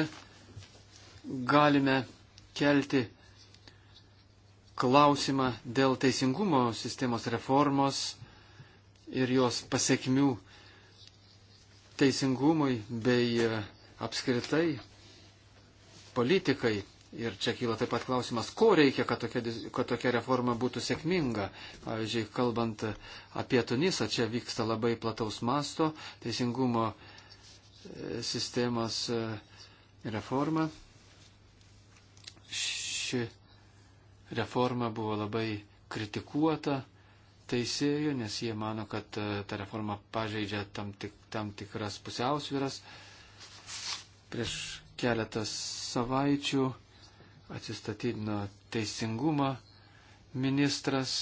galime kelti klausimą dėl teisingumo sistemos reformos ir jos pasiekmių teisingumui bei e, apskritai politikai. Ir čia kyla taip pat klausimas, ko reikia, kad tokia, kad tokia reforma būtų sėkminga. Pavyzdžiui, kalbant apie Tunisą, čia vyksta labai plataus masto teisingumo e, sistemos e, reforma. Ši reforma buvo labai kritikuota teisėjų, nes jie mano, kad e, ta reforma pažeidžia tam, tik, tam tikras pusiausviras. Prieš keletas savaičių atsistatydino teisingumo ministras,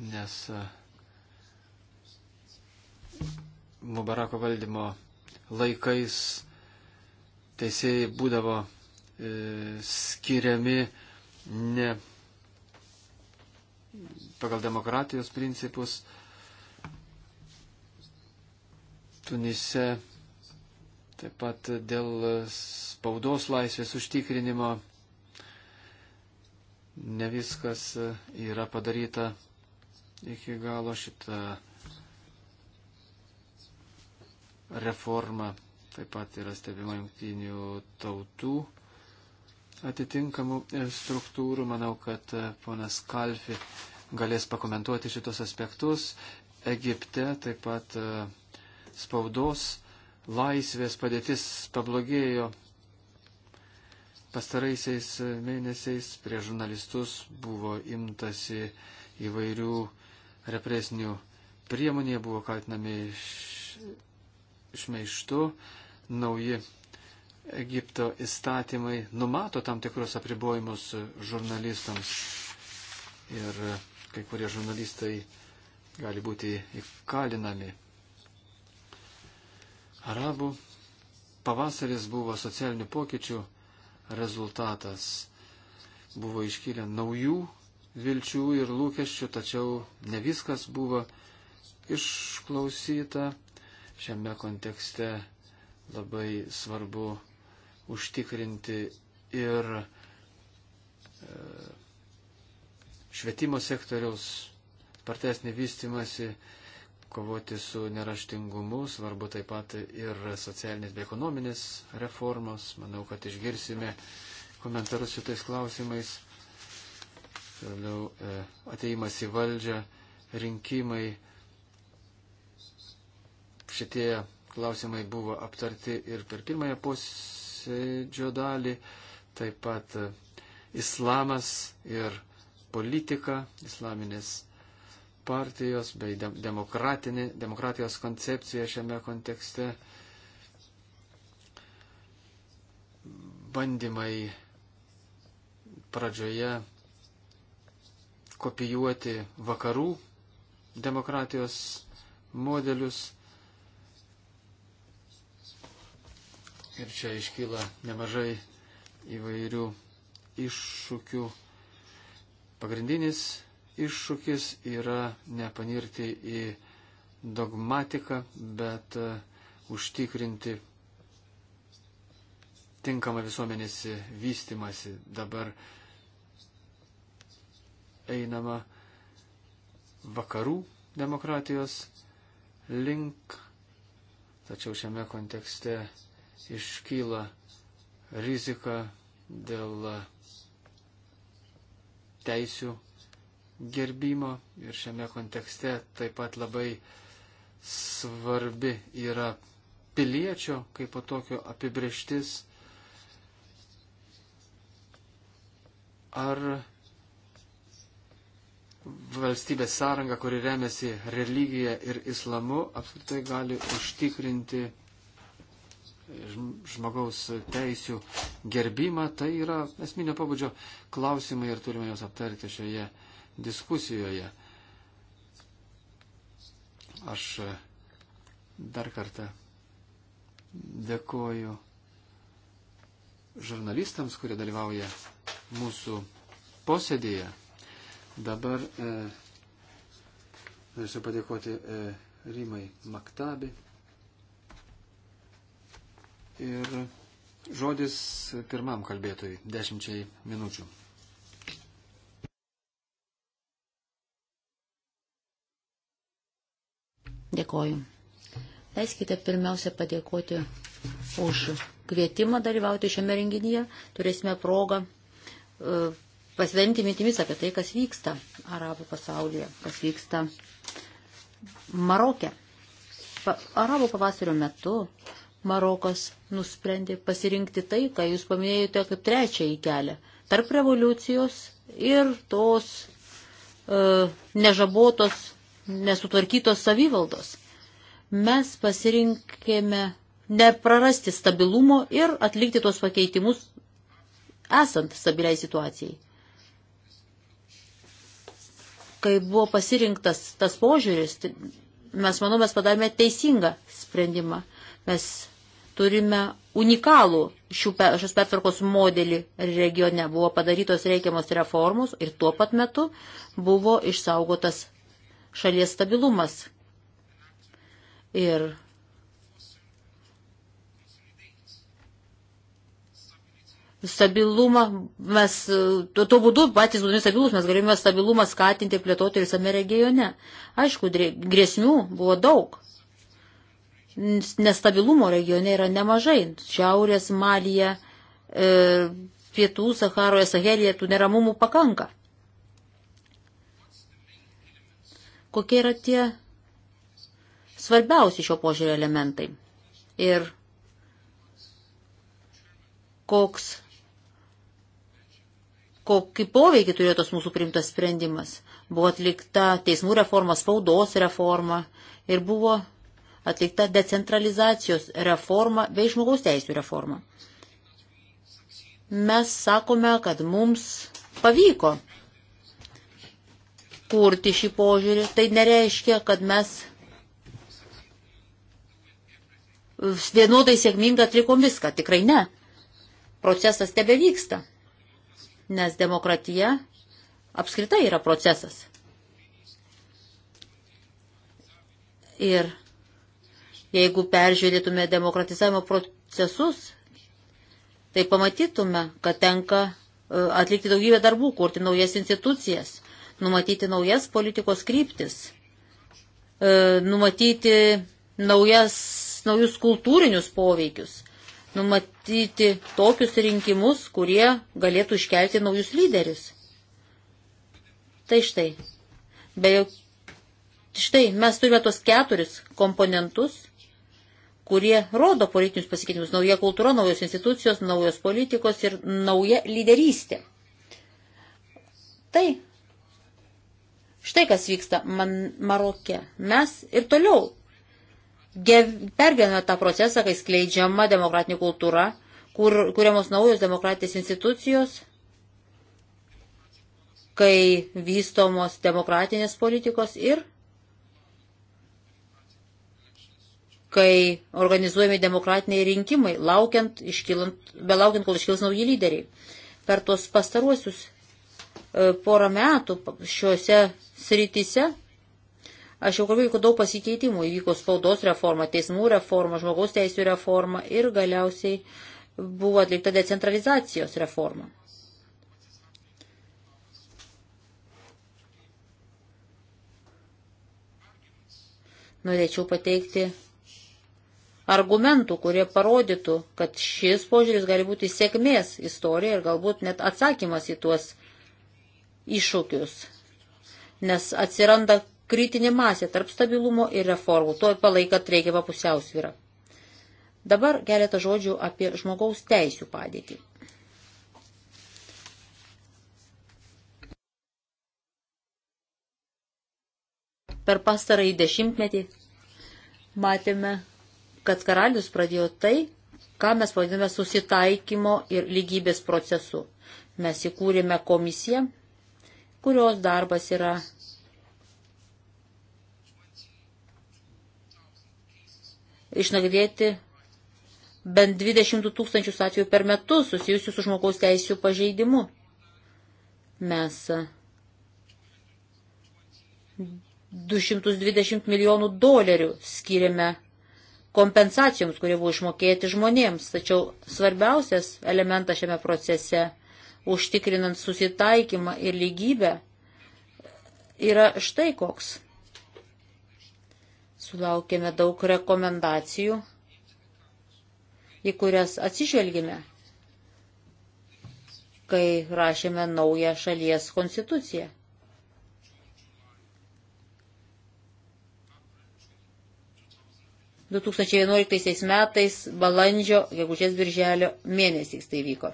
nes e, Mubarako valdymo laikais teisėjai būdavo e, skiriami ne pagal demokratijos principus. Tunise taip pat dėl spaudos laisvės užtikrinimo ne viskas yra padaryta iki galo šitą reformą. Taip pat yra stebima jungtinių tautų atitinkamų e, struktūrų. Manau, kad e, ponas Kalfi galės pakomentuoti šitos aspektus. Egipte taip pat e, spaudos laisvės padėtis pablogėjo pastaraisiais mėnesiais. Prie žurnalistus buvo imtasi įvairių represinių priemonė, buvo kaltinami šmeištu, nauji Egipto įstatymai numato tam tikrus apribojimus žurnalistams. Ir e, kai kurie žurnalistai gali būti įkalinami. Arabų pavasaris buvo socialinių pokyčių rezultatas. Buvo iškilę naujų vilčių ir lūkesčių, tačiau ne viskas buvo išklausyta. Šiame kontekste labai svarbu užtikrinti ir e, švietimo sektoriaus spartesnį vystimasi, kovoti su neraštingumu, svarbu taip pat ir socialinės bei ekonominės reformos. Manau, kad išgirsime komentarus šitais klausimais. Toliau e, ateimas į valdžią, rinkimai. Šitie klausimai buvo aptarti ir per pirmąją posėdį posėdžio dalį, taip pat islamas ir politika, islaminės partijos bei demokratijos koncepcija šiame kontekste, bandymai pradžioje kopijuoti vakarų demokratijos modelius Ir čia iškyla nemažai įvairių iššūkių. Pagrindinis iššūkis yra nepanirti į dogmatiką, bet e, užtikrinti tinkamą visuomenės vystimasi. Dabar einama vakarų demokratijos link, tačiau šiame kontekste iškyla rizika dėl teisių gerbimo ir šiame kontekste taip pat labai svarbi yra piliečio kaip po tokio apibrieštis. Ar valstybės sąranga, kuri remiasi religija ir islamu, apskritai gali užtikrinti žmogaus teisių gerbimą, tai yra esminio pabudžio klausimai ir turime juos aptarti šioje diskusijoje. Aš e, dar kartą dėkoju žurnalistams, kurie dalyvauja mūsų posėdėje. Dabar e, norėčiau padėkoti e, Rimai Maktabi. Ir žodis pirmam kalbėtojui, dešimčiai minučių. Dėkoju. Leiskite pirmiausia padėkoti už kvietimą dalyvauti šiame renginyje. Turėsime progą e, pasidalinti mintimis apie tai, kas vyksta arabų pasaulyje, kas vyksta Marokė. Pa, arabų pavasario metu Marokas nusprendė pasirinkti tai, ką jūs paminėjote kaip trečiąjį kelią - tarp revoliucijos ir tos e, nežabotos, nesutvarkytos savivaldos. Mes pasirinkėme neprarasti stabilumo ir atlikti tuos pakeitimus esant stabiliai situacijai. Kai buvo pasirinktas tas požiūris, tai mes manau, mes padarėme teisingą sprendimą Mes turime unikalų šių, šios pertvarkos modelį regione. Buvo padarytos reikiamos reformos ir tuo pat metu buvo išsaugotas šalies stabilumas. Ir stabilumą mes, tuo, tuo būdu patys būdami stabilus, mes galime stabilumą skatinti ir plėtoti visame regione. Aišku, grėsmių buvo daug nestabilumo regione yra nemažai. Šiaurės Malija, e, pietų Saharoje, Sahelėje tų neramumų pakanka. Kokie yra tie svarbiausi šio požiūrio elementai? Ir koks, kokį poveikį turėjo tos mūsų primtas sprendimas? Buvo atlikta teismų reforma, spaudos reforma ir buvo atlikta decentralizacijos reforma bei žmogaus teisų reforma. Mes sakome, kad mums pavyko kurti šį požiūrį. Tai nereiškia, kad mes vienodai sėkmingai atlikom viską. Tikrai ne. Procesas tebe vyksta. Nes demokratija apskritai yra procesas. Ir Jeigu peržiūrėtume demokratizavimo procesus, tai pamatytume, kad tenka e, atlikti daugybę darbų, kurti naujas institucijas, numatyti naujas politikos kryptis, e, numatyti naujas, naujus kultūrinius poveikius, numatyti tokius rinkimus, kurie galėtų iškelti naujus lyderius. Tai štai. Be jau, štai mes turime tos keturis komponentus, kurie rodo politinius pasikeitimus. Nauja kultūra, naujos institucijos, naujos politikos ir nauja lyderystė. Tai štai kas vyksta man, Marokė. Mes ir toliau pergyvename tą procesą, kai skleidžiama demokratinė kultūra, kur, kuriamos naujos demokratinės institucijos, kai vystomos demokratinės politikos ir kai organizuojami demokratiniai rinkimai, laukiant, iškilant, belaukiant, kol iškils nauji lyderiai. Per tuos pastaruosius e, porą metų šiuose srityse aš jau kalbėjau, kad daug pasikeitimų įvyko spaudos reforma, teismų reforma, žmogaus teisų reforma ir galiausiai buvo atlikta decentralizacijos reforma. Norėčiau pateikti argumentų, kurie parodytų, kad šis požiūris gali būti sėkmės istorija ir galbūt net atsakymas į tuos iššūkius. Nes atsiranda kritinė masė tarp stabilumo ir reformų, toj palaikat reikiamą pusiausvyrą. Dabar keletą žodžių apie žmogaus teisių padėtį. Per pastarąjį dešimtmetį matėme kad karalius pradėjo tai, ką mes vadiname susitaikymo ir lygybės procesu. Mes įkūrėme komisiją, kurios darbas yra išnagrinėti bent 20 tūkstančius atvejų per metus susijusių su žmogaus teisų pažeidimu. Mes 220 milijonų dolerių skiriame kompensacijoms, kurie buvo išmokėti žmonėms. Tačiau svarbiausias elementas šiame procese, užtikrinant susitaikymą ir lygybę, yra štai koks. Sulaukėme daug rekomendacijų, į kurias atsižvelgime, kai rašėme naują šalies konstituciją. 2011 metais balandžio, gegužės birželio mėnesiais tai vyko.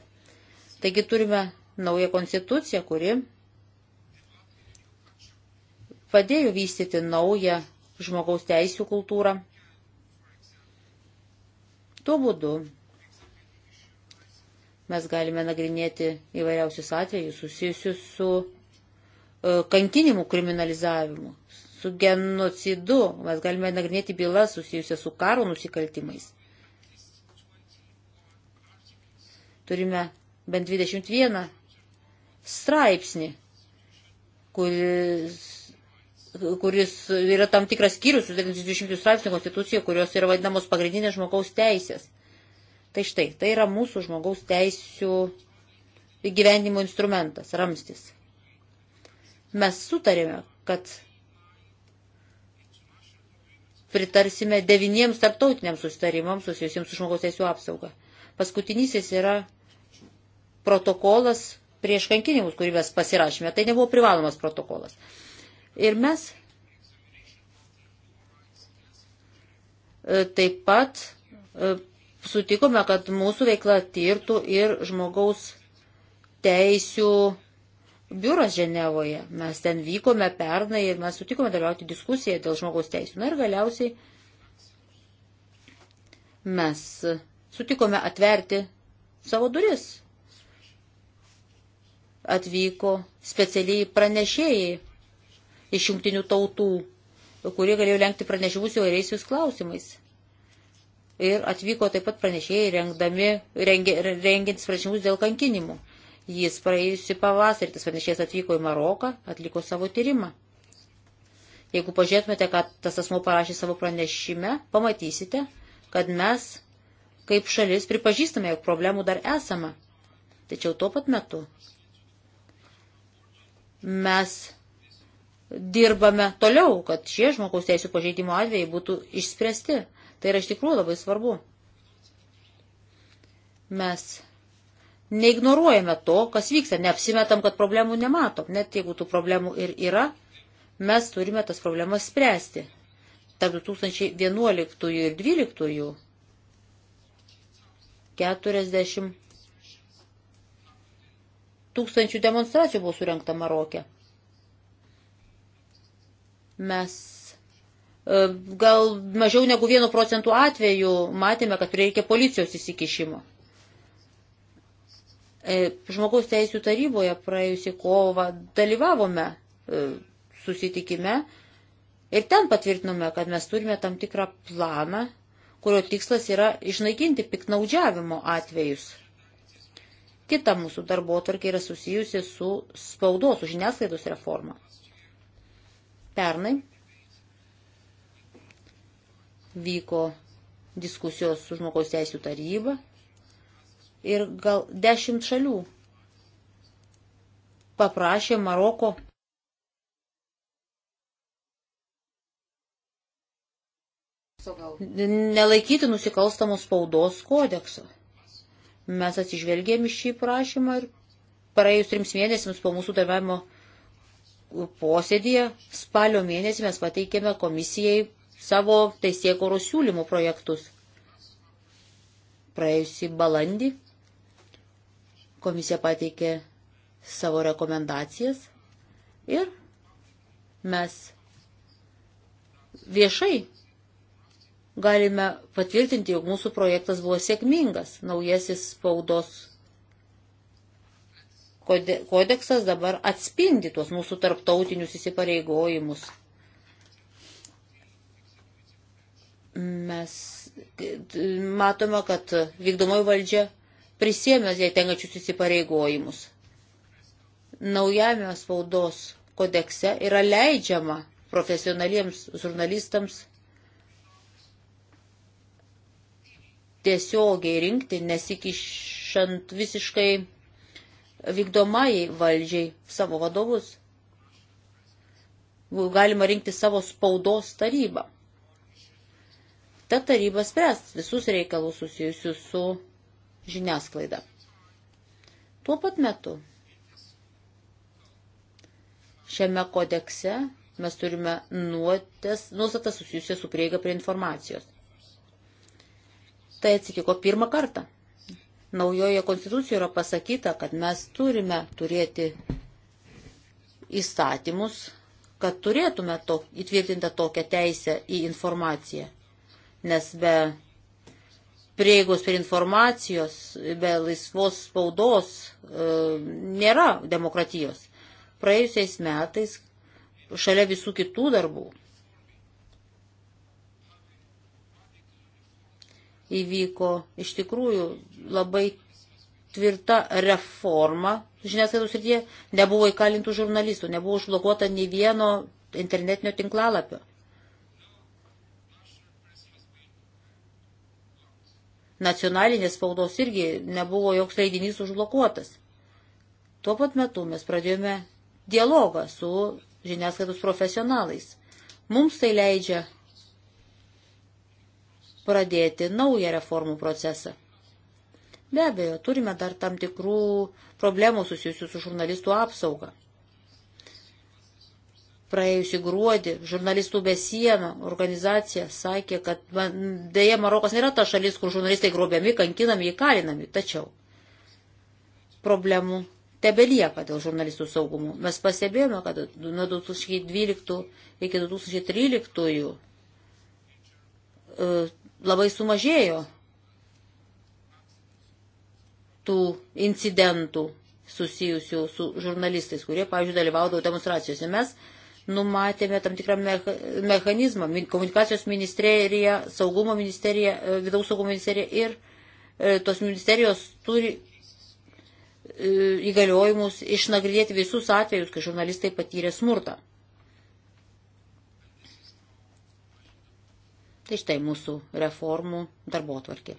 Taigi turime naują konstituciją, kuri padėjo vystyti naują žmogaus teisų kultūrą. Tuo būdu mes galime nagrinėti įvairiausius atvejus susijusius su e, kankinimu kriminalizavimu, su genocidu, mes galime nagrinėti bylas susijusią su karo nusikaltimais. Turime bent 21 straipsnį, kuris, kuris yra tam tikras skyrius, 200 straipsnių konstitucijų, kurios yra vadinamos pagrindinės žmogaus teisės. Tai štai, tai yra mūsų žmogaus teisių įgyvendimo instrumentas, ramstis. Mes sutarėme, kad pritarsime devyniems tarptautiniams sustarimams susijusiems su žmogaus teisų apsauga. Paskutinisis yra protokolas prieš kankinimus, kurį mes pasirašėme. Tai nebuvo privalomas protokolas. Ir mes e, taip pat e, sutikome, kad mūsų veikla tirtų ir žmogaus teisių biuras Ženevoje. Mes ten vykome pernai ir mes sutikome dalyvauti diskusiją dėl žmogaus teisų. Na ir galiausiai mes sutikome atverti savo duris. Atvyko specialiai pranešėjai iš jungtinių tautų, kurie galėjo lenkti pranešimus įvairiais jūs klausimais. Ir atvyko taip pat pranešėjai rengdami, rengi, rengintis pranešimus dėl kankinimų. Jis praėjusi pavasarį, tas pranešėjas atvyko į Maroką, atliko savo tyrimą. Jeigu pažiūrėtumėte, kad tas asmo parašė savo pranešime, pamatysite, kad mes, kaip šalis, pripažįstame, jog problemų dar esama. Tačiau tuo pat metu mes dirbame toliau, kad šie žmogaus teisų pažeidimo atvejai būtų išspręsti. Tai yra iš tikrųjų labai svarbu. Mes neignoruojame to, kas vyksta, neapsimetam, kad problemų nematom. Net jeigu tų problemų ir yra, mes turime tas problemas spręsti. Tarp 2011 ir 2012 40 tūkstančių demonstracijų buvo surinkta Marokė. Mes e, gal mažiau negu vienu procentu atveju matėme, kad reikia policijos įsikišimo. E, žmogaus teisų taryboje praėjusį kovą dalyvavome e, susitikime ir ten patvirtinome, kad mes turime tam tikrą planą, kurio tikslas yra išnaikinti piknaudžiavimo atvejus. Kita mūsų darbo tvarkė yra susijusi su spaudos, su žiniasklaidos reforma. Pernai vyko diskusijos su žmogaus teisų taryba ir gal dešimt šalių paprašė Maroko nelaikyti nusikalstamos spaudos kodekso. Mes atsižvelgėm į šį prašymą ir praėjus trims mėnesiams po mūsų dalyvavimo posėdėje spalio mėnesį mes pateikėme komisijai savo teisėkoros siūlymų projektus. Praėjusį balandį Komisija pateikė savo rekomendacijas ir mes viešai galime patvirtinti, jog mūsų projektas buvo sėkmingas. Naujasis spaudos kodeksas dabar atspindi tuos mūsų tarptautinius įsipareigojimus. Mes matome, kad vykdomoji valdžia prisėmęs jai tenkačius įsipareigojimus. Naujame spaudos kodekse yra leidžiama profesionaliems žurnalistams tiesiogiai rinkti, nesikišant visiškai vykdomai valdžiai savo vadovus. Galima rinkti savo spaudos tarybą. Ta taryba spręs visus reikalus susijusius su žiniasklaidą. Tuo pat metu šiame kodekse mes turime nuostatą susijusią su prieiga prie informacijos. Tai atsitiko pirmą kartą. Naujoje konstitucijoje yra pasakyta, kad mes turime turėti įstatymus, kad turėtume to, įtvirtintą tokią teisę į informaciją. Nes be prieigos prie informacijos, be laisvos spaudos e, nėra demokratijos. Praėjusiais metais, šalia visų kitų darbų, įvyko iš tikrųjų labai tvirta reforma žiniasklaidos srityje, nebuvo įkalintų žurnalistų, nebuvo užblokuota nei vieno internetinio tinklalapio. nacionalinės spaudos irgi nebuvo joks leidinys užblokuotas. Tuo pat metu mes pradėjome dialogą su žiniasklaidos profesionalais. Mums tai leidžia pradėti naują reformų procesą. Be abejo, turime dar tam tikrų problemų susijusių su žurnalistų apsauga. Praėjusį gruodį žurnalistų be sienų organizacija sakė, kad dėja Marokas nėra ta šalis, kur žurnalistai grobiami, kankinami, įkalinami. Tačiau problemų tebelieka dėl žurnalistų saugumų. Mes pastebėjome, kad nuo 2012 iki 2013 e, labai sumažėjo tų incidentų susijusių su žurnalistais, kurie, pavyzdžiui, dalyvaudavo demonstracijose. Mes numatėme tam tikrą mechanizmą. Komunikacijos ministerija, saugumo ministerija, e, vidaus saugumo ministerija ir e, tos ministerijos turi e, įgaliojimus išnagrinėti visus atvejus, kai žurnalistai patyrė smurtą. Tai štai mūsų reformų darbo tvarkė.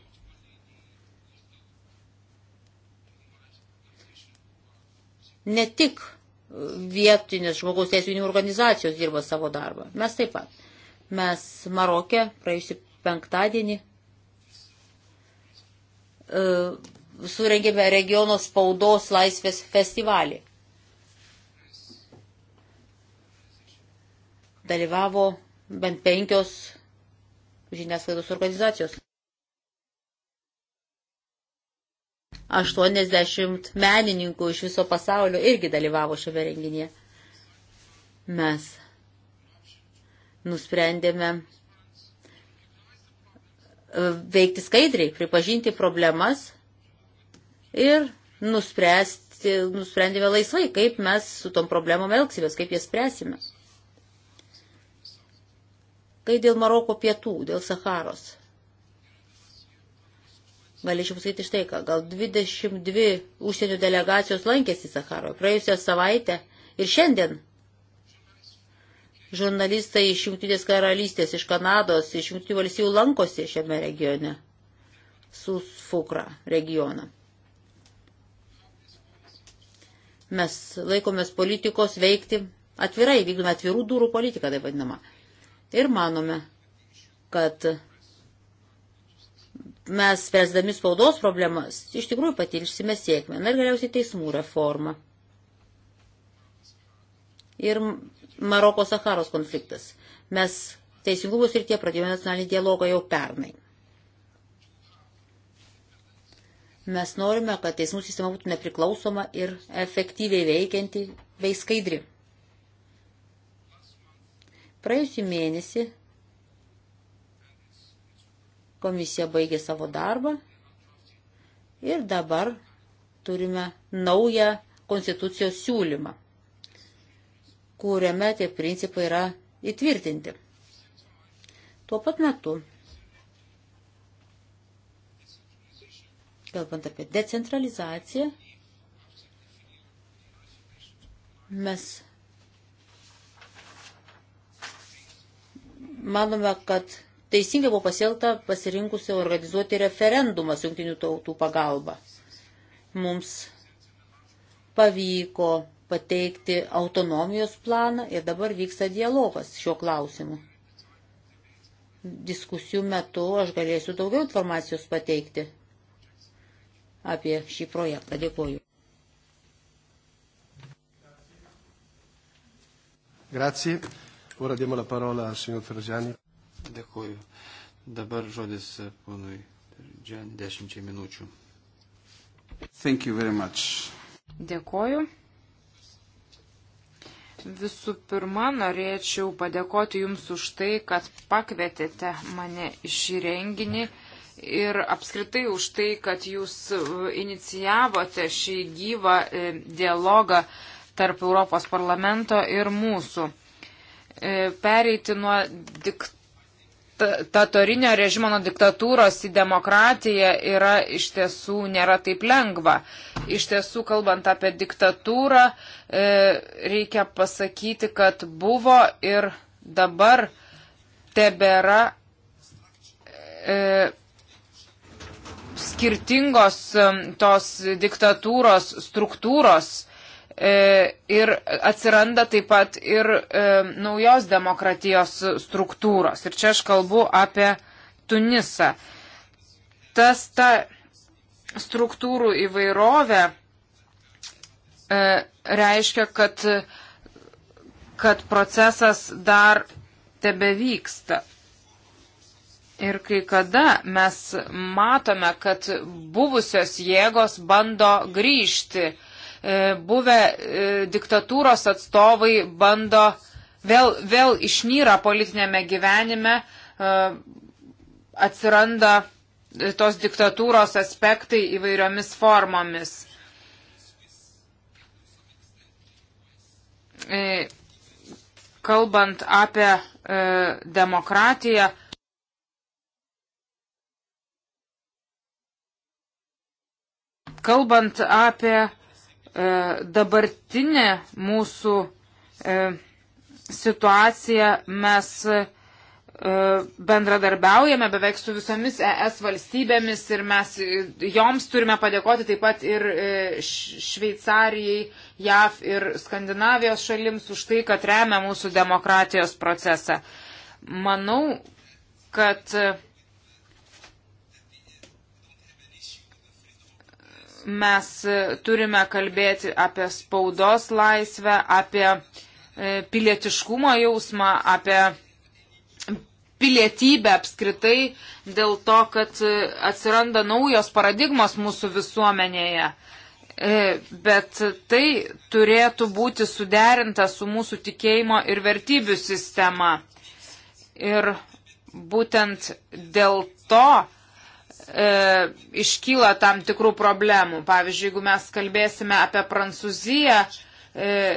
Ne tik vietinės žmogaus teisų organizacijos dirba savo darbą. Mes taip pat. Mes Marokė praėjusį penktadienį e, surengėme regiono spaudos laisvės festivalį. Dalyvavo bent penkios žiniasklaidos organizacijos. 80 menininkų iš viso pasaulio irgi dalyvavo šiame renginėje. Mes nusprendėme e, veikti skaidriai, pripažinti problemas ir nuspręsti, nusprendėme laisvai, kaip mes su tom problemom elgsimės, kaip jas spręsime. Kai dėl Maroko pietų, dėl Saharos. Galėčiau pasakyti štai ką, gal 22 užsienio delegacijos lankėsi Sakaroje praėjusią savaitę ir šiandien. Žurnalistai iš Junktinės karalystės, iš Kanados, iš Junktinių valstybių lankosi šiame regione, su Fukra regioną. Mes laikomės politikos veikti atvirai, vykdome atvirų durų politiką, tai vadinama. Ir manome, kad mes, spręsdami spaudos problemas, iš tikrųjų patiršsime sėkmę. Na ir galiausiai teismų reforma. Ir Maroko Saharos konfliktas. Mes teisingumus ir tie pradėjome nacionalinį dialogą jau pernai. Mes norime, kad teismų sistema būtų nepriklausoma ir efektyviai veikianti bei skaidri. Praėjusį mėnesį Komisija baigė savo darbą ir dabar turime naują konstitucijos siūlymą, kuriame tie principai yra įtvirtinti. Tuo pat metu, kalbant apie decentralizaciją, mes manome, kad teisingai buvo pasielta pasirinkusi organizuoti referendumą su jungtinių tautų pagalba. Mums pavyko pateikti autonomijos planą ir dabar vyksta dialogas šiuo klausimu. Diskusijų metu aš galėsiu daugiau informacijos pateikti apie šį projektą. Dėkuoju. Grazie. Ora diamo la parola al signor Ferrajani. Dėkuoju. Dabar žodis ponui Džian dešimčiai minučių. Thank you very much. Dėkuoju. Visų pirma, norėčiau padėkoti Jums už tai, kad pakvietėte mane į šį renginį ir apskritai už tai, kad Jūs e, inicijavote šį gyvą e, dialogą tarp Europos parlamento ir mūsų. E, pereiti nuo diktatų diktatorinio režimo, nuo diktatūros į demokratiją yra iš tiesų nėra taip lengva. Iš tiesų, kalbant apie diktatūrą, e, reikia pasakyti, kad buvo ir dabar tebėra e, skirtingos e, tos diktatūros struktūros E, ir atsiranda taip pat ir e, naujos demokratijos struktūros. Ir čia aš kalbu apie Tunisą. Tas ta struktūrų įvairovė e, reiškia, kad, kad procesas dar tebevyksta. Ir kai kada mes matome, kad buvusios jėgos bando grįžti uh, E, buvę e, diktatūros atstovai bando vėl, vėl išnyra politinėme gyvenime, e, atsiranda tos diktatūros aspektai įvairiomis formomis. Kalbant apie demokratiją, kalbant apie E, dabartinę mūsų e, situaciją mes e, bendradarbiaujame beveik su visomis ES valstybėmis ir mes joms turime padėkoti taip pat ir Šveicarijai, JAV ir Skandinavijos šalims už tai, kad remia mūsų demokratijos procesą. Manau, kad uh, mes e, turime kalbėti apie spaudos laisvę, apie e, pilietiškumo jausmą, apie pilietybę apskritai dėl to, kad e, atsiranda naujos paradigmos mūsų visuomenėje. Bet tai turėtų būti suderinta su mūsų tikėjimo ir vertybių sistema. Ir būtent dėl to, e, iškyla tam tikrų problemų. Pavyzdžiui, jeigu mes kalbėsime apie Prancūziją, e,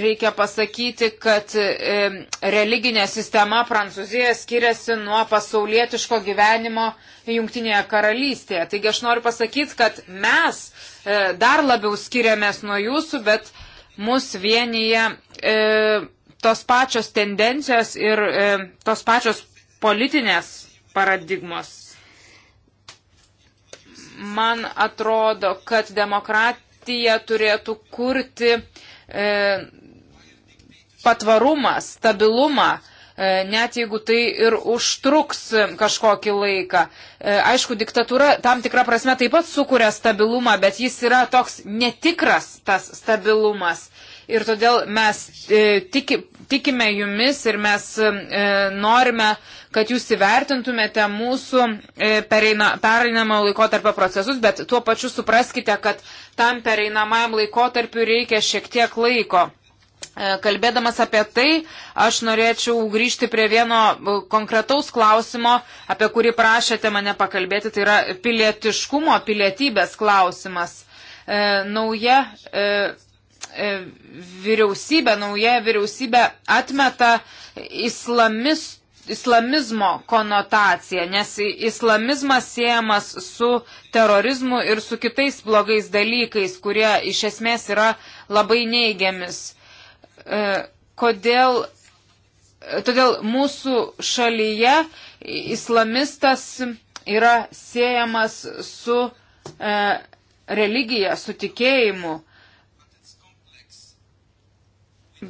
reikia pasakyti, kad e, religinė sistema Prancūzijoje skiriasi nuo pasaulietiško gyvenimo Junktinėje karalystėje. Taigi aš noriu pasakyti, kad mes e, dar labiau skiriamės nuo jūsų, bet mus vienyje e, tos pačios tendencijos ir e, tos pačios politinės paradigmos. Man atrodo, kad demokratija turėtų kurti e, patvarumą, stabilumą, e, net jeigu tai ir užtruks kažkokį laiką. E, aišku, diktatūra tam tikrą prasme taip pat sukuria stabilumą, bet jis yra toks netikras tas stabilumas. Ir todėl mes e, tiki, tikime jumis ir mes e, norime, kad jūs įvertintumėte mūsų e, pereina, pereinamą laikotarpio procesus, bet tuo pačiu supraskite, kad tam pereinamajam laikotarpiu reikia šiek tiek laiko. E, kalbėdamas apie tai, aš norėčiau grįžti prie vieno e, konkretaus klausimo, apie kurį prašėte mane pakalbėti, tai yra pilietiškumo, pilietybės klausimas. E, nauja E, vyriausybė, nauja vyriausybė atmeta islamistų islamizmo konotacija, nes islamizmas siejamas su terorizmu ir su kitais blogais dalykais, kurie iš esmės yra labai neigiamis. E, kodėl, todėl mūsų šalyje islamistas yra siejamas su e, religija, su tikėjimu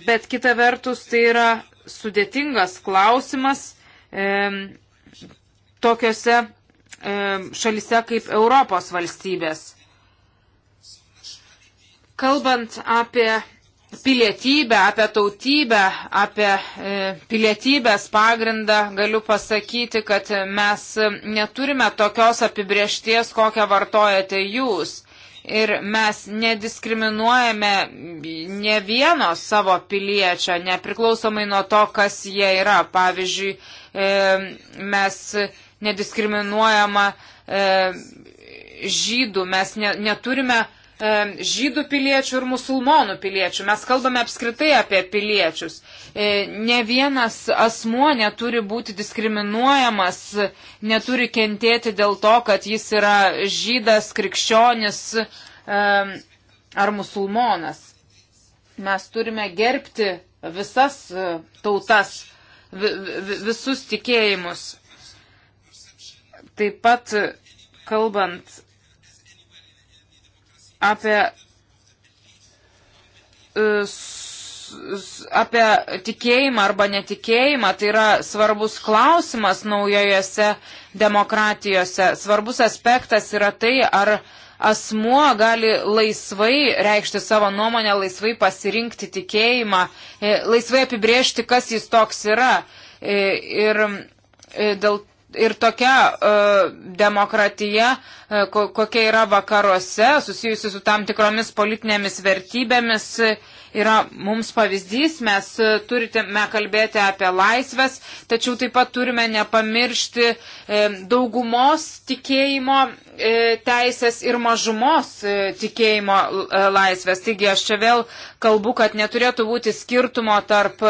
bet kita vertus tai yra sudėtingas klausimas e, tokiuose e, šalise kaip Europos valstybės. Kalbant apie pilietybę, apie tautybę, apie e, pilietybės pagrindą, galiu pasakyti, kad mes neturime tokios apibriešties, kokią vartojate jūs. Ir mes nediskriminuojame ne vieno savo piliečio, nepriklausomai nuo to, kas jie yra. Pavyzdžiui, e, mes nediskriminuojama e, žydų, mes neturime žydų piliečių ir musulmonų piliečių. Mes kalbame apskritai apie piliečius. E, ne vienas asmuo neturi būti diskriminuojamas, neturi kentėti dėl to, kad jis yra žydas, krikščionis ar musulmonas. Mes turime gerbti visas e, tautas, visus tikėjimus. Taip pat kalbant apie, e, apie tikėjimą arba netikėjimą. Tai yra svarbus klausimas naujojose demokratijose. Svarbus aspektas yra tai, ar asmuo gali laisvai reikšti savo nuomonę, laisvai pasirinkti tikėjimą, e, laisvai apibriežti, kas jis toks yra. E, ir dėl ir tokia uh, demokratija, uh, kokia yra vakaruose, susijusi su tam tikromis politinėmis vertybėmis, uh, yra mums pavyzdys, mes e, turime kalbėti apie laisvės, tačiau taip pat turime nepamiršti e, daugumos tikėjimo e, teisės ir mažumos tikėjimo laisvės. Taigi aš čia vėl kalbu, kad neturėtų būti skirtumo tarp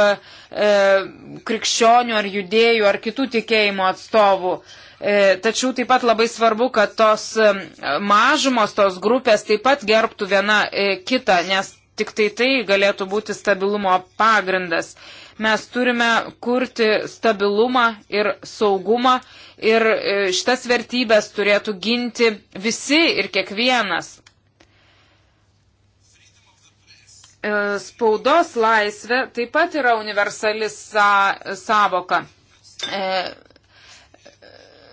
krikščionių ar judėjų ar kitų tikėjimo atstovų. Tačiau taip pat labai svarbu, kad tos mažumos, tos grupės taip pat gerbtų viena kitą, nes tik tai tai galėtų būti stabilumo pagrindas. Mes turime kurti stabilumą ir saugumą ir e, šitas vertybės turėtų ginti visi ir kiekvienas. E, spaudos laisvė taip pat yra universali sa savoka e,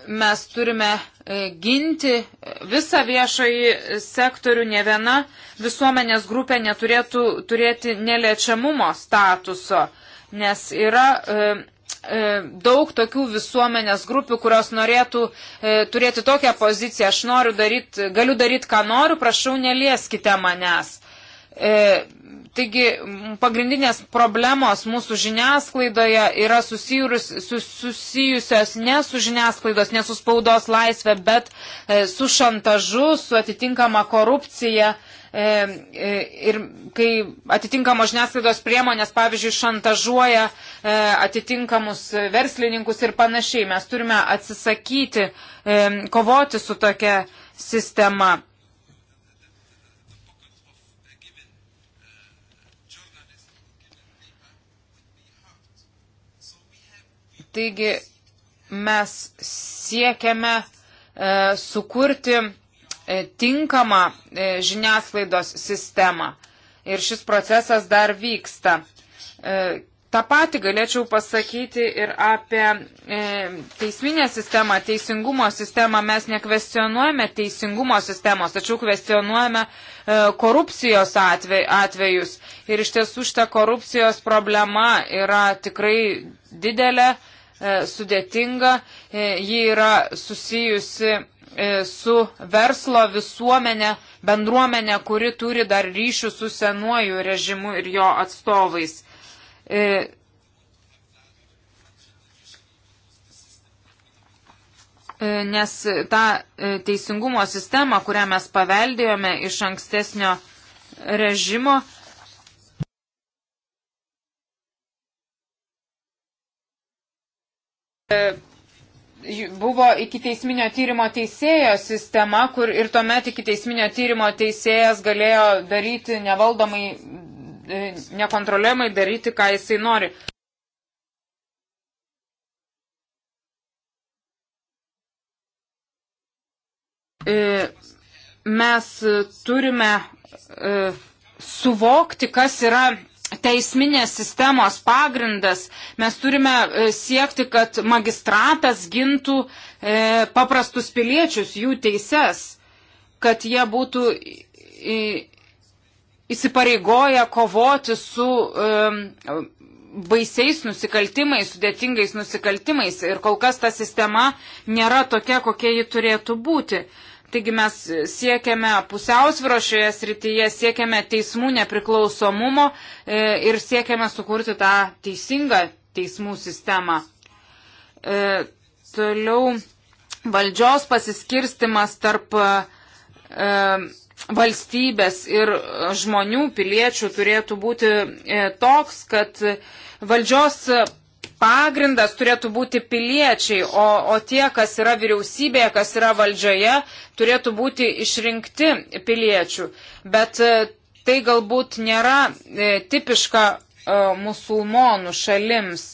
mes turime e, ginti e, visą viešąjį sektorių, ne viena visuomenės grupė neturėtų turėti neliečiamumo statuso, nes yra e, e, daug tokių visuomenės grupių, kurios norėtų e, turėti tokią poziciją, aš noriu daryt, galiu daryti, ką noriu, prašau, nelieskite manęs. E, Taigi pagrindinės problemos mūsų žiniasklaidoje yra susijus, susijusios ne su žiniasklaidos, ne su spaudos laisvė, bet e, su šantažu, su atitinkama korupcija. E, e, ir kai atitinkamos žiniasklaidos priemonės, pavyzdžiui, šantažuoja e, atitinkamus verslininkus ir panašiai, mes turime atsisakyti, e, kovoti su tokia sistema. Taigi mes siekiame e, sukurti e, tinkamą e, žiniasklaidos sistemą. Ir šis procesas dar vyksta. E, Ta pati galėčiau pasakyti ir apie e, teisminę sistemą, teisingumo sistemą. Mes nekvestionuojame teisingumo sistemos, tačiau kvestionuojame e, korupcijos atvej, atvejus. Ir iš tiesų šita korupcijos problema yra tikrai didelė. E, E, sudėtinga, e, ji yra susijusi e, su verslo visuomenė, bendruomenė, kuri turi dar ryšių su senuoju režimu ir jo atstovais. Nes tą teisingumo sistemą, kurią mes paveldėjome iš ankstesnio režimo, buvo iki teisminio tyrimo teisėjo sistema, kur ir tuomet iki teisminio tyrimo teisėjas galėjo daryti nevaldomai, e, nekontroliuojamai daryti, ką jisai nori. E, mes turime e, suvokti, kas yra teisminės sistemos pagrindas. Mes turime e, siekti, kad magistratas gintų e, paprastus piliečius, jų teises, kad jie būtų į, įsipareigoję kovoti su e, baisiais nusikaltimais, sudėtingais nusikaltimais. Ir kol kas ta sistema nėra tokia, kokia ji turėtų būti. E, Taigi mes siekiame pusiausvyro šioje srityje, siekiame teismų nepriklausomumo e, ir siekiame sukurti tą teisingą teismų sistemą. E, toliau valdžios pasiskirstimas tarp e, valstybės ir žmonių, piliečių turėtų būti toks, kad valdžios pagrindas turėtų būti piliečiai, o, o tie, kas yra vyriausybėje, kas yra valdžioje, turėtų būti išrinkti piliečių. Bet e, tai galbūt nėra e, tipiška e, musulmonų šalims.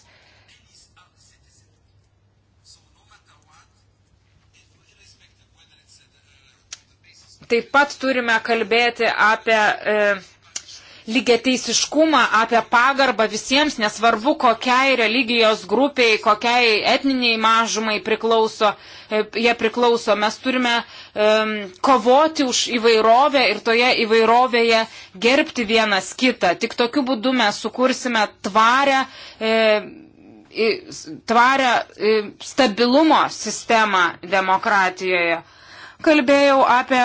Taip pat turime kalbėti apie e, lygiateisiškumą, apie pagarbą visiems, nesvarbu kokiai religijos grupiai, kokiai etniniai mažumai priklauso, e, jie priklauso. Mes turime um, kovoti už įvairovę ir toje įvairovėje gerbti vienas kitą. Tik tokiu būdu mes sukursime tvarę. E, tvarę e, stabilumo sistemą demokratijoje. Kalbėjau apie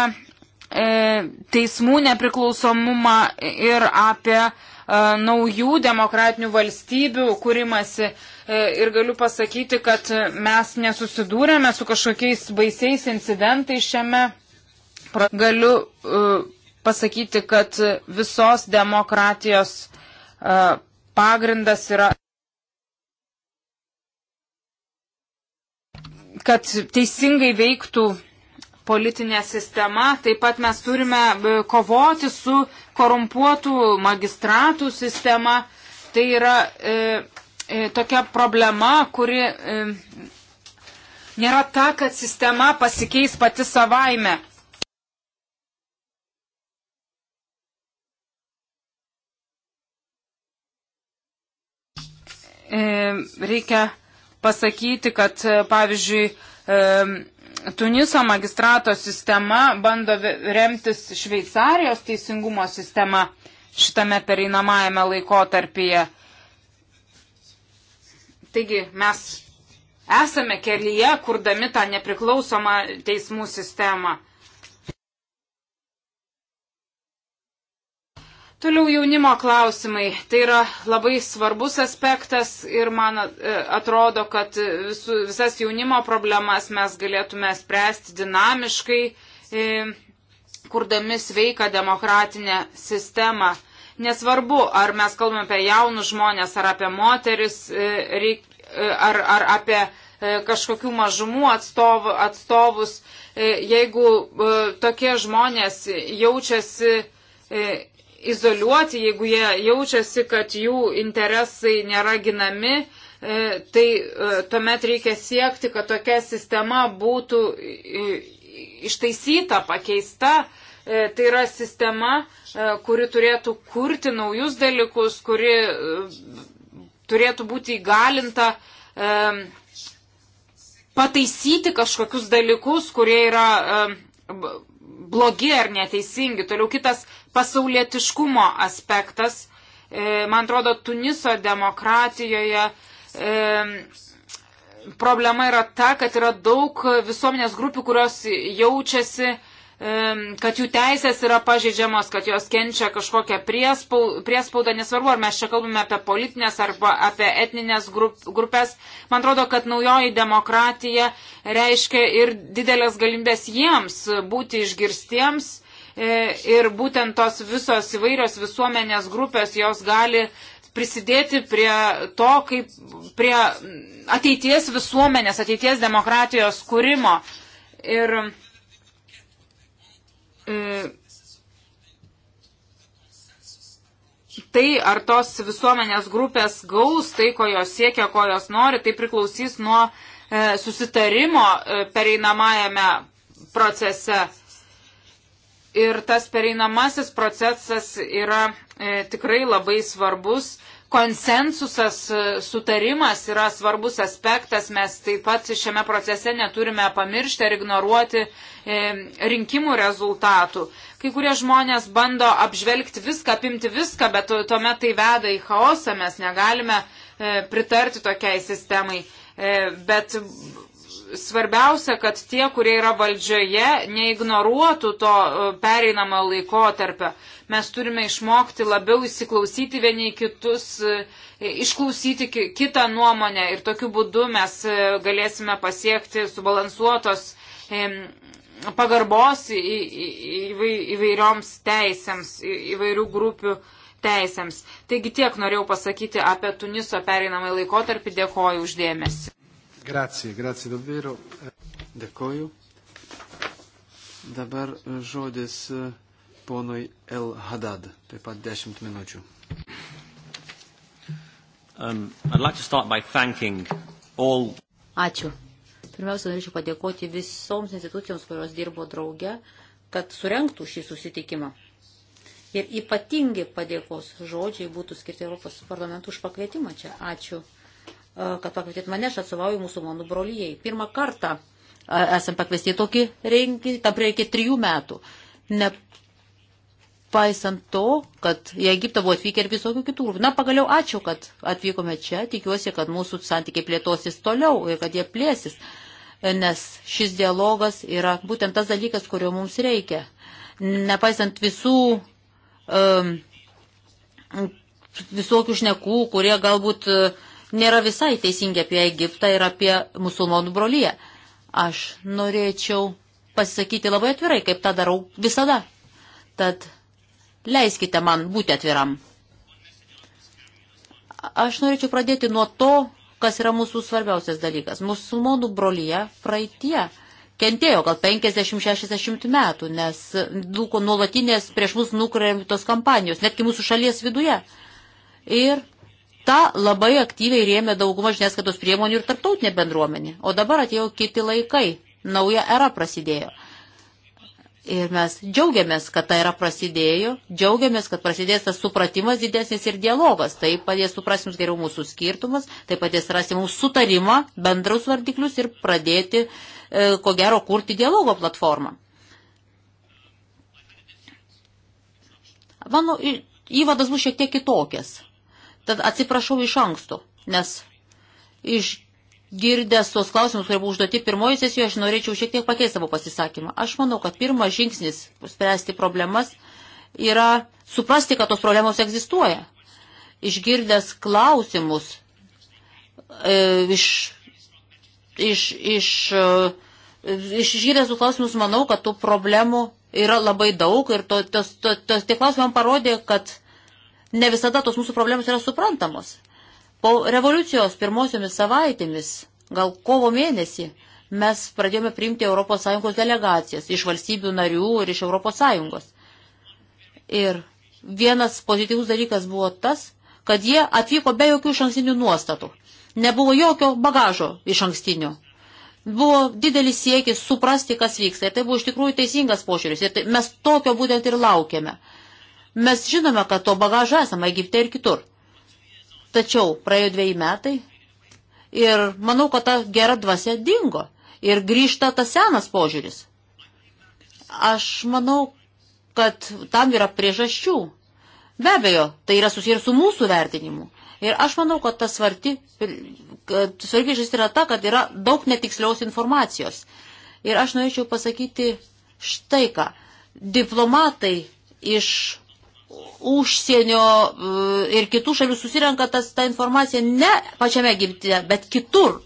E, teismų nepriklausomumą ir apie e, naujų demokratinių valstybių kūrimasi. E, ir galiu pasakyti, kad mes nesusidūrėme su kažkokiais baisiais incidentais šiame. Galiu pasakyti, kad visos demokratijos pagrindas yra. kad teisingai veiktų politinė sistema, taip pat mes turime e, kovoti su korumpuotų magistratų sistema. Tai yra e, e, tokia problema, kuri e, nėra ta, kad sistema pasikeis pati savaime. E, reikia pasakyti, kad e, pavyzdžiui Tuniso magistrato sistema bando remtis Šveicarijos teisingumo sistema šitame pereinamajame laikotarpyje. Taigi mes esame kelyje, kurdami tą nepriklausomą teismų sistemą. Toliau jaunimo klausimai. Tai yra labai svarbus aspektas ir man e, atrodo, kad visu, visas jaunimo problemas mes galėtume spręsti dinamiškai, e, kurdami sveiką demokratinę sistemą. Nesvarbu, ar mes kalbame apie jaunus žmonės, ar apie moteris, e, ar, ar apie kažkokių mažumų atstovų, atstovus, jeigu tokie žmonės jaučiasi izoliuoti, jeigu jie jaučiasi, kad jų interesai nėra ginami, e, tai e, tuomet reikia siekti, kad tokia sistema būtų ištaisyta, pakeista. E, tai yra sistema, kuri turėtų kurti naujus dalykus, kuri turėtų būti įgalinta pataisyti kažkokius dalykus, kurie yra blogi ar neteisingi. Toliau kitas pasaulietiškumo aspektas. E, man atrodo, Tuniso demokratijoje e, problema yra ta, kad yra daug visuomenės grupių, kurios jaučiasi kad jų teisės yra pažeidžiamos, kad jos kenčia kažkokią priespaudą, nesvarbu, ar mes čia kalbame apie politinės arba apie etninės grupės. Man atrodo, kad naujoji demokratija reiškia ir didelės galimybės jiems būti išgirstiems e, ir būtent tos visos įvairios visuomenės grupės, jos gali prisidėti prie to, kaip prie ateities visuomenės, ateities demokratijos kūrimo. Ir E, tai ar tos visuomenės grupės gaus tai, ko jos siekia, ko jos nori, tai priklausys nuo e, susitarimo e, pereinamajame procese. Ir tas pereinamasis procesas yra e, tikrai labai svarbus. E, konsensusas, e, sutarimas yra svarbus aspektas, mes taip pat šiame procese neturime pamiršti ar ignoruoti e, rinkimų rezultatų. Kai kurie žmonės bando apžvelgti viską, apimti viską, bet tuomet tai veda į chaosą, mes negalime e, pritarti tokiai sistemai. Bet svarbiausia, kad tie, kurie yra valdžioje, neignoruotų to e, pereinamą laikotarpio. Mes turime išmokti labiau įsiklausyti vieni į kitus, e, išklausyti kitą nuomonę ir tokiu būdu mes e, galėsime pasiekti subalansuotos pagarbos įvairioms teisėms, įvairių grupių teisėms. Taigi tiek norėjau pasakyti apie Tuniso pereinamąjį laikotarpį. Dėkoju uždėmesi. Grazie, grazie davvero. Dėkoju. Dabar žodis e, ponui El Hadad, taip pat 10 minučių. Um, I'd like to start by thanking all. Ačiū. Pirmiausia, norėčiau padėkoti visoms institucijoms, kurios dirbo drauge, kad surenktų šį susitikimą. Ir ypatingi padėkos žodžiai būtų skirti Europos parlamentų už pakvietimą čia. Ačiū kad pakvietėt mane, aš atsovauju musulmonų brolyjei. Pirmą kartą esam pakviesti tokį renginį, tam reikia trijų metų. Nepaisant to, kad į Egiptą buvo atvykę ir visokių kitų. Na, pagaliau ačiū, kad atvykome čia, tikiuosi, kad mūsų santykiai plėtosis toliau ir kad jie plėsis, nes šis dialogas yra būtent tas dalykas, kurio mums reikia. Nepaisant visų. Um, visokių šnekų, kurie galbūt uh, nėra visai teisingi apie Egiptą ir apie musulmonų brolyje. Aš norėčiau pasisakyti labai atvirai, kaip tą darau visada. Tad leiskite man būti atviram. Aš norėčiau pradėti nuo to, kas yra mūsų svarbiausias dalykas. Musulmonų brolyje praeitie kentėjo gal 50-60 metų, nes dūko nuolatinės prieš mus nukreiptos kampanijos, netgi mūsų šalies viduje. Ir Ta labai aktyviai rėmė daugumą žiniasklaidos priemonių ir tarptautinė bendruomenė. O dabar atėjo kiti laikai, nauja era prasidėjo. Ir mes džiaugiamės, kad tai yra prasidėjo, džiaugiamės, kad prasidės tas supratimas didesnis ir dialogas. Tai padės suprasti mums geriau mūsų skirtumas, tai padės rasti mums sutarimą, bendrus vardiklius ir pradėti, e, ko gero, kurti dialogo platformą. Mano įvadas bus šiek tiek kitokias. Tad atsiprašau iš anksto, nes išgirdęs tuos klausimus, kurie buvo užduoti pirmoji sesijoje, aš norėčiau šiek tiek pakeisti savo pasisakymą. Aš manau, kad pirmas žingsnis spręsti problemas yra suprasti, kad tos problemos egzistuoja. Išgirdęs klausimus e, iš, iš, iš, e, išgirdęs klausimus, manau, kad tų problemų yra labai daug ir to, tos, to, tos, tie klausimai man parodė, kad ne visada tos mūsų problemos yra suprantamos. Po revoliucijos pirmosiomis savaitėmis, gal kovo mėnesį, mes pradėjome priimti ES delegacijas iš valstybių narių ir iš ES. Ir vienas pozityvus dalykas buvo tas, kad jie atvyko be jokių šankstinių nuostatų. Nebuvo jokio bagažo iš ankstinio. Buvo didelis siekis suprasti, kas vyksta. Ir tai buvo iš tikrųjų teisingas požiūris. Ir tai, mes tokio būtent ir laukiame. Mes žinome, kad to bagažo esame Egipte ir kitur. Tačiau praėjo dviejai metai ir manau, kad ta gera dvasia dingo ir grįžta tas senas požiūris. Aš manau, kad tam yra priežasčių. Be abejo, tai yra susiję ir su mūsų vertinimu. Ir aš manau, kad tas svarti, kad svarbi žis yra ta, kad yra daug netiksliaus informacijos. Ir aš norėčiau pasakyti štai ką. Diplomatai iš užsienio e, ir kitų šalių susirenka tas, ta informacija ne pačiame gimtinė, bet kitur.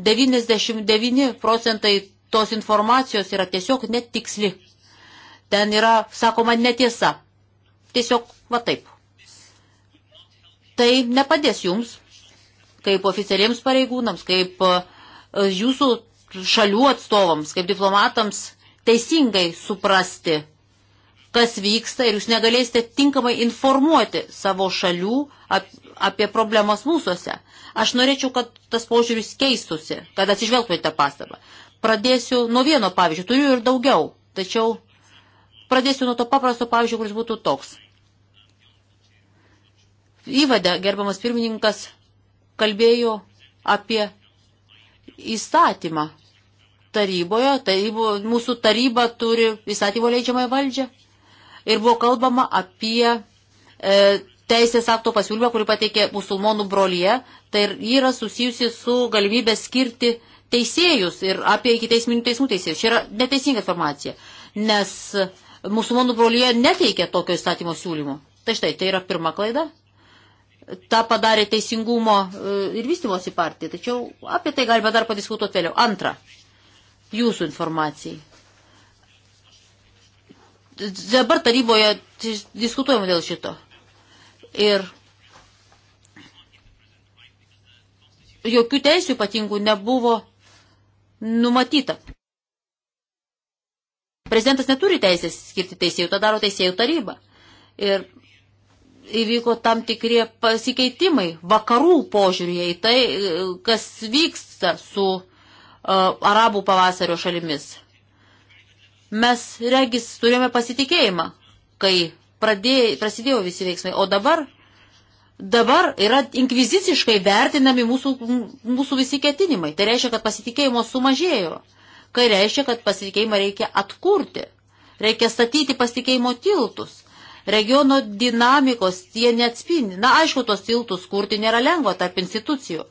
99 procentai tos informacijos yra tiesiog netiksli. Ten yra, sakoma, netiesa. Tiesiog va taip. Tai nepadės jums, kaip oficialiems pareigūnams, kaip e, jūsų šalių atstovams, kaip diplomatams teisingai suprasti kas vyksta ir jūs negalėsite tinkamai informuoti savo šalių apie problemas mūsųse. Aš norėčiau, kad tas požiūris keistusi, kad atsižvelgtumėte tą pastabą. Pradėsiu nuo vieno pavyzdžio, turiu ir daugiau, tačiau pradėsiu nuo to paprasto pavyzdžio, kuris būtų toks. Įvadė, gerbamas pirmininkas, kalbėjo apie įstatymą taryboje, tarybo, mūsų taryba turi įstatymo leidžiamąją valdžią ir buvo kalbama apie e, teisės akto pasiūlymą, kurį pateikė musulmonų brolyje. Tai yra susijusi su galimybė skirti teisėjus ir apie iki teisminių teismų teisėjus. Čia yra neteisinga informacija, nes musulmonų brolyje neteikia tokio įstatymo siūlymo. Tai štai, tai yra pirma klaida. Ta padarė teisingumo e, ir vystimosi partija, tačiau apie tai galime dar padiskutuoti vėliau. Antra, jūsų informacijai dabar taryboje tai diskutuojama dėl šito. Ir jokių teisių ypatingų nebuvo numatyta. Prezidentas neturi teisės skirti teisėjų, tą daro teisėjų taryba. Ir įvyko tam tikrie pasikeitimai vakarų požiūrėje į tai, kas vyksta su uh, arabų pavasario šalimis. Mes, regis, turėjome pasitikėjimą, kai pradėjo, prasidėjo visi veiksmai, o dabar, dabar yra inkviziciškai vertinami mūsų, mūsų visi ketinimai. Tai reiškia, kad pasitikėjimo sumažėjo, kai reiškia, kad pasitikėjimą reikia atkurti, reikia statyti pasitikėjimo tiltus regiono dinamikos tie neatspindi. Na, aišku, tos tiltus kurti nėra lengva tarp institucijų.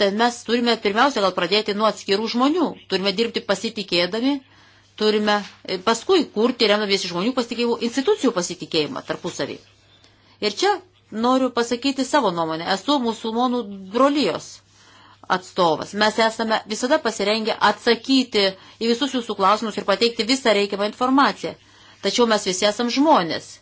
Tad mes turime pirmiausia gal pradėti nuo atskirų žmonių. Turime dirbti pasitikėdami turime e, paskui kurti, remdamiesi žmonių pasitikėjimų, institucijų pasitikėjimą tarpusavį. Ir čia noriu pasakyti savo nuomonę. Esu musulmonų brolijos atstovas. Mes esame visada pasirengę atsakyti į visus jūsų klausimus ir pateikti visą reikiamą informaciją. Tačiau mes visi esam žmonės.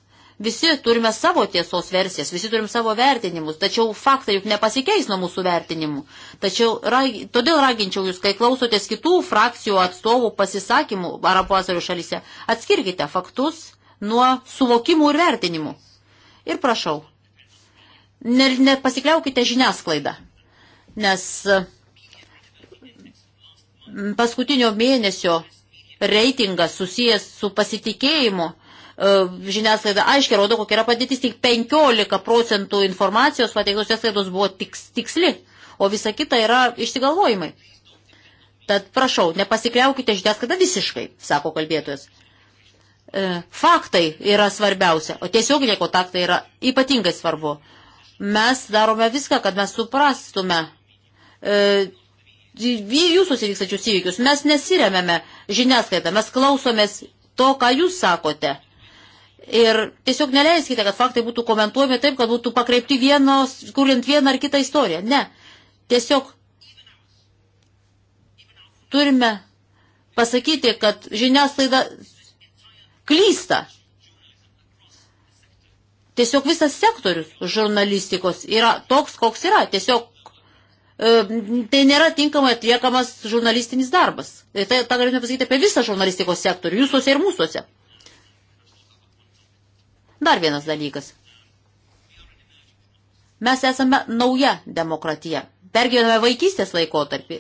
Visi turime savo tiesos versijas, visi turim savo vertinimus, tačiau faktai juk nepasikeis nuo mūsų vertinimų. Tačiau rag, todėl raginčiau jūs, kai klausotės kitų frakcijų atstovų pasisakymų Arabų Azarių šalyse, atskirkite faktus nuo suvokimų ir vertinimų. Ir prašau, nepasikliaukite ne žiniasklaidą, nes mm, paskutinio mėnesio reitingas susijęs su pasitikėjimu E, žiniasklaida aiškiai rodo, kokia yra padėtis, tik 15 procentų informacijos pateiktos žiniasklaidos buvo tiks, tiksli, o visa kita yra išsigalvojimai. Tad prašau, nepasikliaukite žiniasklaidą visiškai, sako kalbėtojas. E, faktai yra svarbiausia, o tiesioginiai kontaktai yra ypatingai svarbu. Mes darome viską, kad mes suprastume e, jūsų įvykstančius įvykius. Mes nesiremėme žiniasklaidą, mes klausomės to, ką jūs sakote. Ir tiesiog neleiskite, kad faktai būtų komentuojami taip, kad būtų pakreipti vienos, kuriant vieną ar kitą istoriją. Ne. Tiesiog turime pasakyti, kad žiniasklaida klysta. Tiesiog visas sektorius žurnalistikos yra toks, koks yra. Tiesiog e, tai nėra tinkamai atliekamas žurnalistinis darbas. Tai tą galime pasakyti apie visą žurnalistikos sektorių, jūsuose ir mūsuose. Dar vienas dalykas. Mes esame nauja demokratija. Pergyvename vaikystės laikotarpį.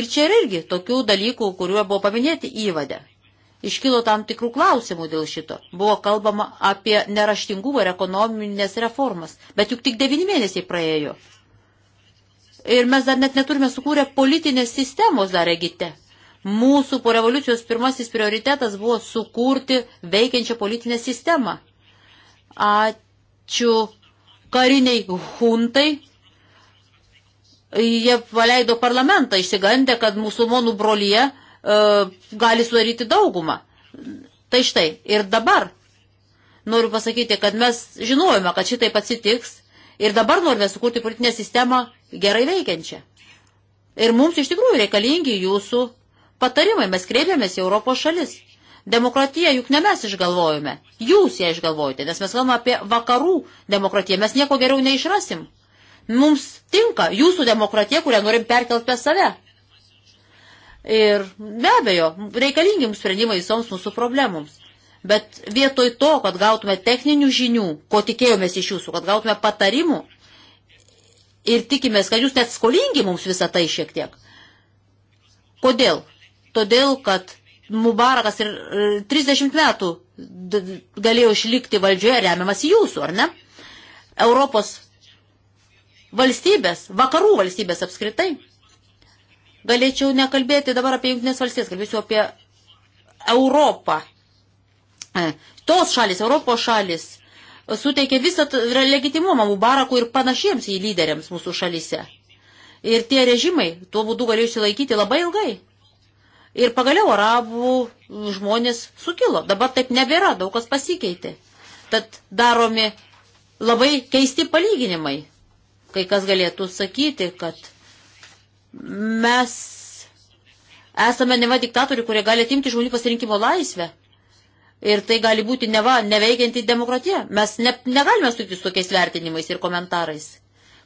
Ir čia yra irgi tokių dalykų, kuriuo buvo paminėti įvadę. Iškilo tam tikrų klausimų dėl šito. Buvo kalbama apie neraštingumą ir ekonominės reformas. Bet juk tik devini mėnesiai praėjo. Ir mes dar net neturime sukūrę politinės sistemos dar egite. Mūsų po revoliucijos pirmasis prioritetas buvo sukurti veikiančią politinę sistemą. Ačiū kariniai huntai. Jie paleido parlamentą, išsigandę, kad musulmonų brolyje e, gali sudaryti daugumą. Tai štai, ir dabar noriu pasakyti, kad mes žinojome, kad šitaip atsitiks ir dabar norime sukurti politinę sistemą gerai veikiančią. Ir mums iš tikrųjų reikalingi jūsų patarimai. Mes kreipiamės į Europos šalis. Demokratija juk ne mes išgalvojame, jūs ją išgalvojate, nes mes kalbame apie vakarų demokratiją, mes nieko geriau neišrasim. Mums tinka jūsų demokratija, kurią norim perkelti per save. Ir be abejo, reikalingi mums sprendimai visoms mūsų problemoms. Bet vietoj to, kad gautume techninių žinių, ko tikėjomės iš jūsų, kad gautume patarimų ir tikimės, kad jūs net skolingi mums visą tai šiek tiek. Kodėl? Todėl, kad Mubarakas ir 30 e, metų galėjo išlikti valdžioje remiamas jūsų, ar ne? Europos valstybės, vakarų valstybės apskritai. Galėčiau nekalbėti dabar apie jungtinės valstybės, kalbėsiu apie Europą. E, tos šalis, Europos šalis, suteikė visą legitimumą Mubarakų ir panašiems į lyderiams mūsų šalyse. Ir tie režimai tuo būdu galėjo išsilaikyti labai ilgai. Ir pagaliau arabų žmonės sukilo. Dabar taip nebėra, daug kas pasikeitė. Tad daromi labai keisti palyginimai. Kai kas galėtų sakyti, kad mes esame neva diktatoriai, kurie gali atimti žmonių pasirinkimo laisvę. Ir tai gali būti neva neveikianti demokratija. Mes ne, negalime sutikti su tokiais vertinimais ir komentarais.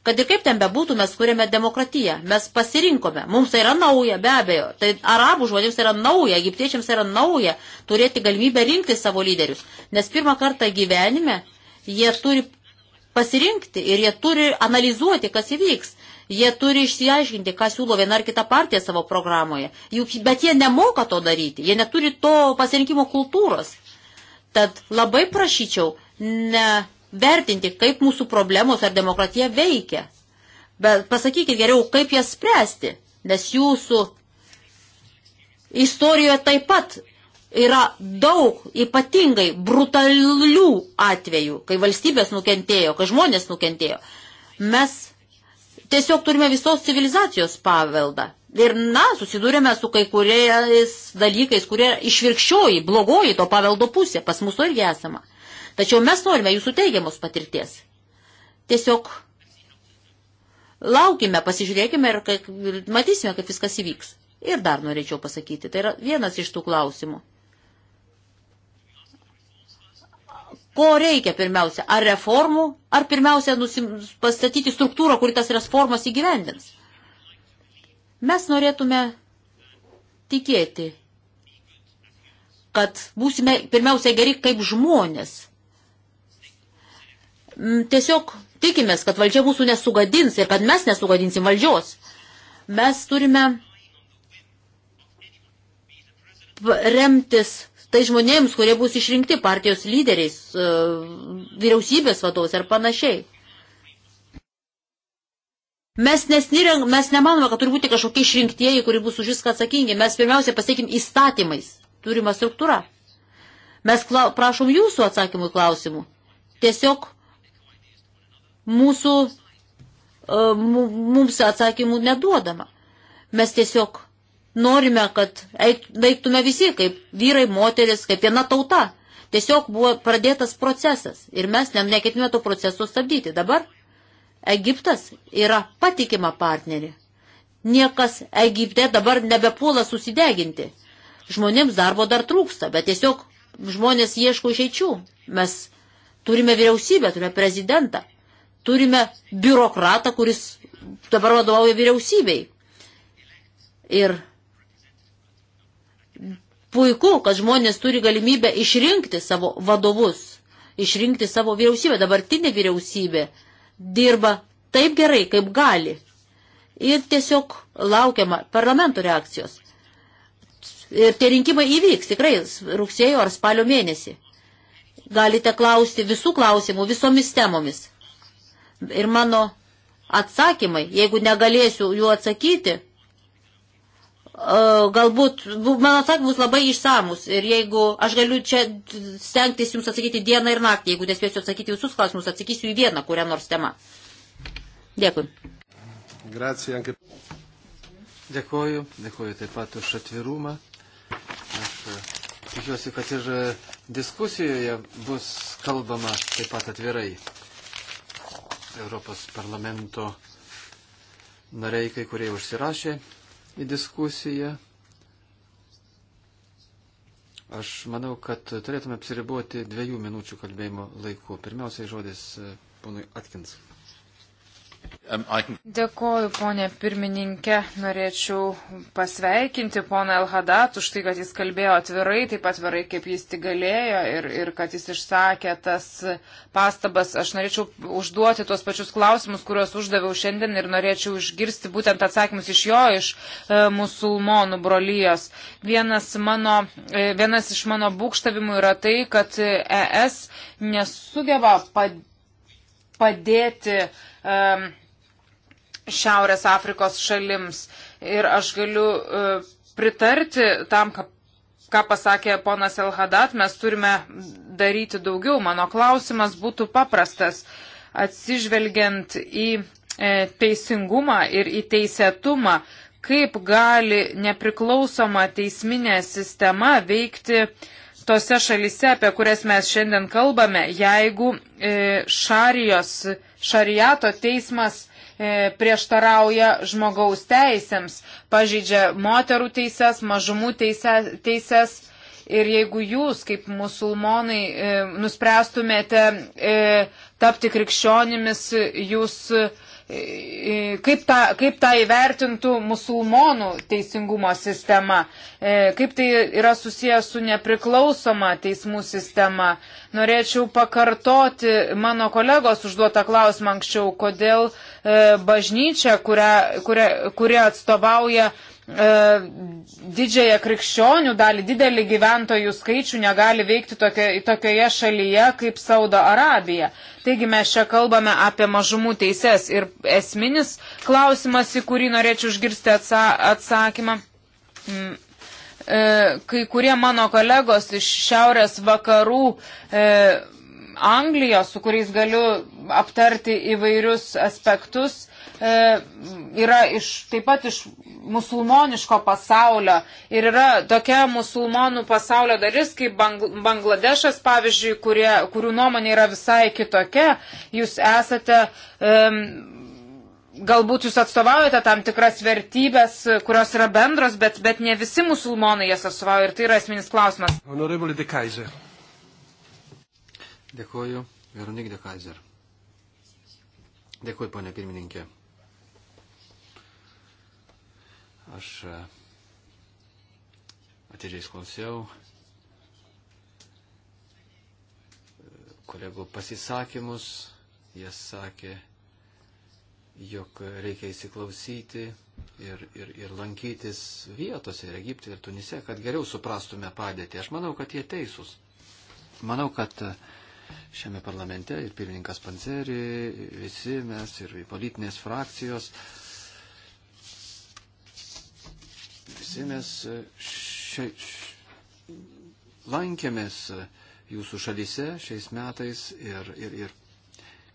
Kad ir kaip ten bebūtų, mes kūrėme demokratiją, mes pasirinkome. Mums tai yra nauja, be abejo. Tai arabų žmonėms tai yra nauja, egiptiečiams tai yra nauja turėti galimybę rinkti savo lyderius. Nes pirmą kartą gyvenime jie turi pasirinkti ir jie turi analizuoti, kas įvyks. Jie turi išsiaiškinti, ką siūlo viena ar kita partija savo programoje. Juk, bet jie nemoka to daryti, jie neturi to pasirinkimo kultūros. Tad labai prašyčiau ne vertinti, kaip mūsų problemos ar demokratija veikia. Bet pasakykit geriau, kaip jas spręsti, nes jūsų istorijoje taip pat yra daug ypatingai brutalių atvejų, kai valstybės nukentėjo, kai žmonės nukentėjo. Mes tiesiog turime visos civilizacijos paveldą. Ir, na, susidūrėme su kai kuriais dalykais, kurie išvirkščioji, blogoji to paveldo pusė, pas mūsų irgi esama. Tačiau mes norime jūsų teigiamos patirties. Tiesiog laukime, pasižiūrėkime ir kaip, matysime, kaip viskas įvyks. Ir dar norėčiau pasakyti, tai yra vienas iš tų klausimų. Ko reikia pirmiausia? Ar reformų, ar pirmiausia nusim, pastatyti struktūrą, kuri tas reformas įgyvendins? Mes norėtume tikėti, kad būsime pirmiausia geri kaip žmonės, Mm, tiesiog tikimės, kad valdžia mūsų nesugadins ir kad mes nesugadinsim valdžios. Mes turime remtis tai žmonėms, kurie bus išrinkti partijos lyderiais, e, vyriausybės vadovais ar panašiai. Mes, nesnireng, mes nemanome, kad turi būti kažkokie išrinktieji, kurie bus už viską atsakingi. Mes pirmiausia pasiekim įstatymais turimą struktūrą. Mes klau, prašom jūsų atsakymų į klausimų. Tiesiog mūsų, e, mums atsakymų neduodama. Mes tiesiog norime, kad veiktume visi, kaip vyrai, moteris, kaip viena tauta. Tiesiog buvo pradėtas procesas ir mes neketinime to proceso stabdyti. Dabar Egiptas yra patikima partnerė. Niekas Egipte dabar nebepuola susideginti. Žmonėms darbo dar trūksta, bet tiesiog žmonės ieško išeičių. Mes turime vyriausybę, turime prezidentą turime biurokratą, kuris dabar vadovauja vyriausybei. Ir puiku, kad žmonės turi galimybę išrinkti savo vadovus, išrinkti savo vyriausybę. Dabartinė vyriausybė dirba taip gerai, kaip gali. Ir tiesiog laukiama parlamento reakcijos. Ir tie rinkimai įvyks tikrai rugsėjo ar spalio mėnesį. Galite klausti visų klausimų visomis temomis ir mano atsakymai, jeigu negalėsiu jų atsakyti, e, galbūt mano atsakymus labai išsamus ir jeigu aš galiu čia stengtis jums atsakyti dieną ir naktį, jeigu nespėsiu atsakyti visus klausimus, atsakysiu į vieną kurią nors temą. Dėkui. Gracijankai. Dėkuoju, dėkuoju taip pat už atvirumą. Aš e, tikiuosi, kad ir e, diskusijoje bus kalbama taip pat atvirai. Europos parlamento nariai, kai kurie užsirašė į diskusiją. Aš manau, kad turėtume apsiriboti dviejų minučių kalbėjimo laiku. Pirmiausiai žodis e, ponui Atkins. Um, Dėkoju, ponė pirmininkė. Norėčiau pasveikinti poną Elhadat už tai, kad jis kalbėjo atvirai, taip atvirai, kaip jis tik galėjo ir, ir kad jis išsakė tas pastabas. Aš norėčiau užduoti tuos pačius klausimus, kuriuos uždaviau šiandien ir norėčiau išgirsti būtent atsakymus iš jo, iš e, musulmonų brolyjos. Vienas, mano, e, vienas iš mano būkštavimų yra tai, kad ES e nesugeba padėti padėti um, Šiaurės Afrikos šalims. Ir aš galiu uh, pritarti tam, ką, ką pasakė ponas Elhadat, mes turime daryti daugiau. Mano klausimas būtų paprastas. Atsižvelgiant į e, teisingumą ir į teisėtumą, kaip gali nepriklausoma teisminė sistema veikti uh, tose šalise, apie kurias mes šiandien kalbame, jeigu e, šarijos, šariato teismas e, prieštarauja žmogaus teisėms, pažydžia moterų teises, mažumų teises. Ir jeigu jūs, kaip musulmonai, e, nuspręstumėte tapti krikščionimis, jūs kaip tą, kaip tą įvertintų musulmonų teisingumo sistema, e, kaip tai yra susijęs su nepriklausoma teismų sistema. Norėčiau pakartoti mano kolegos užduotą klausimą anksčiau, kodėl e, bažnyčia, kuria, kuria, kuria atstovauja E, didžiąją krikščionių dalį, didelį gyventojų skaičių negali veikti tokio, tokioje šalyje kaip Saudo Arabija. Taigi mes čia kalbame apie mažumų teises ir esminis klausimas, į kurį norėčiau išgirsti atsa, atsakymą. Mm, e, kai kurie mano kolegos iš šiaurės vakarų e, Anglijos, su kuriais galiu aptarti įvairius aspektus, e, yra iš, taip pat iš musulmoniško pasaulio ir yra tokia musulmonų pasaulio dalis kaip Bangladešas, pavyzdžiui, kurie, kurių nuomonė yra visai kitokia. Jūs esate. Um, Galbūt jūs atstovaujate tam tikras vertybės, kurios yra bendros, bet, bet ne visi musulmonai jas atstovauja ir tai yra esminis klausimas. Honorable de Kaiser. Dėkuoju, Veronik de Kaiser. Dėkuoju, ponė pirmininkė. Aš e, atidžiai klausiau e, kolegų pasisakymus. Jie sakė, jog reikia įsiklausyti ir, ir, ir lankytis vietose ir Egipte ir Tunise, kad geriau suprastume padėtį. Aš manau, kad jie teisūs. Manau, kad uh, šiame parlamente ir pirmininkas Panceri, visi mes ir politinės frakcijos. Visi mes e, šia, š, lankėmės e, jūsų šalyse šiais metais ir, ir, ir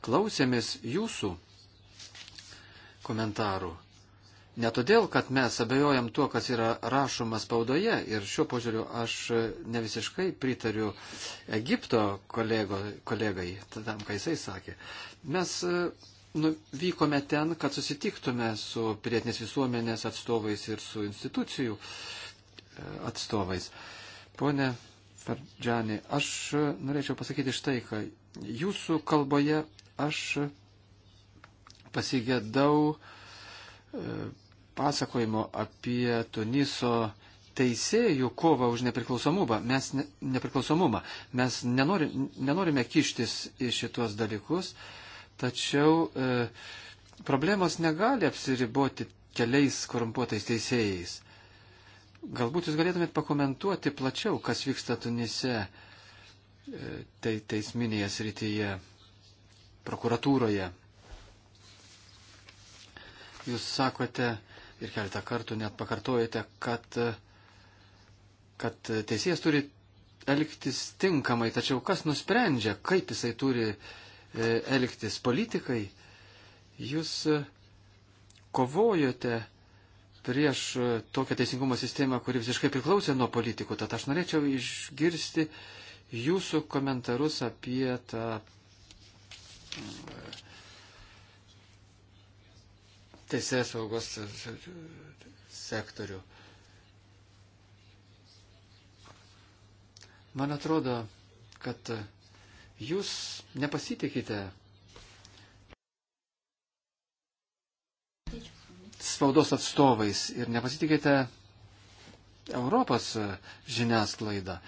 klausėmės jūsų komentarų Ne todėl, kad mes abejojam tuo, kas yra rašoma spaudoje ir šiuo požiūriu aš ne visiškai pritariu Egipto kolego, kolegai, tam, ką jisai sakė. Mes e, nuvykome ten, kad susitiktume su pilietinės visuomenės atstovais ir su institucijų e, atstovais. Pone Ferdžiani, aš e, norėčiau pasakyti štai, kad jūsų kalboje aš pasigėdau pasakojimo apie Tuniso teisėjų kovą už nepriklausomumą. Mes, ne, nepriklausomumą. Mes nenori, nenorime kištis į šitos dalykus, tačiau e, problemos negali apsiriboti keliais korumpuotais teisėjais. Galbūt jūs galėtumėt pakomentuoti plačiau, kas vyksta Tunise e, te, teisminėje srityje, prokuratūroje. Jūs sakote, ir keletą kartų net pakartojate, kad, kad teisėjas turi elgtis tinkamai, tačiau kas nusprendžia, kaip jisai turi e, elgtis politikai, jūs e, kovojote prieš e, tokią teisingumo sistemą, kuri visiškai priklausė nuo politikų. Tad aš norėčiau išgirsti jūsų komentarus apie tą teisės saugos sektorių. Man atrodo, kad jūs nepasitikite spaudos atstovais ir nepasitikite Europos žiniasklaida.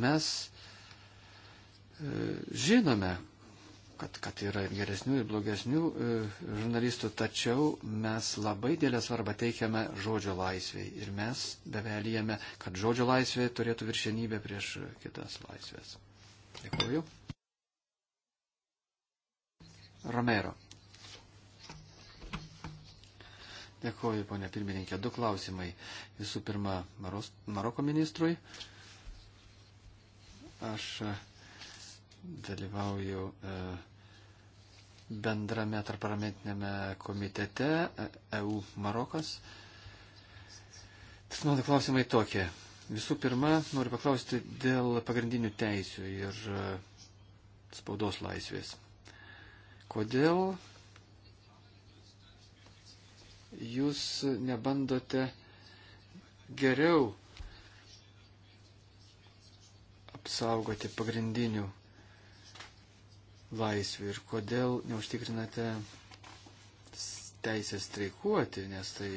Mes e, žinome, kad, kad yra ir geresnių, ir blogesnių e, žurnalistų, tačiau mes labai dėlę svarbą teikiame žodžio laisviai ir mes bevelyjame, kad žodžio laisvė turėtų viršenybę prieš kitas laisvės. Dėkuoju. Romero. Dėkuoju, ponė pirmininkė. Du klausimai. Visų pirma, Maros, Maroko ministrui. Aš dalyvauju e, bendrame tarparamentinėme komitete EU e Marokas. Tad mano klausimai tokie. Visų pirma, noriu paklausti dėl pagrindinių teisių ir e, spaudos laisvės. Kodėl jūs nebandote geriau apsaugoti pagrindinių laisvių ir kodėl neužtikrinate teisę streikuoti, nes tai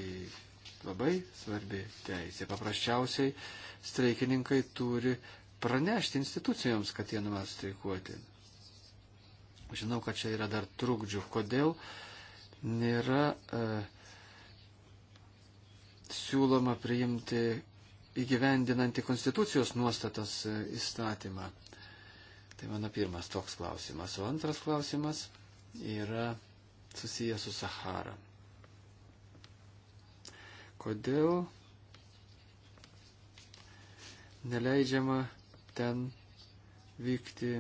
labai svarbi teisė. Paprasčiausiai streikininkai turi pranešti institucijoms, kad jie numas streikuoti. Žinau, kad čia yra dar trukdžių. Kodėl nėra e, siūloma priimti įgyvendinantį konstitucijos nuostatas e, įstatymą? Tai mano pirmas toks klausimas. O antras klausimas yra susijęs su Sahara. Kodėl neleidžiama ten vykti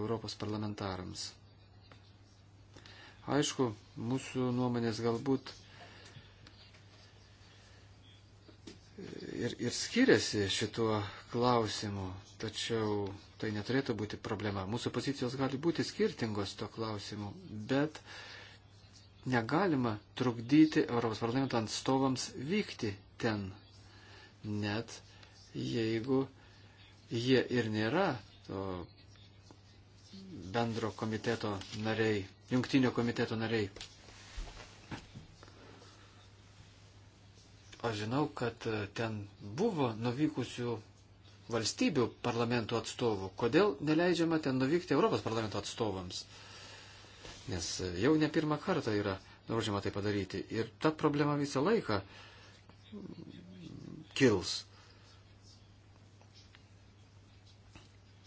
Europos parlamentarams? Aišku, mūsų nuomonės galbūt ir, ir skiriasi šituo klausimu, tačiau Tai neturėtų būti problema. Mūsų pozicijos gali būti skirtingos to klausimu, bet negalima trukdyti Europos parlamento atstovams vykti ten, net jeigu jie ir nėra to bendro komiteto nariai, jungtinio komiteto nariai. Aš žinau, kad ten buvo nuvykusių valstybių parlamentų atstovų. Kodėl neleidžiama ten nuvykti Europos parlamento atstovams? Nes jau ne pirmą kartą yra draudžiama tai padaryti. Ir ta problema visą laiką kils.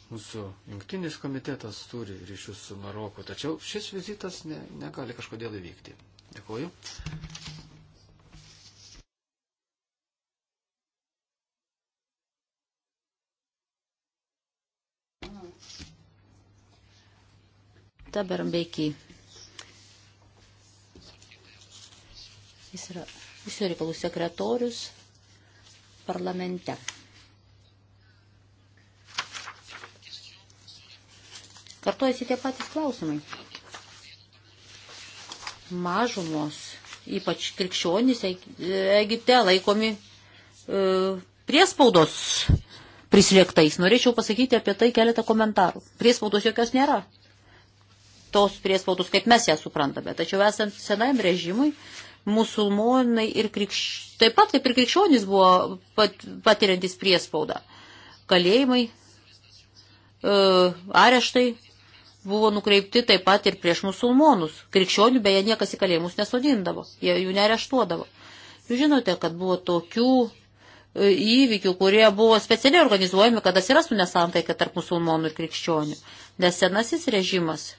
Mūsų jungtinis komitetas turi ryšius su Maroku, tačiau šis vizitas ne, negali kažkodėl įvykti. Dėkuoju. Tabermbeki. Jis yra užsienio reikalų sekretorius parlamente. Kartojasi tie patys klausimai. Mažumos, ypač krikščionys, Egipte laikomi e, priespaudos prislėgtais. Norėčiau pasakyti apie tai keletą komentarų. Priespaudos jokios nėra tos priespaudos, kaip mes ją suprantame. Tačiau esant senajam režimui, musulmonai ir krikš... taip pat kaip ir krikščionys buvo pat, patiriantis priespaudą. Kalėjimai, e, areštai buvo nukreipti taip pat ir prieš musulmonus. Krikščionių beje niekas į kalėjimus nesodindavo, jie jų nereštuodavo. Jūs žinote, kad buvo tokių e, įvykių, kurie buvo specialiai organizuojami, kad atsirastų nesantaika tarp musulmonų ir krikščionių. Nes senasis režimas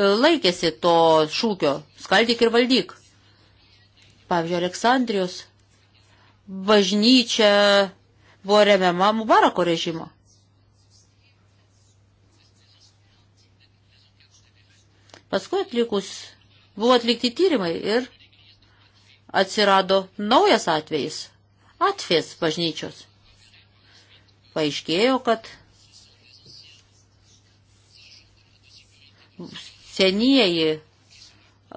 laikėsi to šūkio skaldyk ir valdyk. Pavyzdžiui, Aleksandrijos bažnyčia buvo remiama Mubarako režimo. Paskui atlikus buvo atlikti tyrimai ir atsirado naujas atvejis - atvės bažnyčios. Paaiškėjo, kad senieji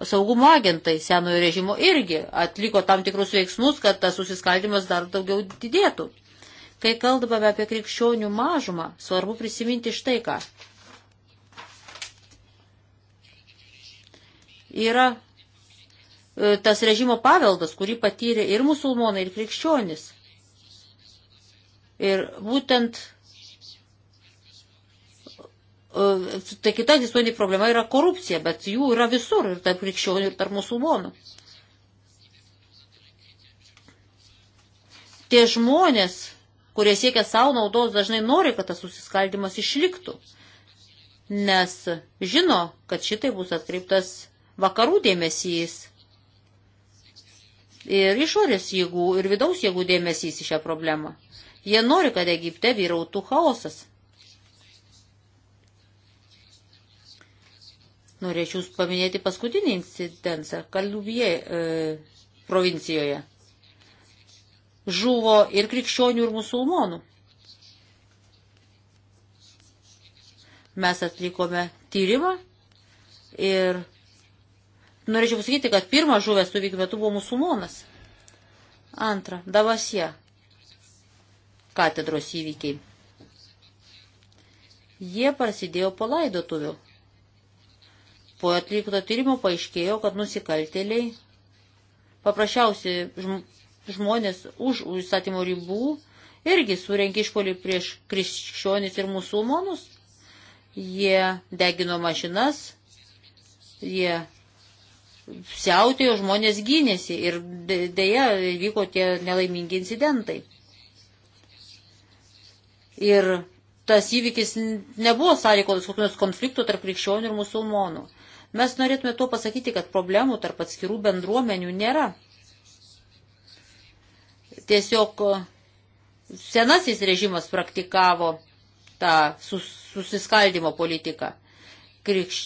saugumo agentai senojo režimo irgi atliko tam tikrus veiksmus, kad tas susiskaldimas dar daugiau didėtų. Kai kalbame apie krikščionių mažumą, svarbu prisiminti štai ką. Yra e, tas režimo paveldas, kurį patyrė ir musulmonai, ir krikščionis. Ir būtent E, tai kita egzistuojanti problema yra korupcija, bet jų yra visur, ir tarp krikščionių, ir tarp musulmonų. Tie žmonės, kurie siekia savo naudos, dažnai nori, kad tas susiskaldimas išliktų, nes žino, kad šitai bus atkreiptas vakarų dėmesys ir išorės jėgų, ir vidaus jėgų dėmesys į šią problemą. Jie nori, kad Egipte vyrautų chaosas. Norėčiau paminėti paskutinį incidentą Kalubie e, provincijoje. Žuvo ir krikščionių, ir musulmonų. Mes atlikome tyrimą ir norėčiau pasakyti, kad pirmas žuvęs tų vykdymo metu buvo musulmonas. Antra, Davasie katedros įvykiai. Jie prasidėjo palaidotuvių Po atlikto tyrimo paaiškėjo, kad nusikaltėliai, paprasčiausi žmonės už įstatymo ribų, irgi surenkė išpolį prieš krikščionis ir musulmonus. Jie degino mašinas, jie siautėjo, žmonės gynėsi ir dėja vyko tie nelaimingi incidentai. Ir tas įvykis nebuvo sąlygotas kokios konflikto tarp krikščionių ir musulmonų. Mes norėtume to pasakyti, kad problemų tarp atskirų bendruomenių nėra. Tiesiog e, senasis režimas praktikavo tą sus, susiskaldimo politiką. Krikš...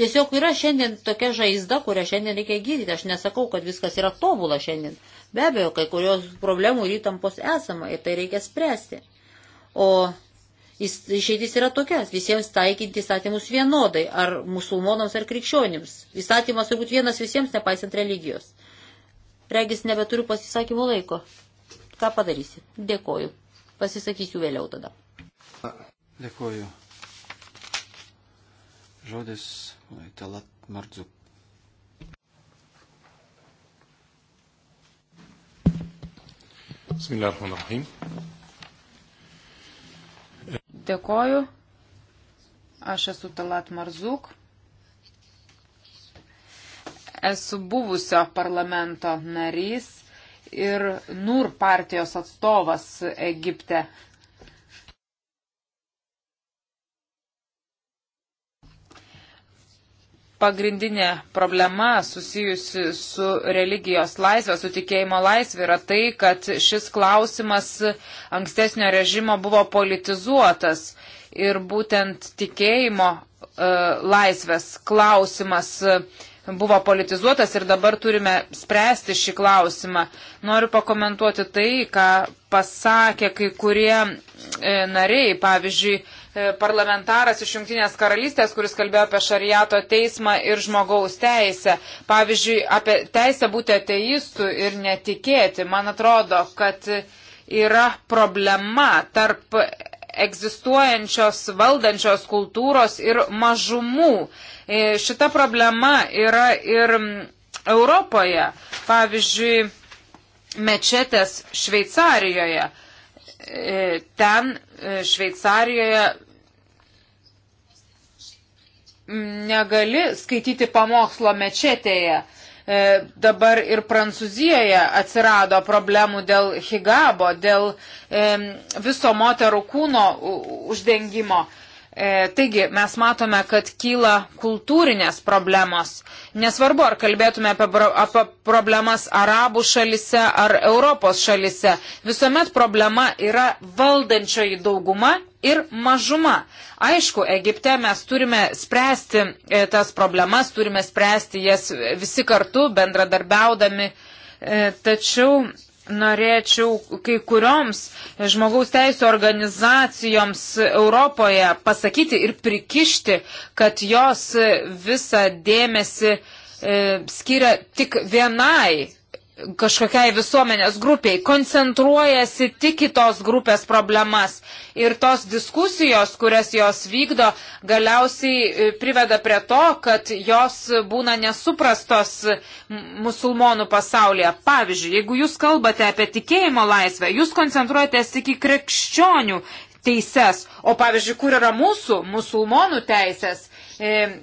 Tiesiog yra šiandien tokia žaizda, kurią šiandien reikia gydyti. Aš nesakau, kad viskas yra tobula šiandien. Be abejo, kai kurios problemų ir įtampos esama ir tai reikia spręsti. O išeitis yra tokias, visiems taikinti įstatymus vienodai, ar musulmonams, ar krikščionims. Įstatymas turbūt vienas visiems, nepaisant religijos. Regis nebeturiu pasisakymų laiko. Ką padarysi? Dėkoju. Pasisakysiu vėliau tada. Dėkoju. Žodis Telat Mardzuk. Bismillahirrahmanirrahim. Dėkoju. Aš esu Talat Marzuk. Esu buvusio parlamento narys ir NUR partijos atstovas Egipte. pagrindinė problema susijusi su religijos laisvė, su tikėjimo laisvė yra tai, kad šis klausimas ankstesnio režimo buvo politizuotas ir būtent tikėjimo e, laisvės klausimas e, buvo politizuotas ir dabar turime spręsti šį klausimą. Noriu pakomentuoti tai, ką pasakė kai kurie e, nariai, pavyzdžiui, e, parlamentaras iš Junktinės karalystės, kuris kalbėjo apie šariato teismą ir žmogaus teisę. Pavyzdžiui, apie teisę būti ateistų ir netikėti. Man atrodo, kad yra problema tarp egzistuojančios valdančios kultūros ir mažumų. E, šita problema yra ir Europoje, pavyzdžiui, mečetės Šveicarijoje. E, ten e, Šveicarijoje negali skaityti pamokslo mečetėje. E, dabar ir Prancūzijoje atsirado problemų dėl higabo, dėl viso moterų kūno uždengimo. E, taigi mes matome, kad kyla kultūrinės problemos. Nesvarbu, ar kalbėtume apie, apie problemas arabų šalise ar Europos šalise, visuomet problema yra valdančioji dauguma ir mažuma. Aišku, Egipte mes turime spręsti e, tas problemas, turime spręsti jas visi kartu, bendradarbiaudami, e, tačiau norėčiau kai kurioms žmogaus teisų organizacijoms Europoje pasakyti ir prikišti, kad jos visą dėmesį e, skiria tik vienai kažkokiai visuomenės grupiai, koncentruojasi tik į tos grupės problemas. Ir tos diskusijos, kurias jos vykdo, galiausiai e, priveda prie to, kad jos būna nesuprastos musulmonų pasaulyje. Pavyzdžiui, jeigu jūs kalbate apie tikėjimo laisvę, jūs koncentruojatės tik į krikščionių teises, o pavyzdžiui, kur yra mūsų musulmonų teisės. E,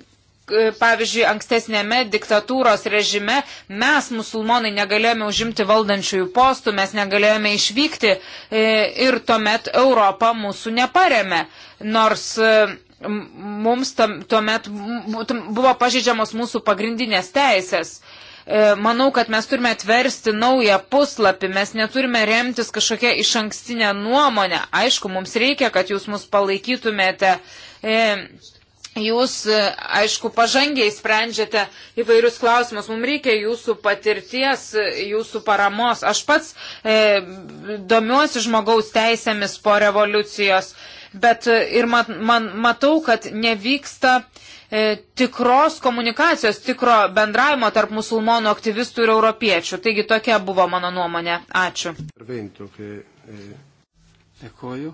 E, pavyzdžiui, ankstesnėme diktatūros režime mes, musulmonai, negalėjome užimti valdančiųjų postų, mes negalėjome išvykti e, ir tuomet Europa mūsų neparemė. Nors e, mums tuomet buvo pažydžiamos mūsų pagrindinės teisės manau, kad mes turime atversti naują puslapį, mes neturime remtis kažkokią iš ankstinę nuomonę. Aišku, mums reikia, kad jūs mus palaikytumėte. E, Jūs, e, aišku, pažangiai sprendžiate įvairius klausimus. Mums reikia jūsų patirties, e, jūsų paramos. Aš pats e, domiuosi žmogaus teisėmis po revoliucijos, bet e, ir mat, man, matau, kad nevyksta e, tikros komunikacijos, tikro bendravimo tarp musulmonų aktyvistų ir europiečių. Taigi tokia buvo mano nuomonė. Ačiū. Dėkoju.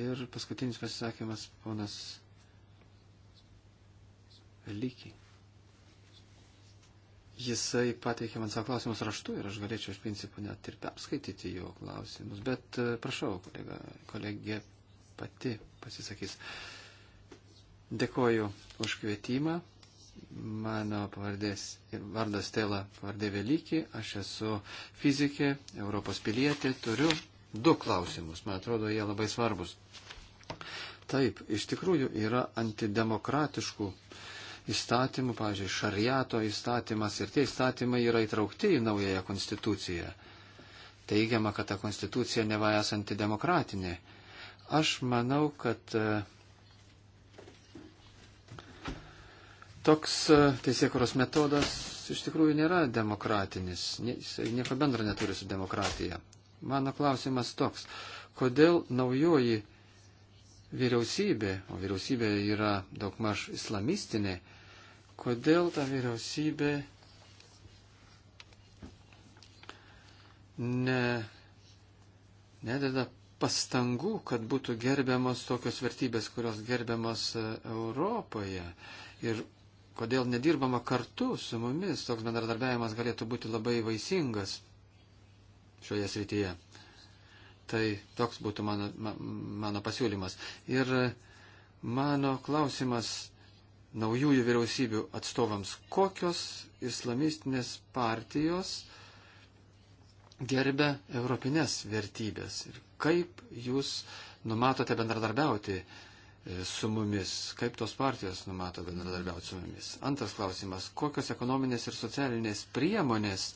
Ir paskutinis pasisakymas, ponas lygį. Jisai pateikė man savo klausimus raštu ir aš galėčiau iš principo net ir perskaityti jo klausimus, bet e, prašau, kolega, kolegė pati pasisakys. Dėkoju už kvietimą. Mano pavardės, vardas Tela pavardė Velykį, aš esu fizikė, Europos pilietė, turiu du klausimus, man atrodo, jie labai svarbus. Taip, iš tikrųjų yra antidemokratiškų įstatymų, pavyzdžiui, šariato įstatymas ir tie įstatymai yra įtraukti į naująją konstituciją. Teigiama, kad ta konstitucija neva esanti demokratinė. Aš manau, kad e, toks e, teisėkuros metodas iš tikrųjų nėra demokratinis, jis nieko bendro neturi su demokratija. Mano klausimas toks, kodėl naujoji vyriausybė, o vyriausybė yra daugmaž islamistinė, kodėl ta vyriausybė ne, nededa pastangų, kad būtų gerbiamos tokios vertybės, kurios gerbiamos e, Europoje. Ir kodėl nedirbama kartu su mumis, toks bendradarbiavimas galėtų būti labai vaisingas šioje srityje. Tai toks būtų mano, mano pasiūlymas. Ir e, mano klausimas naujųjų vyriausybių atstovams, kokios islamistinės partijos gerbė europinės vertybės ir kaip jūs numatote bendradarbiauti e, su mumis, kaip tos partijos numato bendradarbiauti su mumis. Antras klausimas, kokios ekonominės ir socialinės priemonės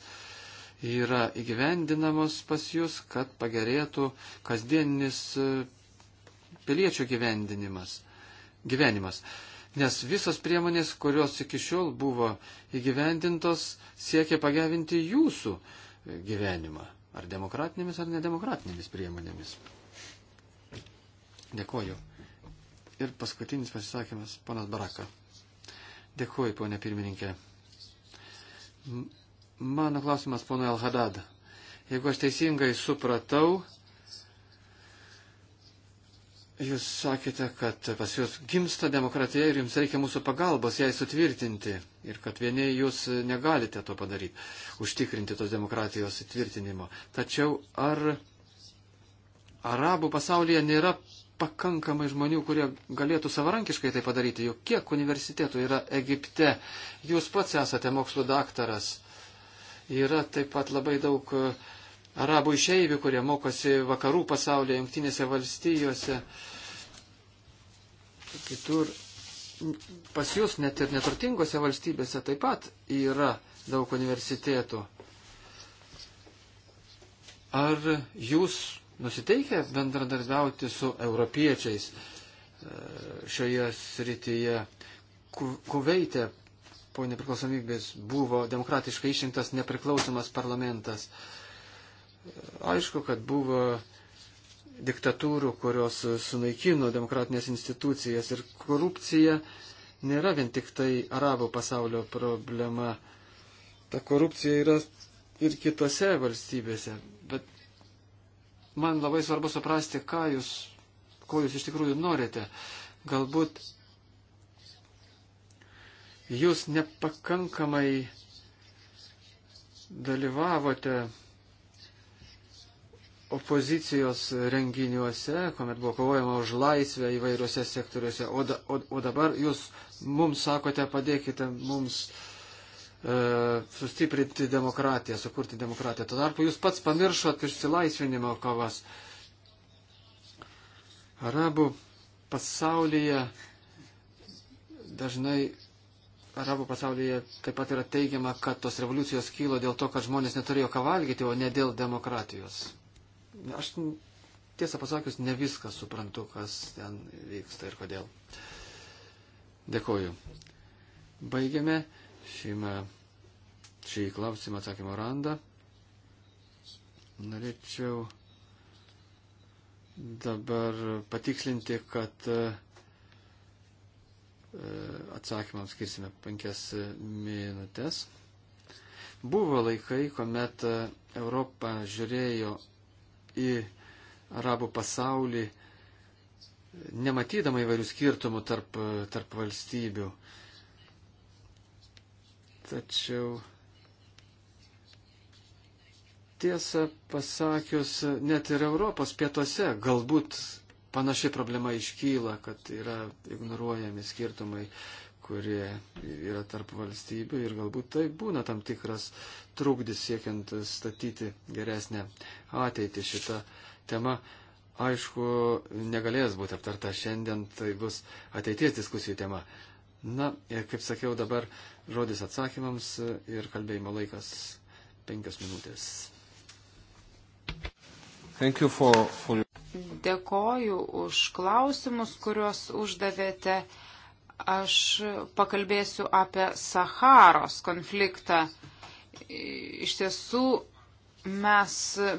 yra įgyvendinamos pas jūs, kad pagerėtų kasdieninis e, piliečių gyvendinimas, gyvenimas. gyvenimas nes visos priemonės, kurios iki šiol buvo įgyvendintos, siekia pagerinti jūsų gyvenimą. Ar demokratinėmis, ar nedemokratinėmis priemonėmis. Dėkoju. Ir paskutinis pasisakymas, ponas Baraka. Dėkuoju, ponė pirmininkė. Mano klausimas, pono Elhadad. Jeigu aš teisingai supratau, Jūs sakėte, kad pas jūs gimsta demokratija ir jums reikia mūsų pagalbos jai sutvirtinti ir kad vieni jūs negalite to padaryti, užtikrinti tos demokratijos įtvirtinimo. Tačiau ar arabų pasaulyje nėra pakankamai žmonių, kurie galėtų savarankiškai tai padaryti? Juk kiek universitetų yra Egipte? Jūs pats esate mokslo daktaras. Yra taip pat labai daug uh, arabų išeivių, kurie mokosi vakarų pasaulyje, jungtinėse valstijose, kitur. Pas jūs net ir neturtingose valstybėse taip pat yra daug universitėtų. Ar jūs nusiteikę bendradarbiauti su europiečiais e, šioje srityje? Kuveitė po nepriklausomybės buvo demokratiškai išrinktas nepriklausomas parlamentas. Uh, aišku, kad buvo diktatūrų, kurios sunaikino demokratinės institucijas ir korupcija nėra vien tik tai arabų pasaulio problema. Ta korupcija yra ir kitose valstybėse. Bet man labai svarbu suprasti, ką jūs, ko jūs iš tikrųjų norite. Galbūt jūs nepakankamai dalyvavote opozicijos renginiuose, kuomet buvo kovojama už laisvę įvairiuose sektoriuose. O, da, o, o dabar jūs mums sakote, padėkite mums e, sustiprinti demokratiją, sukurti demokratiją. Tuo tarpu jūs pats pamiršot išsilaisvinimo kovas. Arabų pasaulyje dažnai arabų pasaulyje taip pat yra teigiama, kad tos revoliucijos kylo dėl to, kad žmonės neturėjo ką valgyti, o ne dėl demokratijos. Aš tiesą pasakius ne viską suprantu, kas ten vyksta ir kodėl. Dėkoju. Baigiame šimą, šį klausimą atsakymo randą. Norėčiau dabar patikslinti, kad e, atsakymams skirsime penkias minutės. Buvo laikai, kuomet Europa žiūrėjo į arabų pasaulį, nematydama įvairių skirtumų tarp, tarp valstybių. Tačiau tiesą pasakius, net ir Europos pietuose galbūt panaši problema iškyla, kad yra ignoruojami skirtumai kurie yra tarp valstybių ir galbūt tai būna tam tikras trukdis siekiant statyti geresnę ateitį. Šita tema, aišku, negalės būti aptarta šiandien, tai bus ateities diskusijų tema. Na ir kaip sakiau, dabar žodis atsakymams ir kalbėjimo laikas penkios minutės. For, for... Dėkoju už klausimus, kuriuos uždavėte. Uh, aš pakalbėsiu apie Saharos konfliktą. Iš tiesų, mes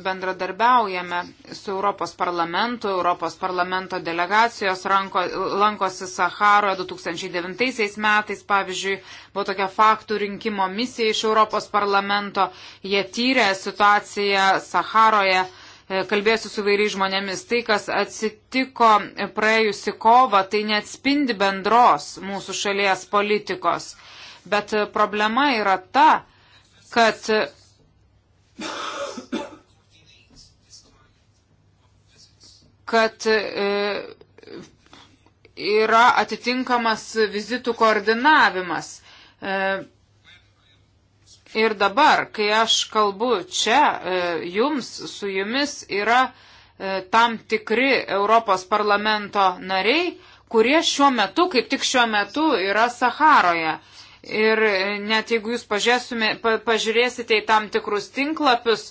bendradarbiaujame su Europos parlamentu, Europos parlamento delegacijos ranko, lankosi Saharoje 2009 metais, pavyzdžiui, buvo tokia faktų rinkimo misija iš Europos parlamento, jie tyrė situaciją Saharoje E, kalbėsiu su vairiai žmonėmis. Tai, kas atsitiko praėjusi kova, tai neatspindi bendros mūsų šalies politikos. Bet problema yra ta, kad kad e, yra atitinkamas vizitų koordinavimas. E, Ir dabar, kai aš kalbu čia, e, jums, su jumis yra e, tam tikri Europos parlamento nariai, kurie šiuo metu, kaip tik šiuo metu, yra Saharoje. Ir e, net jeigu jūs pažiūrėsite į tam tikrus tinklapius,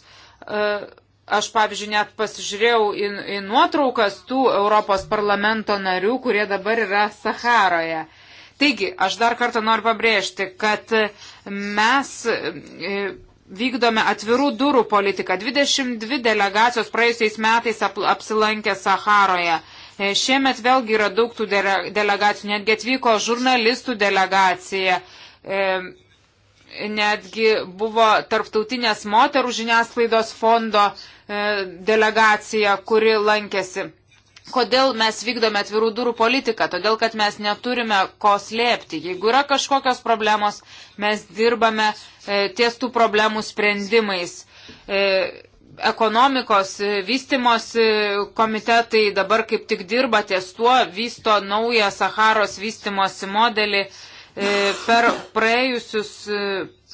aš, pavyzdžiui, net pasižiūrėjau į, į nuotraukas tų Europos parlamento narių, kurie dabar yra Saharoje. Taigi, aš dar kartą noriu pabrėžti, kad mes e, vykdome atvirų durų politiką. 22 delegacijos praėjusiais metais apsilankė Saharoje. E, šiemet vėlgi yra daug tų delegacijų, netgi atvyko žurnalistų delegacija, e, netgi buvo tarptautinės moterų žiniasklaidos fondo delegacija, kuri lankėsi. Kodėl mes vykdome atvirų durų politiką? Todėl, kad mes neturime ko slėpti. Jeigu yra kažkokios problemos, mes dirbame e, ties tų problemų sprendimais. E, ekonomikos e, vystimosi e, komitetai dabar kaip tik dirba ties tuo, vysto naują Saharos vystimosi modelį e, per praėjusius,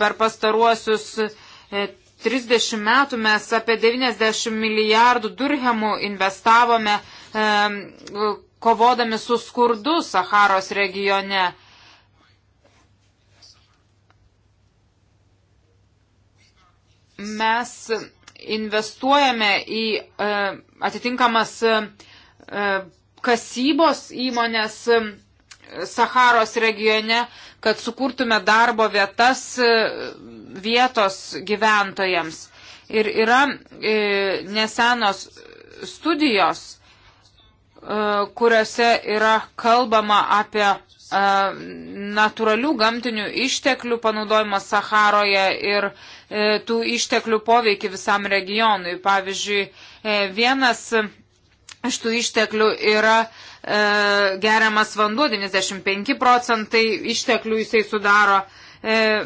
per pastaruosius 30 metų mes apie 90 milijardų durhemų investavome e, kovodami su skurdu Saharos regione. Mes investuojame į e, atitinkamas e, e kasybos įmonės e, Saharos regione, kad sukurtume darbo vietas e, vietos gyventojams. Ir yra e, nesenos studijos, e, kuriuose yra kalbama apie e, natūralių gamtinių išteklių panaudojimą Saharoje ir e, tų išteklių poveikį visam regionui. Pavyzdžiui, e, vienas iš tų išteklių yra e, geriamas vanduo, 95 procentai išteklių jisai sudaro. E,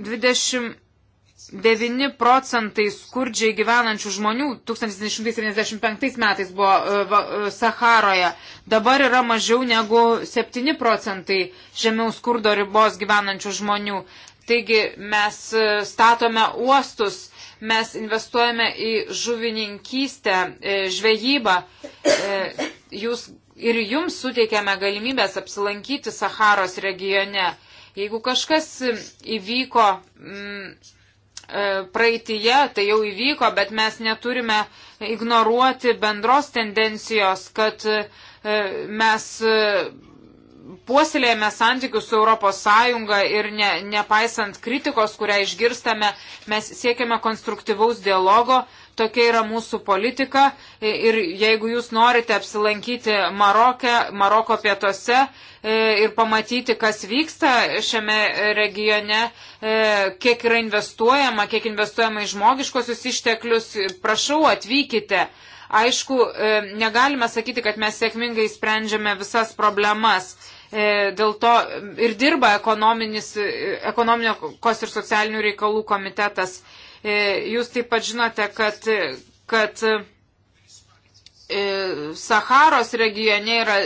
29 procentai skurdžiai gyvenančių žmonių 1975 metais buvo e, e, Saharoje. Dabar yra mažiau negu 7 procentai žemiau skurdo ribos gyvenančių žmonių. Taigi mes e, statome uostus, mes investuojame į žuvininkystę, žvejybą. Jūs ir jums suteikėme galimybės apsilankyti Saharos regione. Jeigu kažkas įvyko m, mm, e, praeitįje, tai jau įvyko, bet mes neturime ignoruoti bendros tendencijos, kad e, mes e, puoselėjame santykius su Europos Sąjunga ir ne, nepaisant kritikos, kurią išgirstame, mes siekiame konstruktyvaus dialogo, Tokia yra mūsų politika ir jeigu jūs norite apsilankyti Maroke, Maroko pietuose e, ir pamatyti, kas vyksta šiame regione, e, kiek yra investuojama, kiek investuojama į žmogiškosius išteklius, prašau atvykite. Aišku, e, negalime sakyti, kad mes sėkmingai sprendžiame visas problemas dėl to ir dirba ekonomikos ir socialinių reikalų komitetas E, jūs taip pat žinote, kad, kad e, Saharos regione yra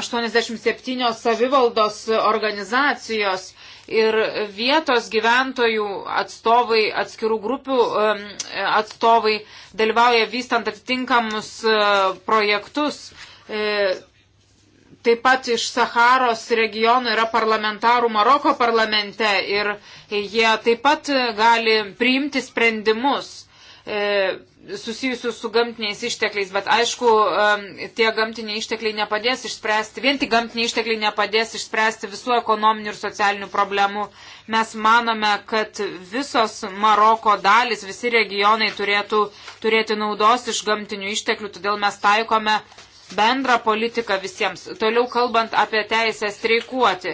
87 e, savivaldos organizacijos ir vietos gyventojų atstovai, atskirų grupių atstovai dalyvauja vystant atitinkamus projektus. Taip pat iš Saharos regionų yra parlamentarų Maroko parlamente ir jie taip pat gali priimti sprendimus e, susijusius su gamtiniais ištekliais, bet aišku, e, tie gamtiniai ištekliai nepadės išspręsti, vien tik gamtiniai ištekliai nepadės išspręsti visų ekonominių ir socialinių problemų. Mes manome, kad visos Maroko dalis, visi regionai turėtų turėti naudos iš gamtinių išteklių, todėl mes taikome bendrą politiką visiems. Toliau kalbant apie teisę streikuoti.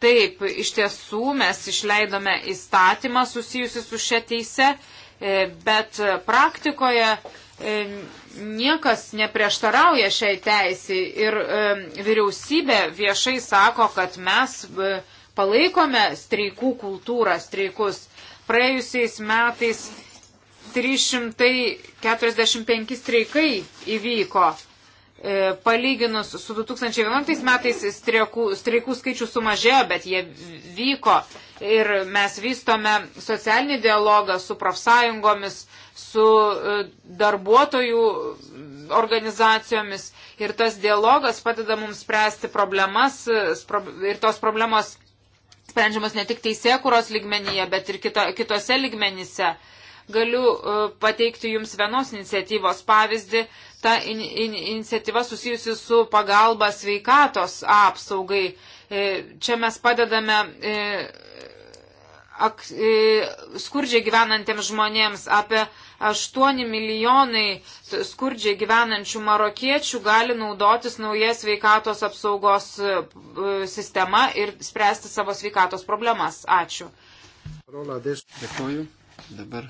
Taip, iš tiesų mes išleidome įstatymą susijusi su šia teise, e, bet praktikoje e, niekas neprieštarauja šiai teisiai ir e, vyriausybė viešai sako, kad mes palaikome streikų kultūrą, streikus. Praėjusiais metais 345 streikai įvyko E, palyginus su 2011 metais streikų, streikų skaičių sumažėjo, bet jie vyko ir mes vystome socialinį dialogą su profsąjungomis, su e, darbuotojų organizacijomis ir tas dialogas padeda mums spręsti problemas e, ir tos problemos sprendžiamos ne tik teisėkuros lygmenyje, bet ir kito, kitose lygmenyse. Uh, Galiu e, pateikti Jums vienos iniciatyvos pavyzdį. Ta in, in, iniciatyva susijusi su pagalba sveikatos apsaugai. E, čia mes padedame e, ak, skurdžiai gyvenantiems žmonėms. Apie 8 milijonai skurdžiai gyvenančių marokiečių gali naudotis nauja sveikatos apsaugos sistema ir spręsti savo sveikatos problemas. Ačiū. Dėkuoju. Dabar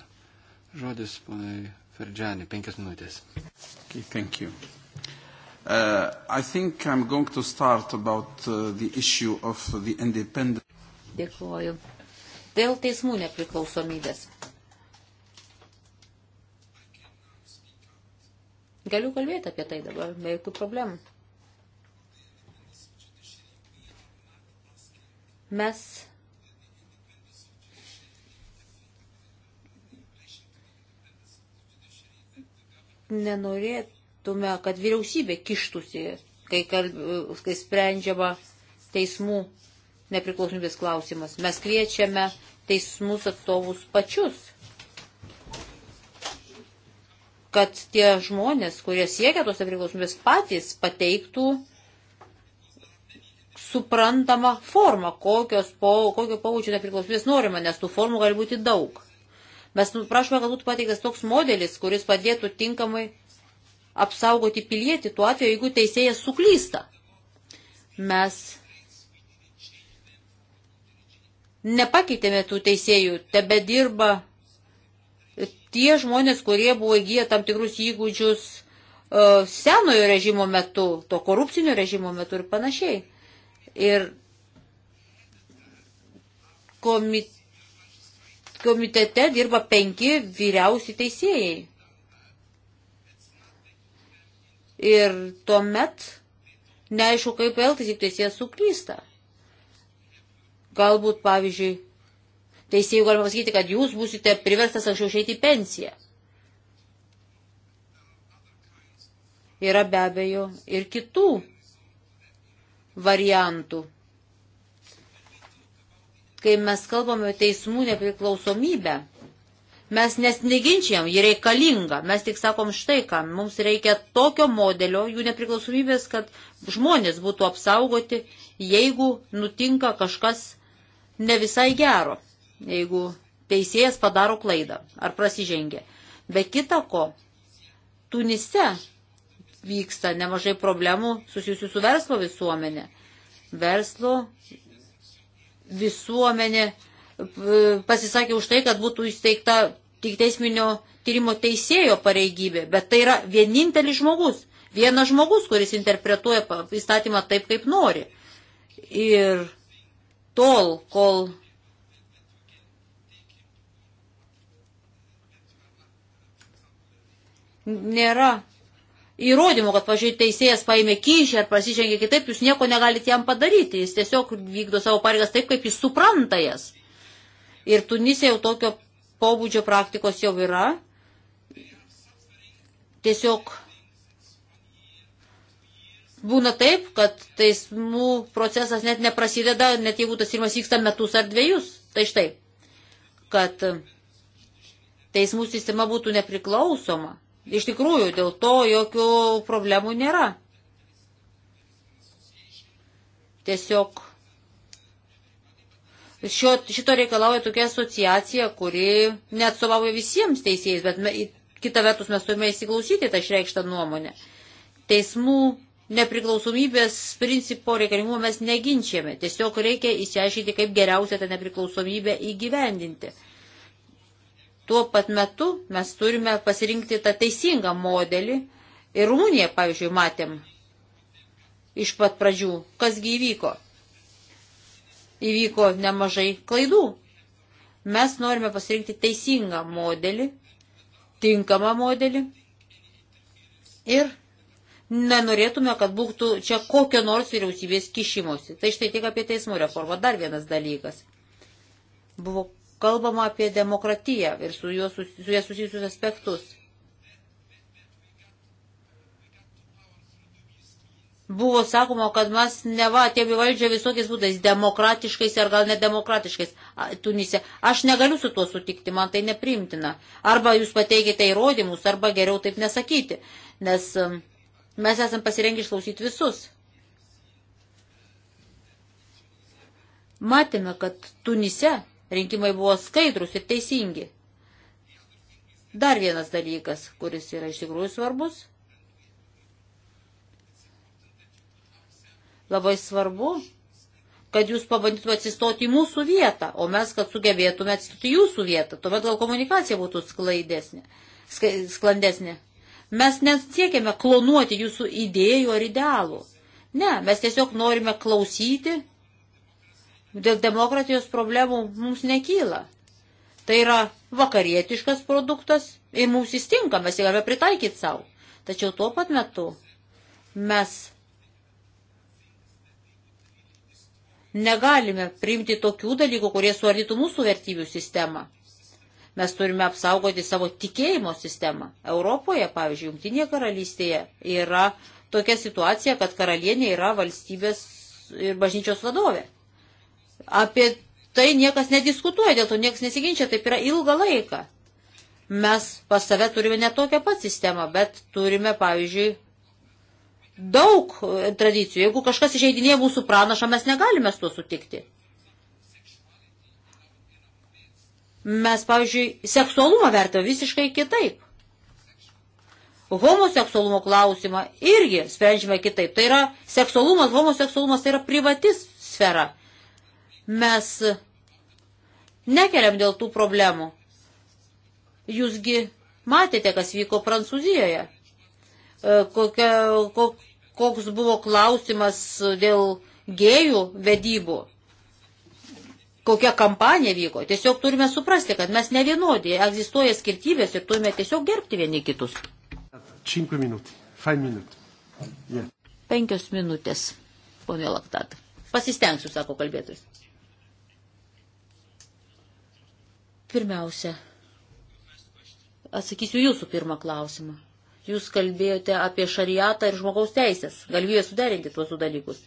Žodis ponai Ferdžiani, penkias minutės. Okay, thank you. Uh, I think I'm going to start about uh, the issue of the independent. Dėkuoju. Dėl teismų nepriklausomybės. Galiu kalbėti apie tai dabar, be jokių problemų. Mes nenorėtume, kad vyriausybė kištusi, kai, kalb, kai sprendžiama teismų nepriklausomybės klausimas. Mes kviečiame teismus atstovus pačius, kad tie žmonės, kurie siekia tos nepriklausomybės patys, pateiktų suprantamą formą, kokios po, kokio paučio nepriklausomybės norima, nes tų formų gali būti daug. Mes nu, prašome, kad būtų pateiktas toks modelis, kuris padėtų tinkamai apsaugoti pilietį tuo atveju, jeigu teisėjas suklysta. Mes nepakeitėme tų teisėjų, tebe dirba tie žmonės, kurie buvo įgyję tam tikrus įgūdžius e, senojo režimo metu, to korupcinio režimo metu ir panašiai. Ir komitetas komitete dirba penki vyriausi teisėjai. Ir tuomet neaišku, kaip elgtis, jeigu teisėjas suklysta. Galbūt, pavyzdžiui, teisėjų galima pasakyti, kad jūs būsite priverstas anksčiau išeiti į pensiją. Yra be abejo ir kitų variantų kai mes kalbame teismų nepriklausomybę, mes nes neginčiam, ji reikalinga, mes tik sakom štai ką, mums reikia tokio modelio jų nepriklausomybės, kad žmonės būtų apsaugoti, jeigu nutinka kažkas ne visai gero, jeigu teisėjas padaro klaidą ar prasižengia. Be kita ko, Tunise vyksta nemažai problemų susijusių su verslo visuomenė. Verslo visuomenė e, pasisakė už tai, kad būtų įsteigta tik teisminio tyrimo teisėjo pareigybė, bet tai yra vienintelis žmogus, vienas žmogus, kuris interpretuoja įstatymą taip, kaip nori. Ir tol, kol nėra įrodymų, kad, pažiūrėjau, teisėjas paėmė kyšį ar pasižengė kitaip, jūs nieko negalite jam padaryti. Jis tiesiog vykdo savo pareigas taip, kaip jis supranta jas. Ir Tunisė jau tokio pobūdžio praktikos jau yra. Tiesiog būna taip, kad teismų procesas net neprasideda, net jeigu tas tyrimas vyksta metus ar dviejus. Tai štai, kad teismų sistema būtų nepriklausoma Iš tikrųjų, dėl to jokių problemų nėra. Tiesiog šio, šito reikalauja tokia asociacija, kuri neatstovauja visiems teisėjais, bet me, kita vertus mes turime įsiklausyti tą išreikštą nuomonę. Teismų nepriklausomybės principo reikalingumo mes neginčiame. Tiesiog reikia įsiaiškinti, kaip geriausia tą nepriklausomybę įgyvendinti. Tuo pat metu mes turime pasirinkti tą teisingą modelį. Ir Rumuniją, pavyzdžiui, matėm iš pat pradžių, kasgi įvyko. Įvyko nemažai klaidų. Mes norime pasirinkti teisingą modelį, tinkamą modelį. Ir nenorėtume, kad būtų čia kokio nors vyriausybės kišimosi. Tai štai tik apie teismų reformą. Dar vienas dalykas. Buvo kalbama apie demokratiją ir su juo su, su susijusius aspektus. Buvo sakoma, kad mes neva atėmė valdžią visokiais būdais, demokratiškais ar gal nedemokratiškais Tunise. Aš negaliu su tuo sutikti, man tai neprimtina. Arba jūs pateikite įrodymus, arba geriau taip nesakyti, nes um, mes esam pasirengę išklausyti visus. Matėme, kad Tunise rinkimai buvo skaidrus ir teisingi. Dar vienas dalykas, kuris yra iš tikrųjų svarbus. Labai svarbu, kad jūs pabandytumėte atsistoti į mūsų vietą, o mes, kad sugebėtume atsistoti į jūsų vietą. Tuomet gal komunikacija būtų sklaidesnė, sklandesnė. Mes nesiekėme klonuoti jūsų idėjų ar idealų. Ne, mes tiesiog norime klausyti dėl demokratijos problemų mums nekyla. Tai yra vakarietiškas produktas ir mums jis tinka, mes jį galime pritaikyti savo. Tačiau tuo pat metu mes negalime priimti tokių dalykų, kurie suardytų mūsų vertybių sistemą. Mes turime apsaugoti savo tikėjimo sistemą. Europoje, pavyzdžiui, Junktinėje karalystėje yra tokia situacija, kad karalienė yra valstybės ir bažnyčios vadovė. Apie tai niekas nediskutuoja, dėl to niekas nesiginčia, taip yra ilgą laiką. Mes pas save turime ne tokią pat sistemą, bet turime, pavyzdžiui, daug e, tradicijų. Jeigu kažkas išeidinėja mūsų pranašą, mes negalime su tuo sutikti. Mes, pavyzdžiui, seksualumą vertame visiškai kitaip. Homoseksualumo klausimą irgi sprendžiame kitaip. Tai yra seksualumas, homoseksualumas tai yra privatis sfera mes nekeliam dėl tų problemų. Jūsgi matėte, kas vyko Prancūzijoje. E, kokia, kok, koks buvo klausimas dėl gėjų vedybų. Kokia kampanija vyko. Tiesiog turime suprasti, kad mes ne vienodi, egzistuoja skirtybės ir turime tiesiog gerbti vieni kitus. 5 minutės. 5 minutės. Yeah. Penkios minutės, ponė Laktat. Pasistengsiu, sako kalbėtojas. Pirmiausia, atsakysiu jūsų pirmą klausimą. Jūs kalbėjote apie šariatą ir žmogaus teisės. Galvėjo suderinti tuos du dalykus.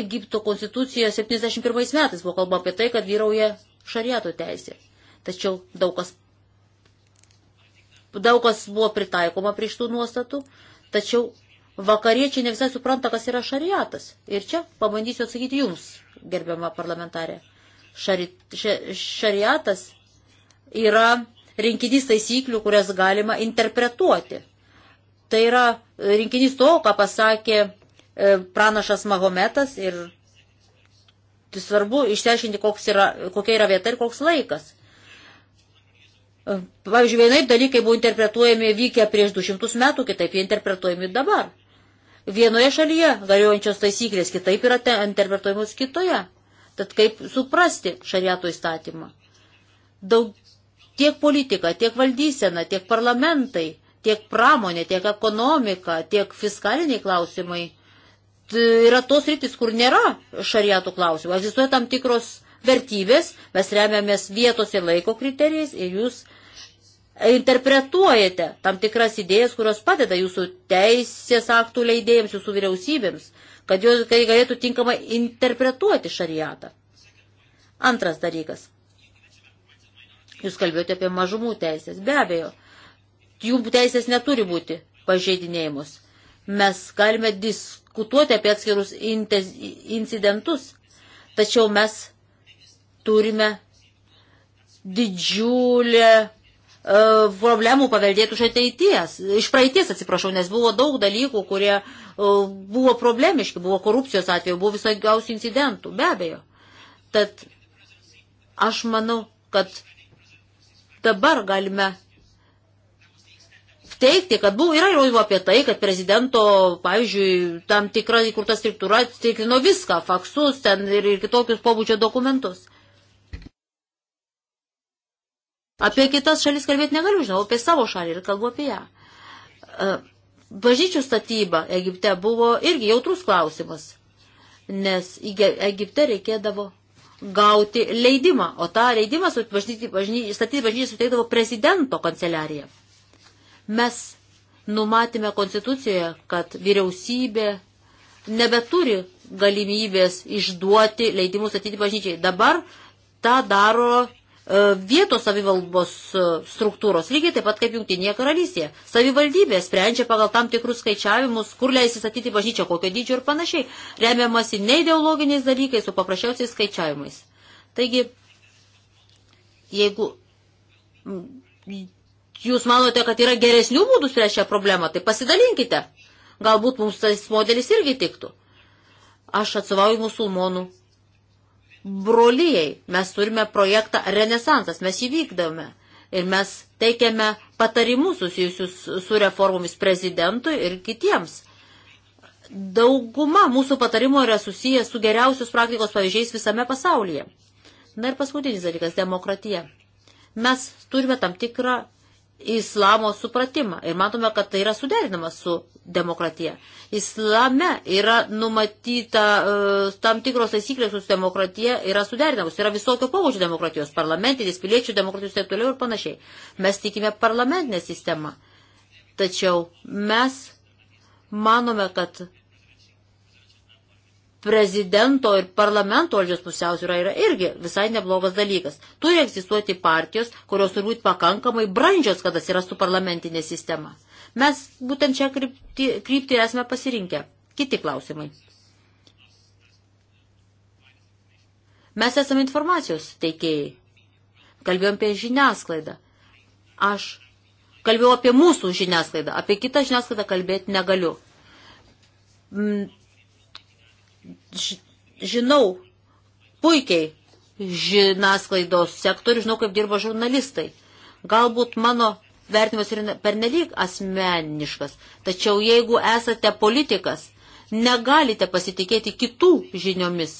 Egipto konstitucijoje 71 metais buvo kalba apie tai, kad vyrauja šariato teisė. Tačiau daug kas, daug kas buvo pritaikoma prie šitų nuostatų, tačiau vakariečiai ne visai supranta, kas yra šariatas. Ir čia pabandysiu atsakyti jums gerbiama parlamentarė. Šari, ša, šariatas yra rinkinys taisyklių, kurias galima interpretuoti. Tai yra rinkinys to, ką pasakė e, pranašas Mahometas ir tai svarbu išsiaiškinti, yra, kokia yra vieta ir koks laikas. E, pavyzdžiui, vienaip dalykai buvo interpretuojami vykę prieš 200 metų, kitaip jie interpretuojami dabar vienoje šalyje galiojančios taisyklės kitaip yra interpretuojamos kitoje. Tad kaip suprasti šariato įstatymą? Daug tiek politika, tiek valdysena, tiek parlamentai, tiek pramonė, tiek ekonomika, tiek fiskaliniai klausimai yra tos rytis, kur nėra šariato klausimų. Egzistuoja tam tikros vertybės, mes remiamės vietos ir laiko kriterijais ir jūs interpretuojate tam tikras idėjas, kurios padeda jūsų teisės aktų leidėjams, jūsų vyriausybėms, kad jos kai galėtų tinkamai interpretuoti šariatą. Antras dalykas. Jūs kalbėjote apie mažumų teisės. Be abejo, jų teisės neturi būti pažeidinėjimus. Mes galime diskutuoti apie atskirus incidentus, tačiau mes turime didžiulę E, problemų paveldėtų iš ateities, iš praeities atsiprašau, nes buvo daug dalykų, kurie e, buvo problemiški, buvo korupcijos atveju, buvo visokiausių incidentų, be abejo. Tad aš manau, kad dabar galime teikti, kad buvo, yra įrodymų apie tai, kad prezidento, pavyzdžiui, tam tikra įkurta struktūra tikrino viską, faksus ten ir, ir kitokius pobūdžio dokumentus. Apie kitas šalis kalbėti negaliu, žinau, apie savo šalį ir kalbu apie ją. E, bažnyčių statyba Egipte buvo irgi jautrus klausimas, nes Egipte reikėdavo gauti leidimą, o tą leidimą bažnyčių, statyti bažnyčią suteikdavo prezidento kanceliarija. Mes numatėme konstitucijoje, kad vyriausybė nebeturi galimybės išduoti leidimus statyti bažnyčiai. Dabar tą daro E, vietos savivaldos e, struktūros, lygiai taip pat kaip Junktinėje karalystėje. Savivaldybė sprendžia pagal tam tikrus skaičiavimus, kur leisi statyti bažnyčią, kokio dydžio ir panašiai, remiamasi ne ideologiniais dalykais, o paprasčiausiais skaičiavimais. Taigi, jeigu jūs manote, kad yra geresnių būdų spręsti šią problemą, tai pasidalinkite. Galbūt mums tas modelis irgi tiktų. Aš atsivauju musulmonų brolyjei. Mes turime projektą Renesansas, mes jį vykdome. Ir mes teikiame patarimus susijusius su reformomis prezidentui ir kitiems. Dauguma mūsų patarimo yra susijęs su geriausios praktikos pavyzdžiais visame pasaulyje. Na ir paskutinis dalykas - demokratija. Mes turime tam tikrą islamo supratimą. Ir matome, kad tai yra suderinama su demokratija. Islame yra numatyta uh, tam tikros taisyklės su demokratija, yra suderinamos. Yra visokio pobūdžio demokratijos, parlamentinės, piliečių demokratijos ir taip toliau ir panašiai. Mes tikime parlamentinę sistemą. Tačiau mes manome, kad prezidento ir parlamento valdžios pusiausvyra yra irgi visai neblogas dalykas. Turi egzistuoti partijos, kurios turi būti pakankamai brandžios, kad atsirastų parlamentinė sistema. Mes būtent čia krypti, krypti esame pasirinkę. Kiti klausimai. Mes esame informacijos teikėjai. Kalbėjom apie žiniasklaidą. Aš kalbėjau apie mūsų žiniasklaidą. Apie kitą žiniasklaidą kalbėti negaliu mm, žinau puikiai žiniasklaidos sektorių, žinau, kaip dirba žurnalistai. Galbūt mano vertinimas yra pernelyg asmeniškas, tačiau jeigu esate politikas, negalite pasitikėti kitų žiniomis.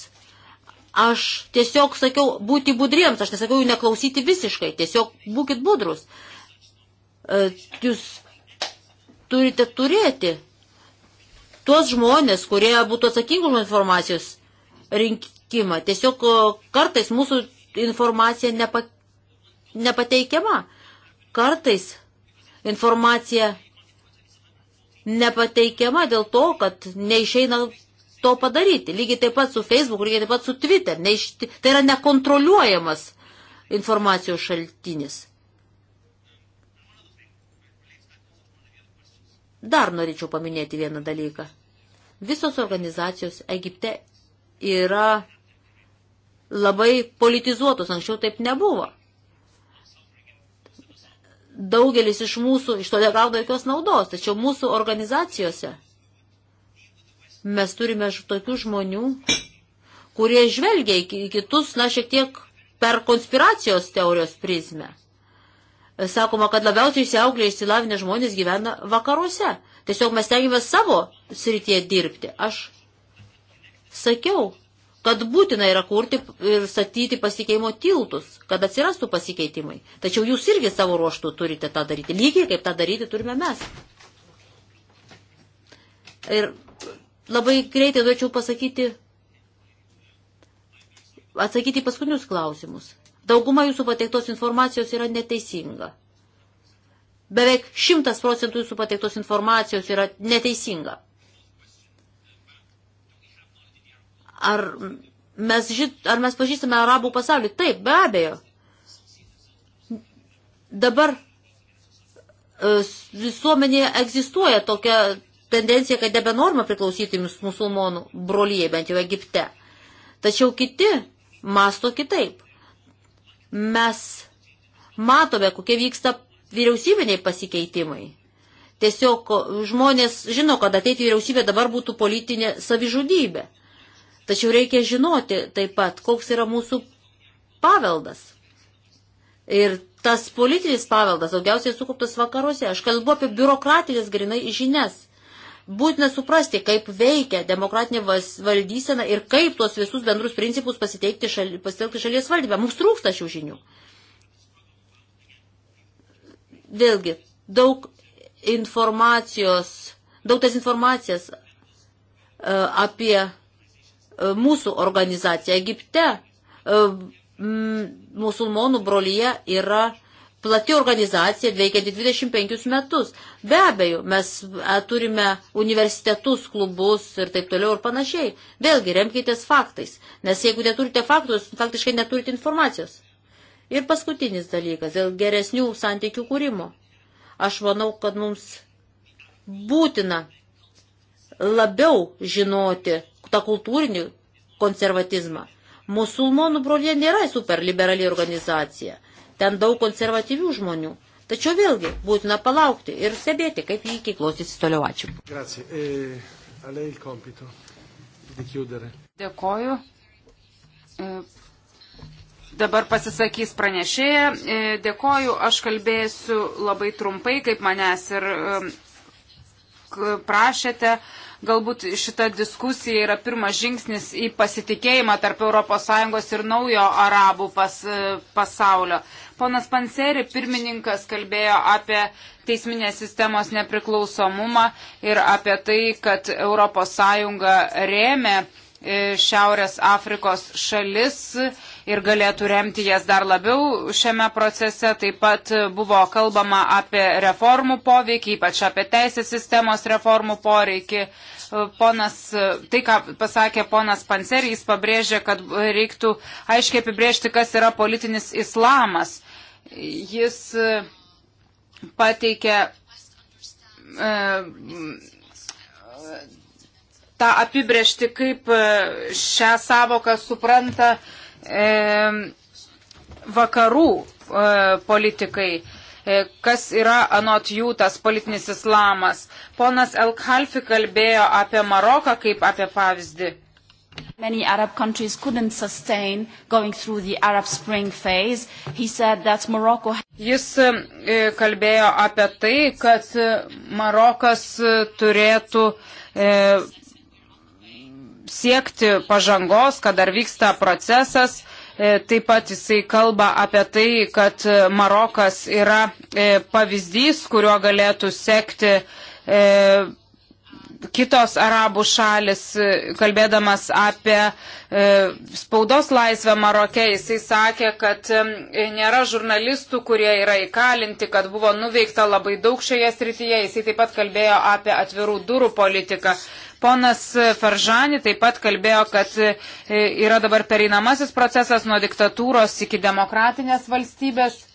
Aš tiesiog sakiau būti budriems, aš nesakiau jų neklausyti visiškai, tiesiog būkit budrus. E, jūs turite turėti tuos žmonės, kurie būtų atsakingi už informacijos rinkimą. Tiesiog kartais mūsų informacija nepa, nepateikiama. Kartais informacija nepateikiama dėl to, kad neišeina to padaryti. Lygiai taip pat su Facebook, lygiai taip pat su Twitter. Neiš, tai yra nekontroliuojamas informacijos šaltinis. Dar norėčiau paminėti vieną dalyką. Visos organizacijos Egipte yra labai politizuotos, anksčiau taip nebuvo. Daugelis iš mūsų iš to negauna jokios naudos, tačiau mūsų organizacijose mes turime tokių žmonių, kurie žvelgia į kitus, na, šiek tiek per konspiracijos teorijos prizmę sakoma, kad labiausiai įsiauglė išsilavinę žmonės gyvena vakaruose. Tiesiog mes tengiame savo srityje dirbti. Aš sakiau, kad būtina yra kurti ir statyti pasikeimo tiltus, kad atsirastų pasikeitimai. Tačiau jūs irgi savo ruoštų turite tą daryti. Lygiai kaip tą daryti turime mes. Ir labai greitai duočiau pasakyti, atsakyti paskutinius klausimus. Dauguma jūsų pateiktos informacijos yra neteisinga. Beveik šimtas procentų jūsų pateiktos informacijos yra neteisinga. Ar mes, žit, ar mes pažįstame arabų pasaulį? Taip, be abejo. Dabar e, visuomenėje egzistuoja tokia tendencija, kad nebenorima priklausyti musulmonų brolyje, bent jau Egipte. Tačiau kiti masto kitaip mes matome, kokie vyksta vyriausybiniai pasikeitimai. Tiesiog žmonės žino, kad ateiti vyriausybė dabar būtų politinė savižudybė. Tačiau reikia žinoti taip pat, koks yra mūsų paveldas. Ir tas politinis paveldas daugiausiai sukauptas vakaruose. Aš kalbu apie biurokratinės grinai žinias. Būtina suprasti, kaip veikia demokratinė valdysena ir kaip tuos visus bendrus principus pasitelkti, šali, pasitelkti šalies valdybę. Mums trūksta šių žinių. Vėlgi, daug informacijos, daug tas informacijas e, apie e, mūsų organizaciją Egipte, e, musulmonų brolyje yra plati organizacija veikianti 25 metus. Be abejo, mes turime universitetus, klubus ir taip toliau ir panašiai. Vėlgi, remkitės faktais, nes jeigu neturite faktų, faktiškai neturite informacijos. Ir paskutinis dalykas, dėl geresnių santykių kūrimo. Aš manau, kad mums būtina labiau žinoti tą kultūrinį konservatizmą. Musulmonų brolė nėra superliberali organizacija ten daug konservatyvių žmonių. Tačiau vėlgi būtina palaukti ir stebėti, kaip jį kiklosis toliau. Ačiū. E, Dėkoju. E, dabar pasisakys pranešėja. E, dėkoju, aš kalbėsiu labai trumpai, kaip manęs ir e, prašėte. Galbūt šita diskusija yra pirmas žingsnis į pasitikėjimą tarp ES ir naujo arabų pas, e, pasaulio. Ponas Panseri, pirmininkas, kalbėjo apie teisminės sistemos nepriklausomumą ir apie tai, kad ES rėmė e, Šiaurės Afrikos šalis ir galėtų remti jas dar labiau šiame procese. Taip pat buvo kalbama apie reformų poveikį, ypač apie teisės sistemos reformų poreikį. E, ponas, e, tai, ką pasakė ponas Panserį, jis pabrėžė, kad reiktų aiškiai apibrėžti, kas yra politinis islamas. Jis e, pateikia e, tą apibrėžti, kaip e, šią savoką supranta vakarų politikai kas yra anot jų tas politinis islamas. Ponas Elkhalfi kalbėjo apie Maroką kaip apie pavyzdį. Many Arab countries couldn't sustain going through the Arab Spring phase. He said that Morocco. Jis e, kalbėjo apie tai, kad Marokas e, turėtų e, siekti pažangos, kad dar vyksta procesas. Taip pat jisai kalba apie tai, kad Marokas yra pavyzdys, kuriuo galėtų sekti kitos arabų šalis, e, kalbėdamas apie e, spaudos laisvę Marokė, jisai sakė, kad nėra žurnalistų, kurie yra įkalinti, kad buvo nuveikta labai daug šioje srityje. Jisai taip pat kalbėjo apie atvirų durų politiką. Ponas Faržani taip pat kalbėjo, kad e, yra dabar pereinamasis procesas nuo diktatūros iki demokratinės valstybės.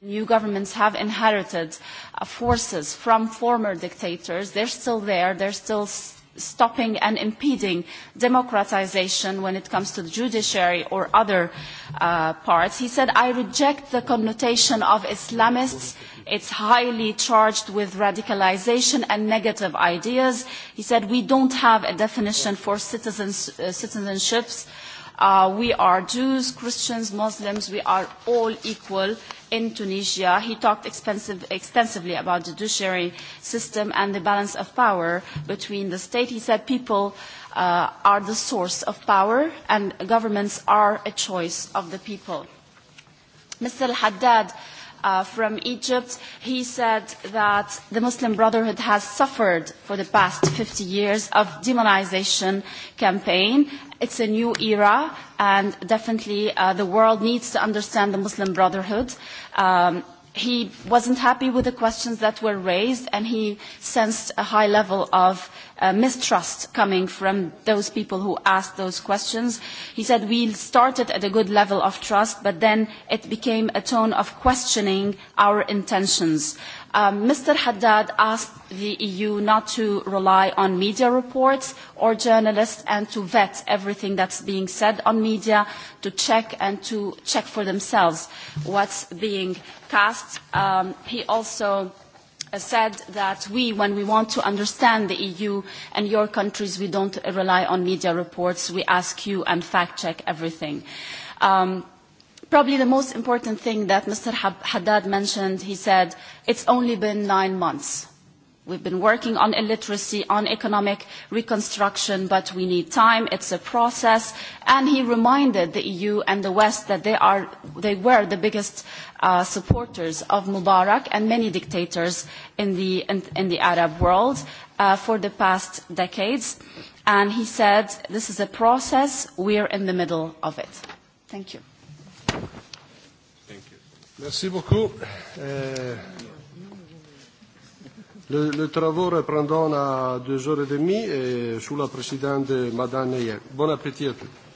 New governments have inherited uh, forces from former dictators. They're still there. They're still stopping and impeding democratization when it comes to the judiciary or other uh, parts. He said, I reject the connotation of Islamists. It's highly charged with radicalization and negative ideas. He said, we don't have a definition for citizens, uh, citizenships. Uh, we are Jews, Christians, Muslims. We are all equal. Uh, in Tunisia. He talked expensive, extensively about the judiciary system and the balance of power between the state. He said people uh, are the source of power and governments are a choice of the people. Mr. Haddad uh, from Egypt. He said that the Muslim Brotherhood has suffered for the past 50 years of demonization campaign. It's a new era, and definitely uh, the world needs to understand the Muslim Brotherhood. Um, he wasn't happy with the questions that were raised, and he sensed a high level of uh, uh, mistrust coming from those people who asked those questions. He said we started at a good level of trust, but then it became a tone of questioning our intentions. Um, Mr. Haddad asked the EU not to rely on media reports or journalists and to vet everything that's being said on media, to check and to check for themselves what's being cast. Um, he also Uh, said that we, when we want to understand the EU and your countries, we don't rely on media reports. We ask you and fact-check everything. Um, probably the most important thing that Mr. Haddad mentioned, he said, it's only been nine months. We've been working on illiteracy, on economic reconstruction, but we need time. It's a process. And he reminded the EU and the West that they, are, they were the biggest uh, supporters of Mubarak and many dictators in the, in, in the Arab world uh, for the past decades. And he said, this is a process, we're in the middle of it. Thank you. Thank you. Merci beaucoup. Euh, le, le travail reprendra à deux heures et demie et sous la présidente Madame Neyer. Bon appétit à tous.